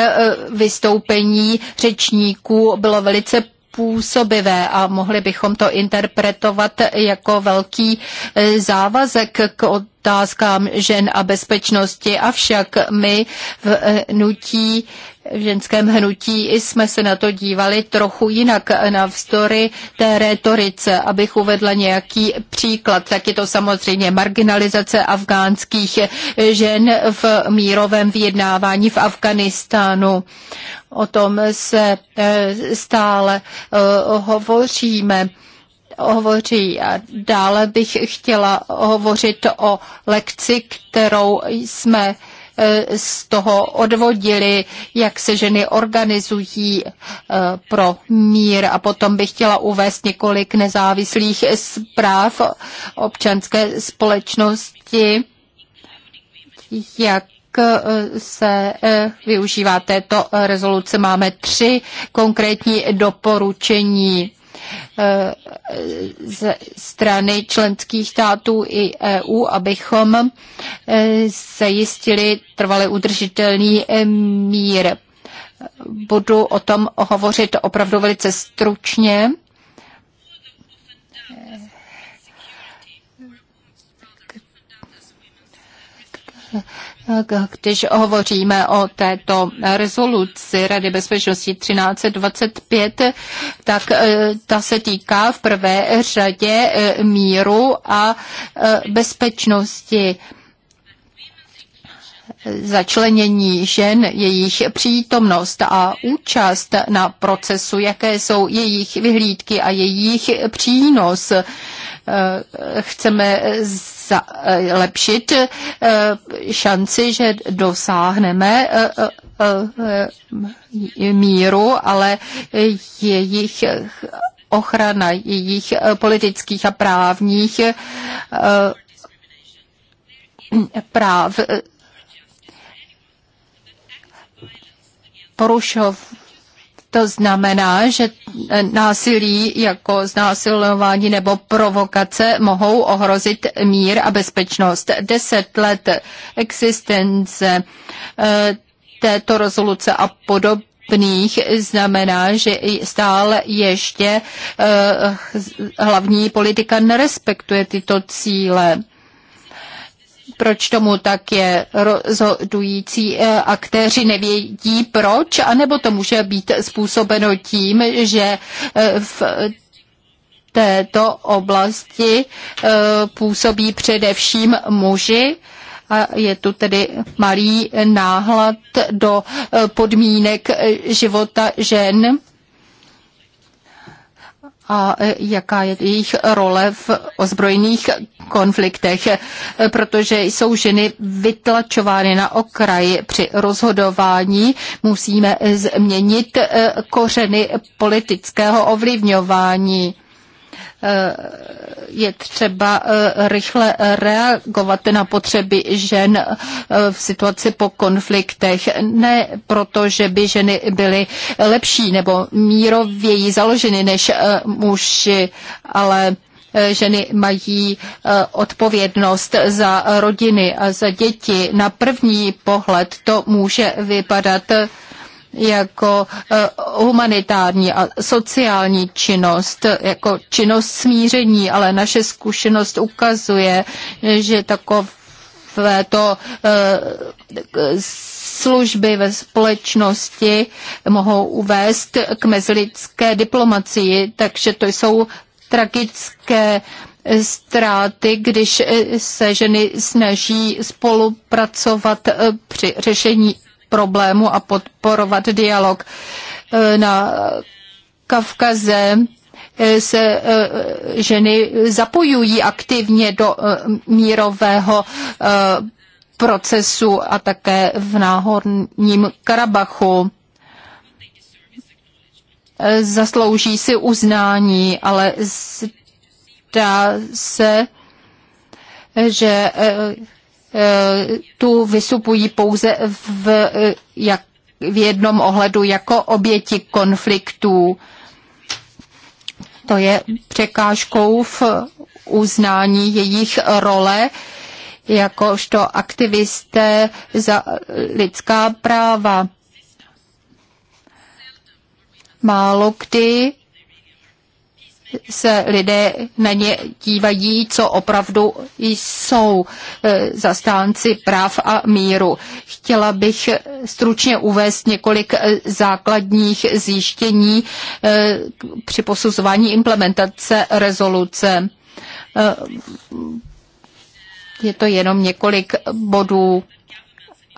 vystoupení řečníků bylo velice působivé a mohli bychom to interpretovat jako velký e, závazek k otázkám žen a bezpečnosti. Avšak my v e, nutí v ženském hnutí jsme se na to dívali trochu jinak navzdory té retorice. Abych uvedla nějaký příklad, tak je to samozřejmě marginalizace afgánských žen v mírovém vyjednávání v Afganistánu. O tom se eh, stále eh, hovoříme hovoří. A dále bych chtěla hovořit o lekci, kterou jsme uh, Eh, z toho odvodili, jak se ženy organizují eh, pro mír. A potom bych chtěla uvést několik nezávislých zpráv občanské společnosti, jak eh, se využívá této rezoluce. Máme tři konkrétní doporučení Eh, ze strany členských států i EU, abychom eh, zajistili trvale udržitelný eh, mír. Budu o tom hovořit opravdu velice stručně. Když hovoříme o této rezoluci Rady bezpečnosti 1325, tak e, ta se týká v prvé řadě e, míru a e, bezpečnosti začlenění žen, jejich přítomnost a účast na procesu, jaké jsou jejich vyhlídky a jejich přínos. Eh, chceme zlepšit eh, šanci, že dosáhneme eh, míru, ale jejich ochrana jejich politických a právních práv Porušov To znamená, že násilí jako znásilňování nebo provokace mohou ohrozit mír a bezpečnost. Deset let existence eh, této rezoluce a podobných znamená, že stále ještě eh, hlavní politika nerespektuje tyto cíle proč tomu tak je. Rozhodující eh, aktéři nevědí proč, anebo to může být způsobeno tím, že eh, v této oblasti eh, působí především muži, a je tu tedy malý náhled do podmínek života žen a e, jaká je jejich role v ozbrojených konfliktech, e, protože jsou ženy vytlačovány na okraji při rozhodování. Musíme změnit e, kořeny politického ovlivňování. Eh, je třeba eh, rychle eh, reagovat na potřeby žen v situaci po konfliktech. Ne proto, že by ženy byly lepší nebo mírověji založeny než muži, ale ženy mají odpovědnost za rodiny a za děti. Na první pohled to může vypadat jako eh, humanitární a sociální činnost, jako činnost smíření, ale naše zkušenost ukazuje, že takové to eh, služby ve společnosti mohou uvést k mezilidské diplomacii, takže to jsou tragické ztráty, když se ženy snaží spolupracovat eh, při řešení problému a podporovat dialog. E, na Kavkaze e, se e, ženy zapojují aktivně do mírového procesu a také v náhorním Karabachu. Zaslouží si uznání, ale zdá se, že tu vystupují pouze v, jak, v jednom ohledu jako oběti konfliktů. To je překážkou v uznání jejich role jakožto aktivisté za lidská práva. Málo kdy se lidé na ně dívají, co opravdu jsou e, zastánci práv a míru. Chtěla bych stručně uvést několik e, základních zjištění e, při posuzování implementace rezoluce. Je to jenom několik bodů.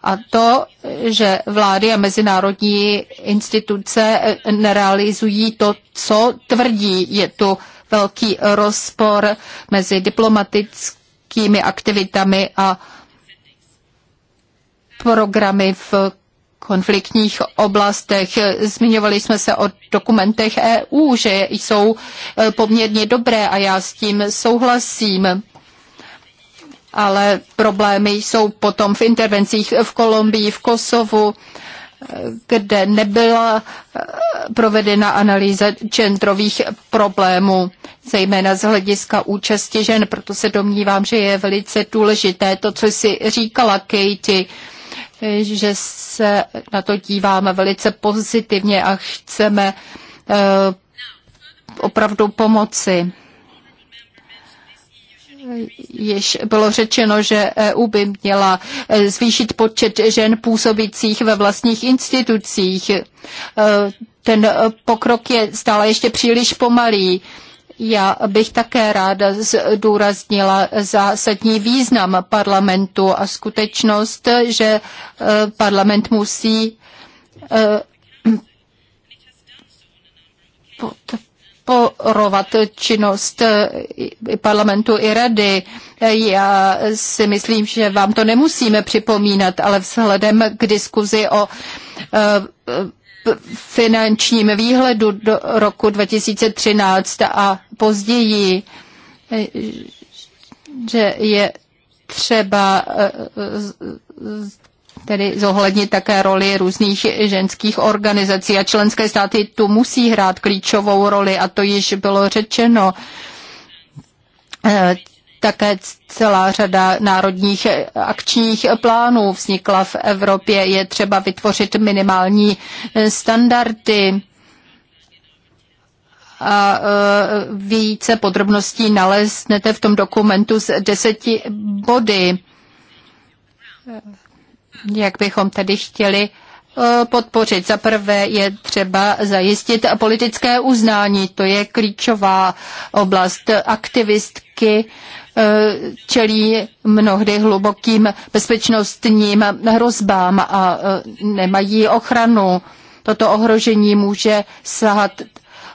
A to, že vlády a mezinárodní instituce eh, nerealizují to, co tvrdí, je tu velký rozpor mezi diplomatickými aktivitami a programy v konfliktních oblastech. Zmiňovali jsme se o dokumentech EU, že jsou eh, poměrně dobré a já s tím souhlasím ale problémy jsou potom v intervencích v Kolumbii, v Kosovu, kde nebyla eh, provedena analýza centrových problémů, zejména z hlediska účasti žen. Proto se domnívám, že je velice důležité to, co si říkala Katie, že se na to díváme velice pozitivně a chceme eh, opravdu pomoci. Již bylo řečeno, že EU by měla e, zvýšit počet žen působících ve vlastních institucích. E, ten pokrok je stále ještě příliš pomalý. Já bych také ráda zdůraznila zásadní význam parlamentu a skutečnost, že e, parlament musí podporovat činnost parlamentu i rady. Já si myslím, že vám to nemusíme připomínat, ale vzhledem k diskuzi o eh, finančním výhledu do roku 2013 a později, že je třeba eh, tedy zohlednit také roli různých ženských organizací a členské státy tu musí hrát klíčovou roli a to již bylo řečeno. E, také celá řada národních akčních plánů vznikla v Evropě. Je třeba vytvořit minimální standardy a e, více podrobností naleznete v tom dokumentu z deseti body jak bychom tedy chtěli eh, podpořit. Za prvé je třeba zajistit politické uznání, to je klíčová oblast. Aktivistky eh, čelí mnohdy hlubokým bezpečnostním hrozbám a eh, nemají ochranu. Toto ohrožení může sahat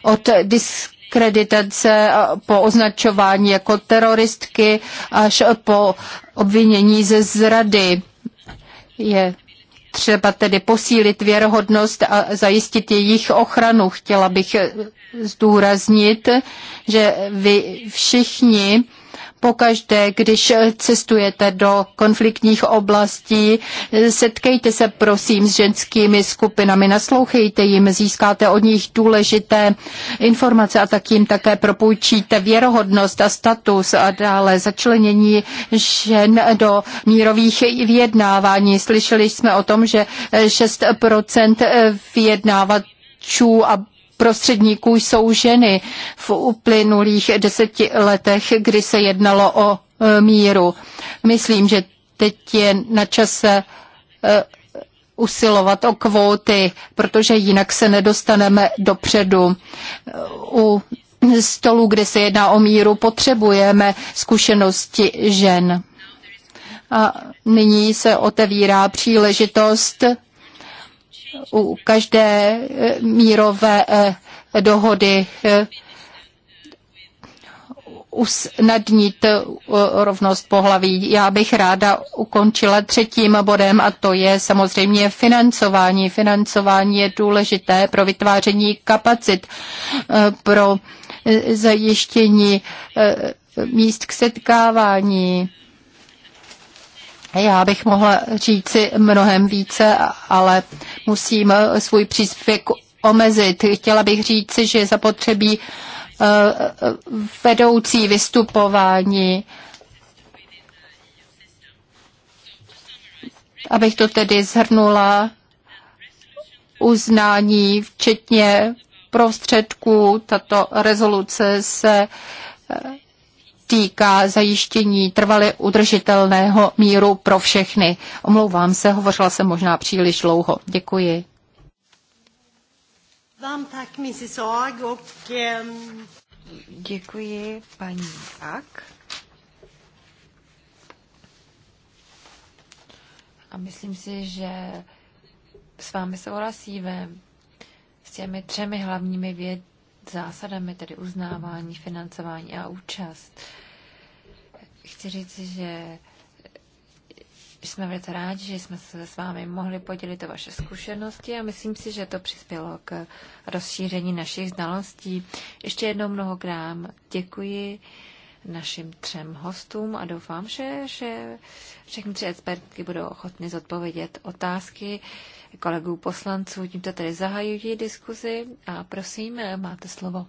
od diskreditace, po označování jako teroristky až po obvinění ze zrady. Je třeba tedy posílit věrohodnost a zajistit jejich ochranu. Chtěla bych zdůraznit, že vy všichni pokaždé, když cestujete do konfliktních oblastí, setkejte se prosím s ženskými skupinami, naslouchejte jim, získáte od nich důležité informace a tak jim také propůjčíte věrohodnost a status a dále začlenění žen do mírových vyjednávání. Slyšeli jsme o tom, že 6% vyjednávat a prostředníků jsou ženy v uplynulých deseti letech, kdy se jednalo o e, míru. Myslím, že teď je na čase e, usilovat o kvóty, protože jinak se nedostaneme dopředu. U stolu, kde se jedná o míru, potřebujeme zkušenosti žen. A nyní se otevírá příležitost u každé eh, mírové eh, dohody eh, usnadnit rovnost pohlaví. Já bych ráda ukončila třetím bodem a to je samozřejmě financování. Financování je důležité pro vytváření kapacit, pro zajištění míst k setkávání já bych mohla říci mnohem více, ale musím eh, svůj příspěvek omezit. Chtěla bych říci, že je zapotřebí eh, eh, vedoucí vystupování. Abych to tedy zhrnula, uznání, včetně prostředků, tato rezoluce se týká zajištění trvale udržitelného míru pro všechny. Omlouvám se, hovořila jsem možná příliš dlouho. Děkuji. Vám tak, Mrs. Ehm, Děkuji, paní Ak. A myslím si, že s vámi souhlasíme s těmi třemi hlavními věd, zásadami, tedy uznávání, financování a účast. Chci říct, že jsme velice rádi, že jsme se s vámi mohli podělit o vaše zkušenosti a myslím si, že to přispělo k rozšíření našich znalostí. Ještě jednou mnohokrát děkuji našim třem hostům a doufám, že, že všechny tři expertky budou ochotny zodpovědět otázky, kolegů poslanců. Tímto tedy zahajují diskuzi a prosím, máte slovo.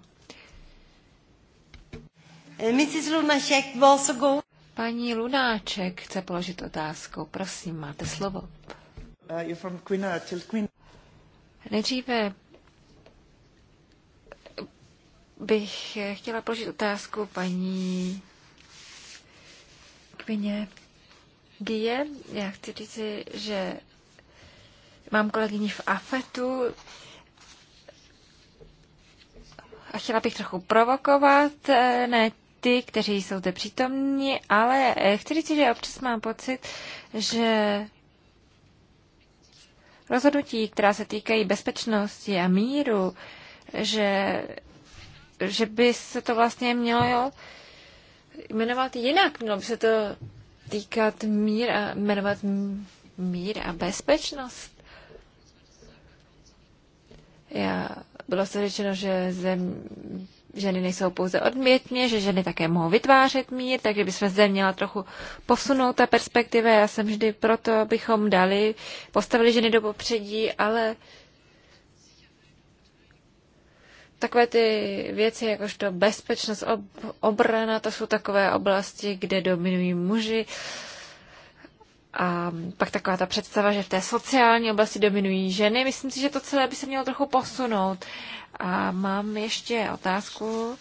Eh, Mrs. Lunaček, Volsogo. Paní Lunáček chce položit otázku. Prosím, máte slovo. Uh, from Quina, uh, till Queen? Nejdříve bych chtěla položit otázku paní Kvině Gije. Já chci říci, že Mám kolegyni v AFETu a chtěla bych trochu provokovat, eh, ne ty, kteří jsou zde přítomní, ale eh, chci říct, že občas mám pocit, že rozhodnutí, která se týkají bezpečnosti a míru, že, že by se to vlastně mělo jo, jmenovat jinak. Mělo by se to týkat mír a jmenovat mír a bezpečnost. Já, bylo se řečeno, že zem, ženy nejsou pouze odmětně, že ženy také mohou vytvářet mír, takže bychom zde měla trochu posunout ta perspektiva. Já jsem vždy proto, abychom dali, postavili ženy do popředí, ale takové ty věci, jakožto bezpečnost, ob, obrana, to jsou takové oblasti, kde dominují muži. Uh, a pak taková ta představa, že v té sociální oblasti dominují ženy. Myslím si, že to celé by se mělo trochu posunout. A mám ještě otázku,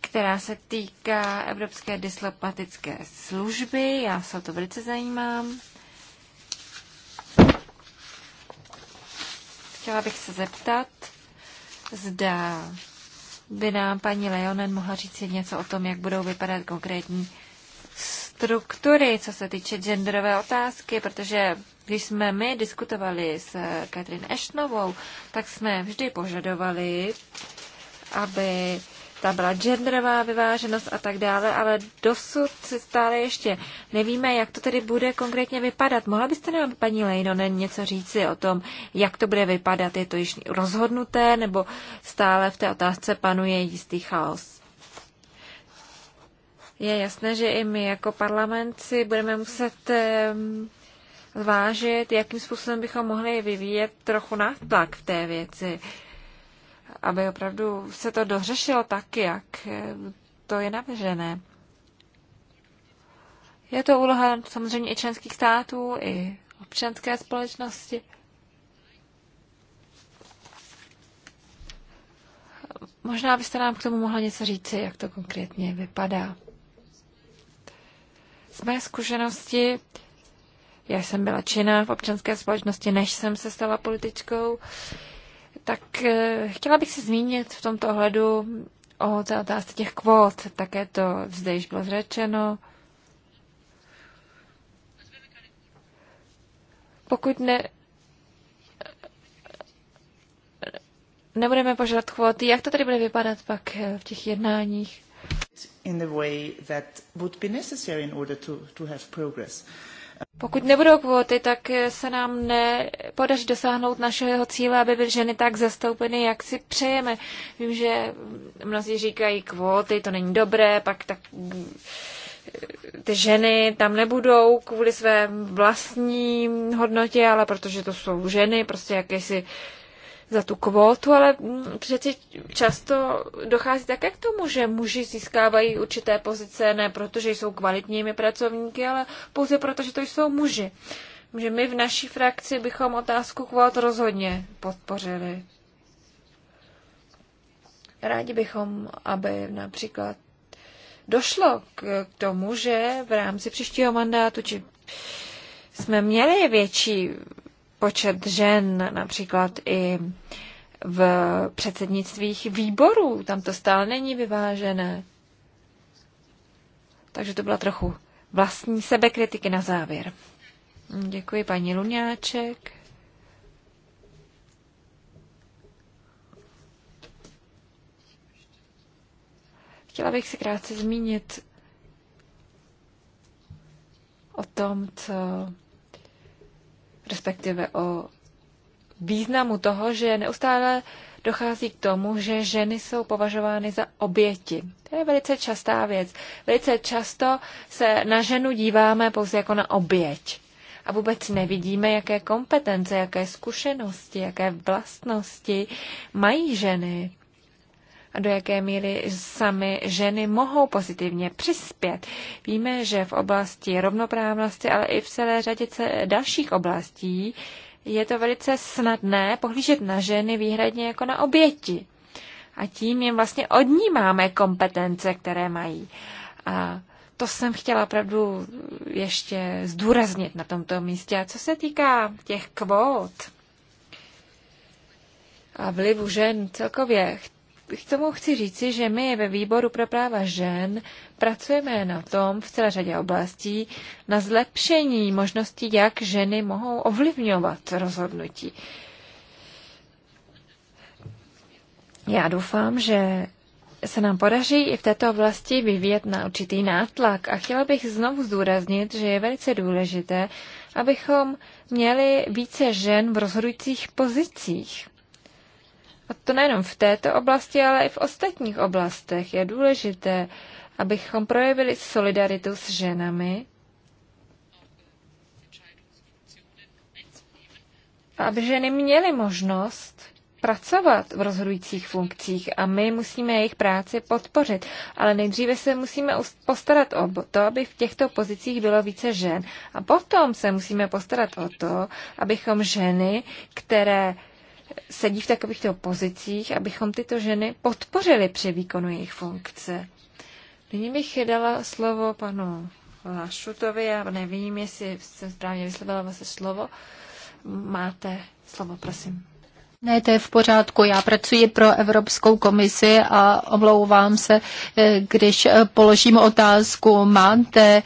která se týká Evropské dislopatické služby. Já se o to velice zajímám. Chtěla bych se zeptat, zda by nám paní Leonen mohla říct něco o tom, jak budou vypadat konkrétní struktury, co se týče genderové otázky, protože když jsme my diskutovali s Katrin Ešnovou, tak jsme vždy požadovali, aby tam byla genderová vyváženost a tak dále, ale dosud se stále ještě nevíme, jak to tedy bude konkrétně vypadat. Mohla byste nám, paní Lejnonen, něco říci o tom, jak to bude vypadat? Je to již rozhodnuté nebo stále v té otázce panuje jistý chaos? je jasné, že i my jako parlament si budeme muset zvážit, jakým způsobem bychom mohli vyvíjet trochu nátlak v té věci, aby opravdu se to dořešilo tak, jak to je navržené. Je to úloha samozřejmě i členských států, i občanské společnosti. Možná byste nám k tomu mohla něco říci, jak to konkrétně vypadá. Z mé zkušenosti, já jsem byla činná v občanské společnosti, než jsem se stala političkou, tak eh, chtěla bych se zmínit v tomto ohledu o té otázce těch kvót. Také to zde již bylo zřečeno. Pokud ne, nebudeme požadovat kvóty, jak to tedy bude vypadat pak v těch jednáních? in the way that would be necessary in order to, to have progress. Pokud nebudou kvóty, tak se nám nepodaří dosáhnout našeho cíle, aby byly ženy tak zastoupeny, jak si přejeme. Vím, že mnozí říkají kvóty, to není dobré, pak tak mm, ty ženy tam nebudou kvůli své vlastní hodnotě, ale protože to jsou ženy, prostě jakési uh, za tu kvótu, ale mm, přeci často dochází také k tomu, že muži získávají určité pozice ne proto, že jsou kvalitními pracovníky, ale pouze proto, že to jsou muži. Že my v naší frakci bychom otázku kvót rozhodně podpořili. Rádi bychom, aby například došlo k tomu, že v rámci příštího mandátu či jsme měli větší počet žen například i v předsednictvích výborů. Tam to stále není vyvážené. Takže to byla trochu vlastní sebekritiky na závěr. Děkuji paní Luňáček. Chtěla bych se krátce zmínit o tom, co respektive o významu toho, že neustále dochází k tomu, že ženy jsou považovány za oběti. To je velice častá věc. Velice často se na ženu díváme pouze jako na oběť. A vůbec nevidíme, jaké kompetence, jaké zkušenosti, jaké vlastnosti mají ženy a do jaké míry sami ženy mohou pozitivně přispět. Víme, že v oblasti rovnoprávnosti, ale i v celé řadě dalších oblastí je to velice snadné pohlížet na ženy výhradně jako na oběti. A tím jim vlastně odnímáme kompetence, které mají. A to jsem chtěla opravdu ještě zdůraznit na tomto místě. A co se týká těch kvót a vlivu žen celkově, k tomu chci říci, že my ve Výboru pro práva žen pracujeme na tom v celé řadě oblastí na zlepšení možností, jak ženy mohou ovlivňovat rozhodnutí. Já doufám, že se nám podaří i v této oblasti vyvíjet na určitý nátlak a chtěla bych znovu zdůraznit, že je velice důležité, abychom měli více žen v rozhodujících pozicích. A to nejenom v této oblasti, ale i v ostatních oblastech je důležité, abychom projevili solidaritu s ženami a aby ženy měly možnost pracovat v rozhodujících funkcích a my musíme jejich práci podpořit. Ale nejdříve se musíme postarat o to, aby v těchto pozicích bylo více žen. A potom se musíme postarat o to, abychom ženy, které sedí v takovýchto pozicích, abychom tyto ženy podpořili při výkonu jejich funkce. Nyní bych dala slovo panu Lašutovi, já nevím, jestli jsem správně vyslovila vaše slovo. Máte slovo, prosím. Ne, to je v pořádku. Já pracuji pro Evropskou komisi a omlouvám se, eh, když eh, položím otázku. Máte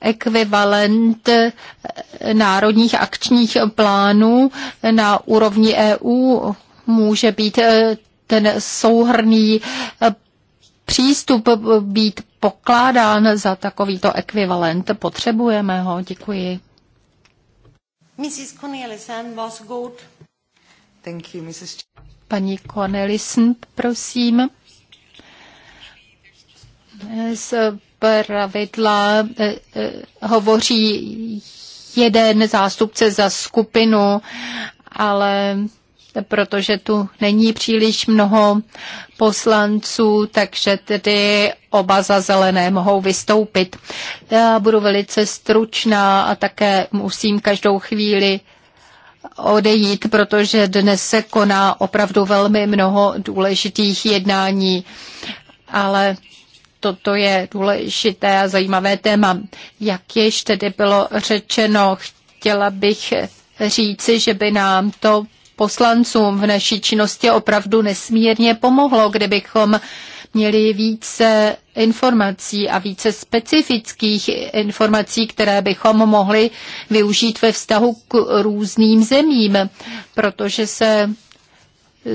ekvivalent eh, národních akčních plánů na úrovni EU může být eh, ten souhrný eh, přístup být pokládán za takovýto ekvivalent. Potřebujeme ho. Děkuji. Mrs. Cornelissen, was good. Thank you, Mrs. Paní Cornelissen, prosím. Z pravidla eh, eh, hovoří jeden zástupce za skupinu, ale protože tu není příliš mnoho poslanců, takže tedy oba za zelené mohou vystoupit. Já budu velice stručná a také musím každou chvíli odejít, protože dnes se koná opravdu velmi mnoho důležitých jednání. Ale toto je důležité a zajímavé téma. Jak již tedy bylo řečeno, chtěla bych říci, že by nám to poslancům v naší činnosti opravdu nesmírně pomohlo, kdybychom měli více informací a více specifických informací, které bychom mohli využít ve vztahu k různým zemím, protože se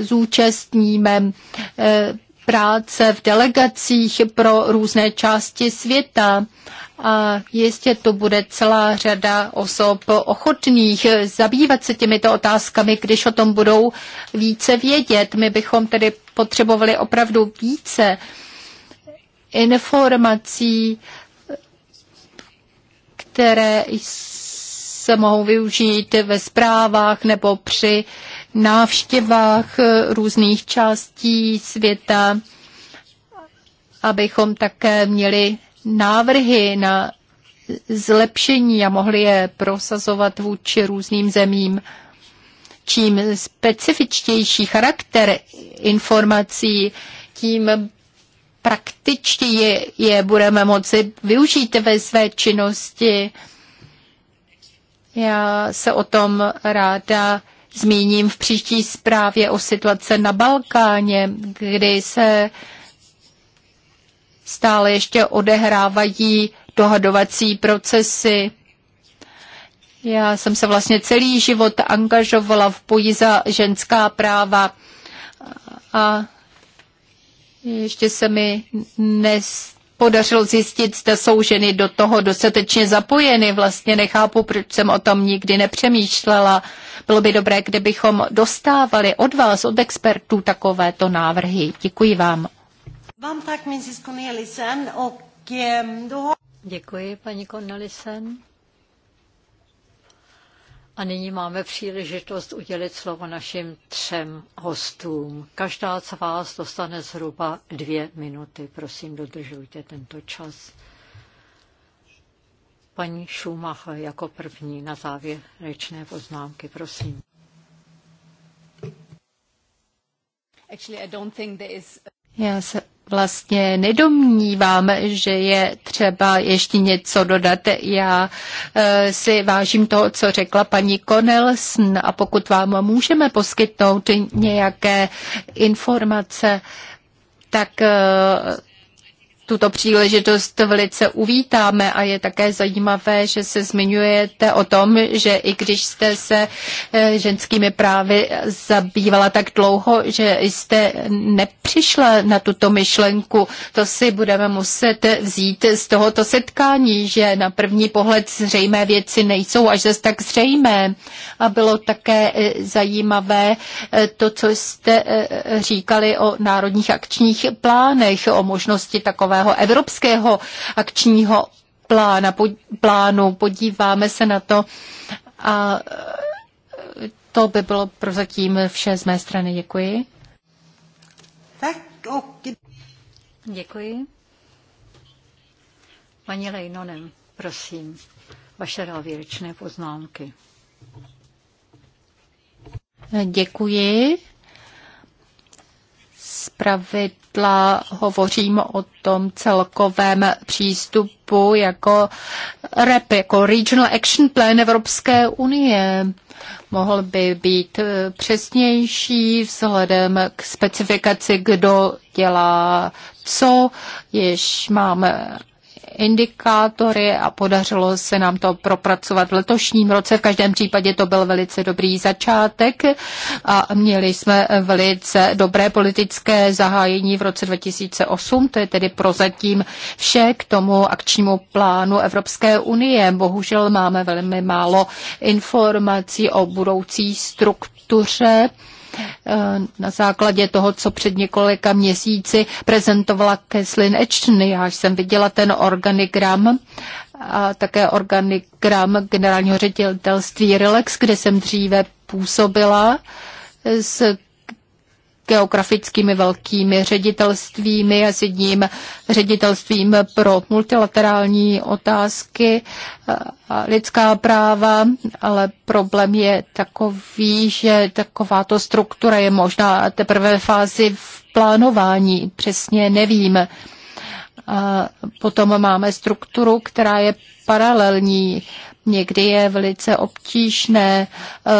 zúčastníme eh, práce v delegacích pro různé části světa. A jistě to bude celá řada osob ochotných zabývat se těmito otázkami, když o tom budou více vědět. My bychom tedy potřebovali opravdu více informací, které se mohou využít ve zprávách nebo při uh, návštěvách eh, různých částí světa, abychom také měli návrhy na zlepšení a mohli je prosazovat vůči různým zemím. Čím specifičtější charakter informací, tím praktičtěji je, je budeme moci využít ve své činnosti. Já se o tom ráda zmíním v příští zprávě o situace na Balkáně, kdy se stále ještě odehrávají dohadovací procesy. Já jsem se vlastně celý život angažovala v boji za ženská práva a ještě se mi nestalo podařilo zjistit, zda jsou ženy do toho dostatečně zapojeny. Vlastně nechápu, proč jsem o tom nikdy nepřemýšlela. Bylo by dobré, kdybychom dostávali od vás, od expertů, takovéto návrhy. Děkuji vám. Vám tak, eh, Děkuji, paní Cornelisen. A nyní máme příležitost udělit slovo našim třem hostům. Každá z vás dostane zhruba dvě minuty. Prosím, dodržujte tento čas. Paní Šumacha jako první na závěr rečné poznámky, prosím. Já se vlastně nedomnívám, že je třeba ještě něco dodat. Já eh, si vážím toho, co řekla paní Connelson, a pokud vám můžeme poskytnout nějaké informace, tak eh, tuto příležitost velice uvítáme a je také zajímavé, že se zmiňujete o tom, že i když jste se eh, ženskými právy zabývala tak dlouho, že jste nepřišla na tuto myšlenku, to si budeme muset vzít z tohoto setkání, že na první pohled zřejmé věci nejsou až zase tak zřejmé. A bylo také eh, zajímavé eh, to, co jste říkali o národních akčních plánech, o možnosti takové nového evropského akčního plána, pod, plánu. Podíváme se na to a to by bylo prozatím vše z mé strany. Děkuji. Děkuji. Pani Lejnonem, prosím, vaše závěrečné poznámky. Děkuji. Spravedlivě čísla, hovořím o tom celkovém přístupu jako REP, jako Regional Action Plan Evropské unie. Mohl by být eh, přesnější vzhledem k specifikaci, kdo dělá co, jež máme indikátory a podařilo se nám to propracovat v letošním roce. V každém případě to byl velice dobrý začátek a měli jsme velice dobré politické zahájení v roce 2008. To je tedy prozatím vše k tomu akčnímu plánu Evropské unie. Bohužel máme velmi málo informací o budoucí struktuře Eh, na základě toho, co před několika měsíci prezentovala Kathleen Ashton. Já jsem viděla ten organigram a také organigram generálního ředitelství Relax, kde jsem dříve působila s geografickými velkými ředitelstvími a s jedním ředitelstvím pro multilaterální otázky a lidská práva, ale problém je takový, že takováto struktura je možná teprve v fázi v plánování, přesně nevím. A potom máme strukturu, která je paralelní. Někdy je velice obtížné eh,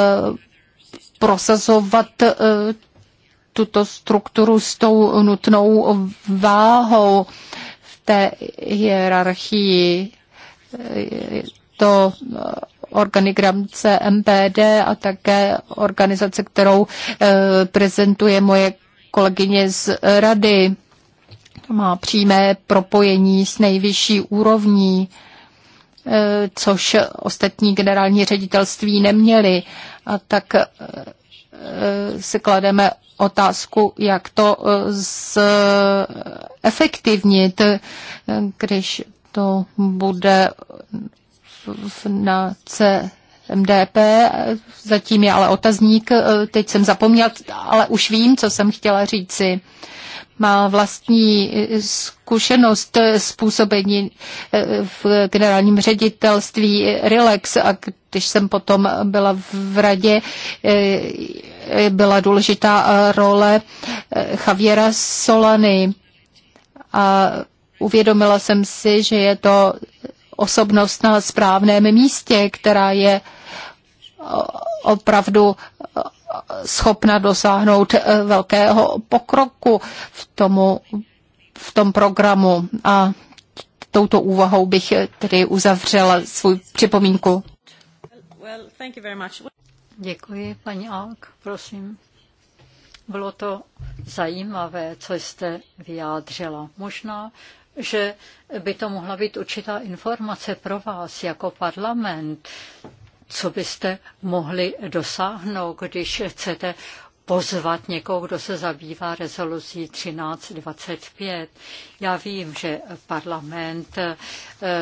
prosazovat eh, tuto strukturu s tou nutnou váhou v té hierarchii. To organigram CMPD a také organizace, kterou eh, prezentuje moje kolegyně z rady. Má přímé propojení s nejvyšší úrovní, eh, což ostatní generální ředitelství neměly. A tak eh, Eh, si klademe otázku, jak to eh, zefektivnit, eh, když to bude na CMDP. Zatím je ale otazník, teď jsem zapomněl, ale už vím, co jsem chtěla říci má vlastní eh, zkušenost eh, způsobení eh, v generálním ředitelství Relax a když jsem potom byla v radě, byla důležitá role Javiera Solany a uvědomila jsem si, že je to osobnost na správném místě, která je opravdu schopna dosáhnout eh, velkého pokroku v, tomu, v tom programu. A touto úvahou bych eh, tedy uzavřela svou připomínku. Děkuji, paní Alk, prosím. Bylo to zajímavé, co jste vyjádřila. Možná, že by to mohla být určitá informace pro vás jako parlament, co byste mohli dosáhnout, když chcete pozvat někoho, kdo se zabývá rezolucí 1325. Já vím, že parlament eh,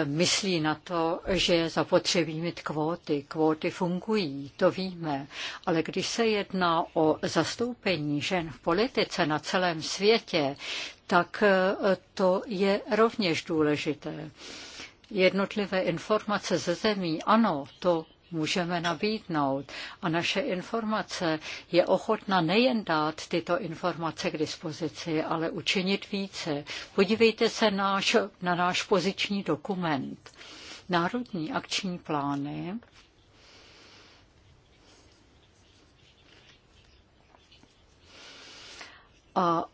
myslí na to, že je zapotřebí mít kvóty. Kvóty fungují, to víme. Ale když se jedná o zastoupení žen v politice na celém světě, tak eh, to je rovněž důležité. Jednotlivé informace ze zemí, ano, to můžeme nabídnout. A naše informace je ochotna nejen dát tyto informace k dispozici, ale učinit více. Podívejte se náš, na náš poziční dokument. Národní akční plány a e,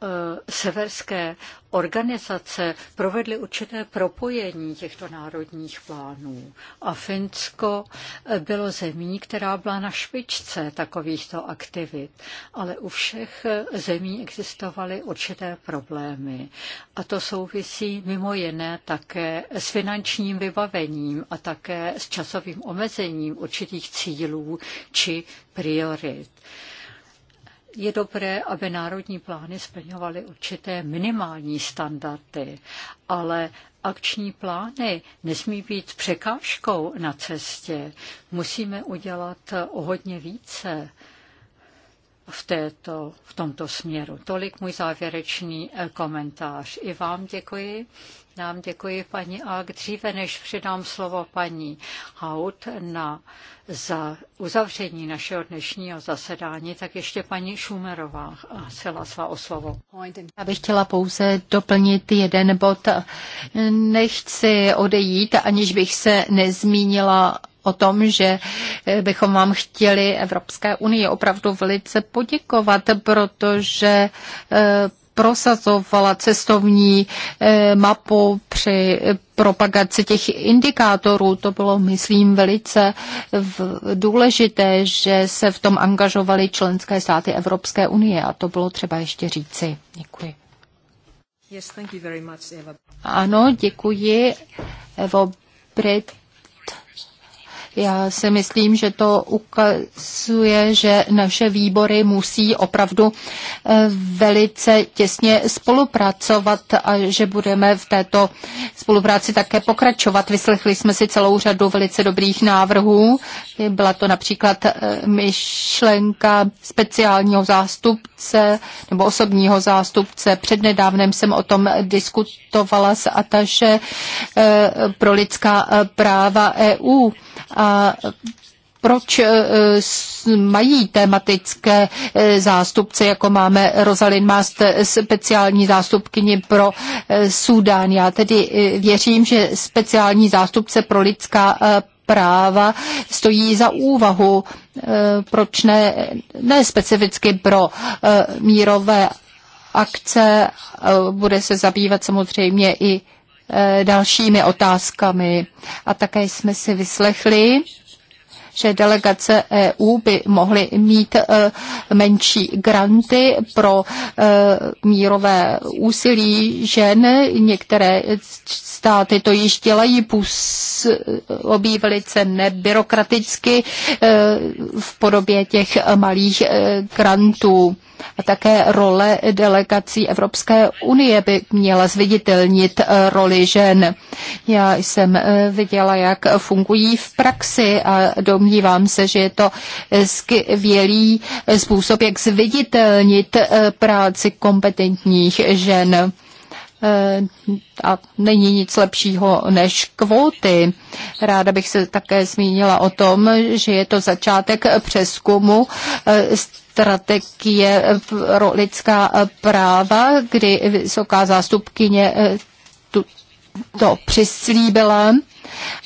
severské organizace provedly určité propojení těchto národních plánů. A Finsko e, bylo zemí, která byla na špičce takovýchto aktivit, ale u všech e, zemí existovaly určité problémy. A to souvisí mimo jiné také s finančním vybavením a také s časovým omezením určitých cílů či priorit je dobré, aby národní plány splňovaly určité minimální standardy, ale akční plány nesmí být překážkou na cestě. Musíme udělat o hodně více v, této, v tomto směru. Tolik můj závěrečný eh, komentář. I vám děkuji. Nám děkuji, paní A. Dříve než předám slovo paní Haut na, za uzavření našeho dnešního zasedání, tak ještě paní Šumerová chtěla eh, svá o slovo. Já bych chtěla pouze doplnit jeden bod. Nechci odejít, aniž bych se nezmínila o tom, že eh, bychom vám chtěli Evropské unii opravdu velice poděkovat, protože eh, prosazovala cestovní eh, mapu při propagaci těch indikátorů. To bylo, myslím, velice důležité, že se v tom angažovaly členské státy Evropské unie a to bylo třeba ještě říci. Děkuji. Yes, thank you very much, Eva. Ano, děkuji, Evo Brit já si myslím, že to ukazuje, že naše výbory musí opravdu eh, velice těsně spolupracovat a že budeme v této spolupráci také pokračovat. Vyslechli jsme si celou řadu velice dobrých návrhů. Byla to například eh, myšlenka speciálního zástupce nebo osobního zástupce. Přednedávnem jsem o tom diskutovala s Ataše eh, pro lidská práva EU a proč e, mají tematické e, zástupce, jako máme Rosalind Mast, speciální zástupkyni pro e, Súdán. Já tedy věřím, že speciální zástupce pro lidská práva stojí za úvahu, proč ne, ne specificky pro mírové akce, bude se zabývat samozřejmě i Eh, dalšími otázkami. A také jsme si vyslechli, že delegace EU by mohly mít eh, menší granty pro eh, mírové úsilí žen. Některé státy to již dělají, působí velice nebyrokraticky v podobě těch malých grantů. A také role delegací Evropské unie by měla zviditelnit eh, roli žen. Já jsem eh, viděla, jak fungují v praxi a domnívám se, že je to skvělý eh, způsob, jak zviditelnit práci kompetentních žen. Eh, a není nic lepšího než kvóty. Ráda bych se také zmínila o tom, že je to začátek přeskumu eh, strategie eh, pro lidská práva, kdy vysoká zástupkyně to přislíbila.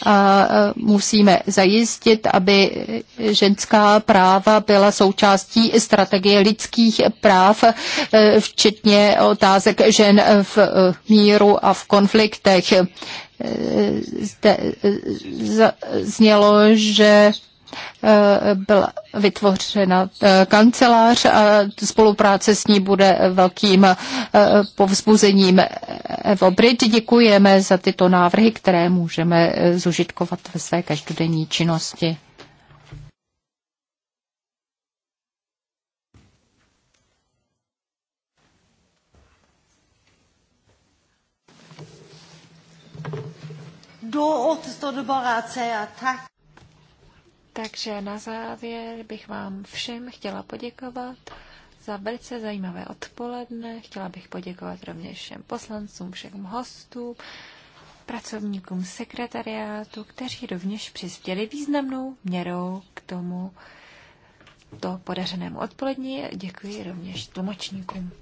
A musíme zajistit, aby ženská práva byla součástí strategie lidských práv, e, včetně otázek žen v e, míru a v konfliktech. E, zde znělo, že Eh, byla vytvořena eh, kancelář a spolupráce s ní bude velkým eh, povzbuzením. Evo Brit, děkujeme za tyto návrhy, které můžeme zužitkovat ve své každodenní činnosti. Då återstår det bara att säga tack. Takže na závěr bych vám všem chtěla poděkovat za velice zajímavé odpoledne. Chtěla bych poděkovat rovněž všem poslancům, všem hostům, pracovníkům sekretariátu, kteří rovněž přispěli významnou měrou k tomu to podařenému odpolední. Děkuji rovněž tlumočníkům.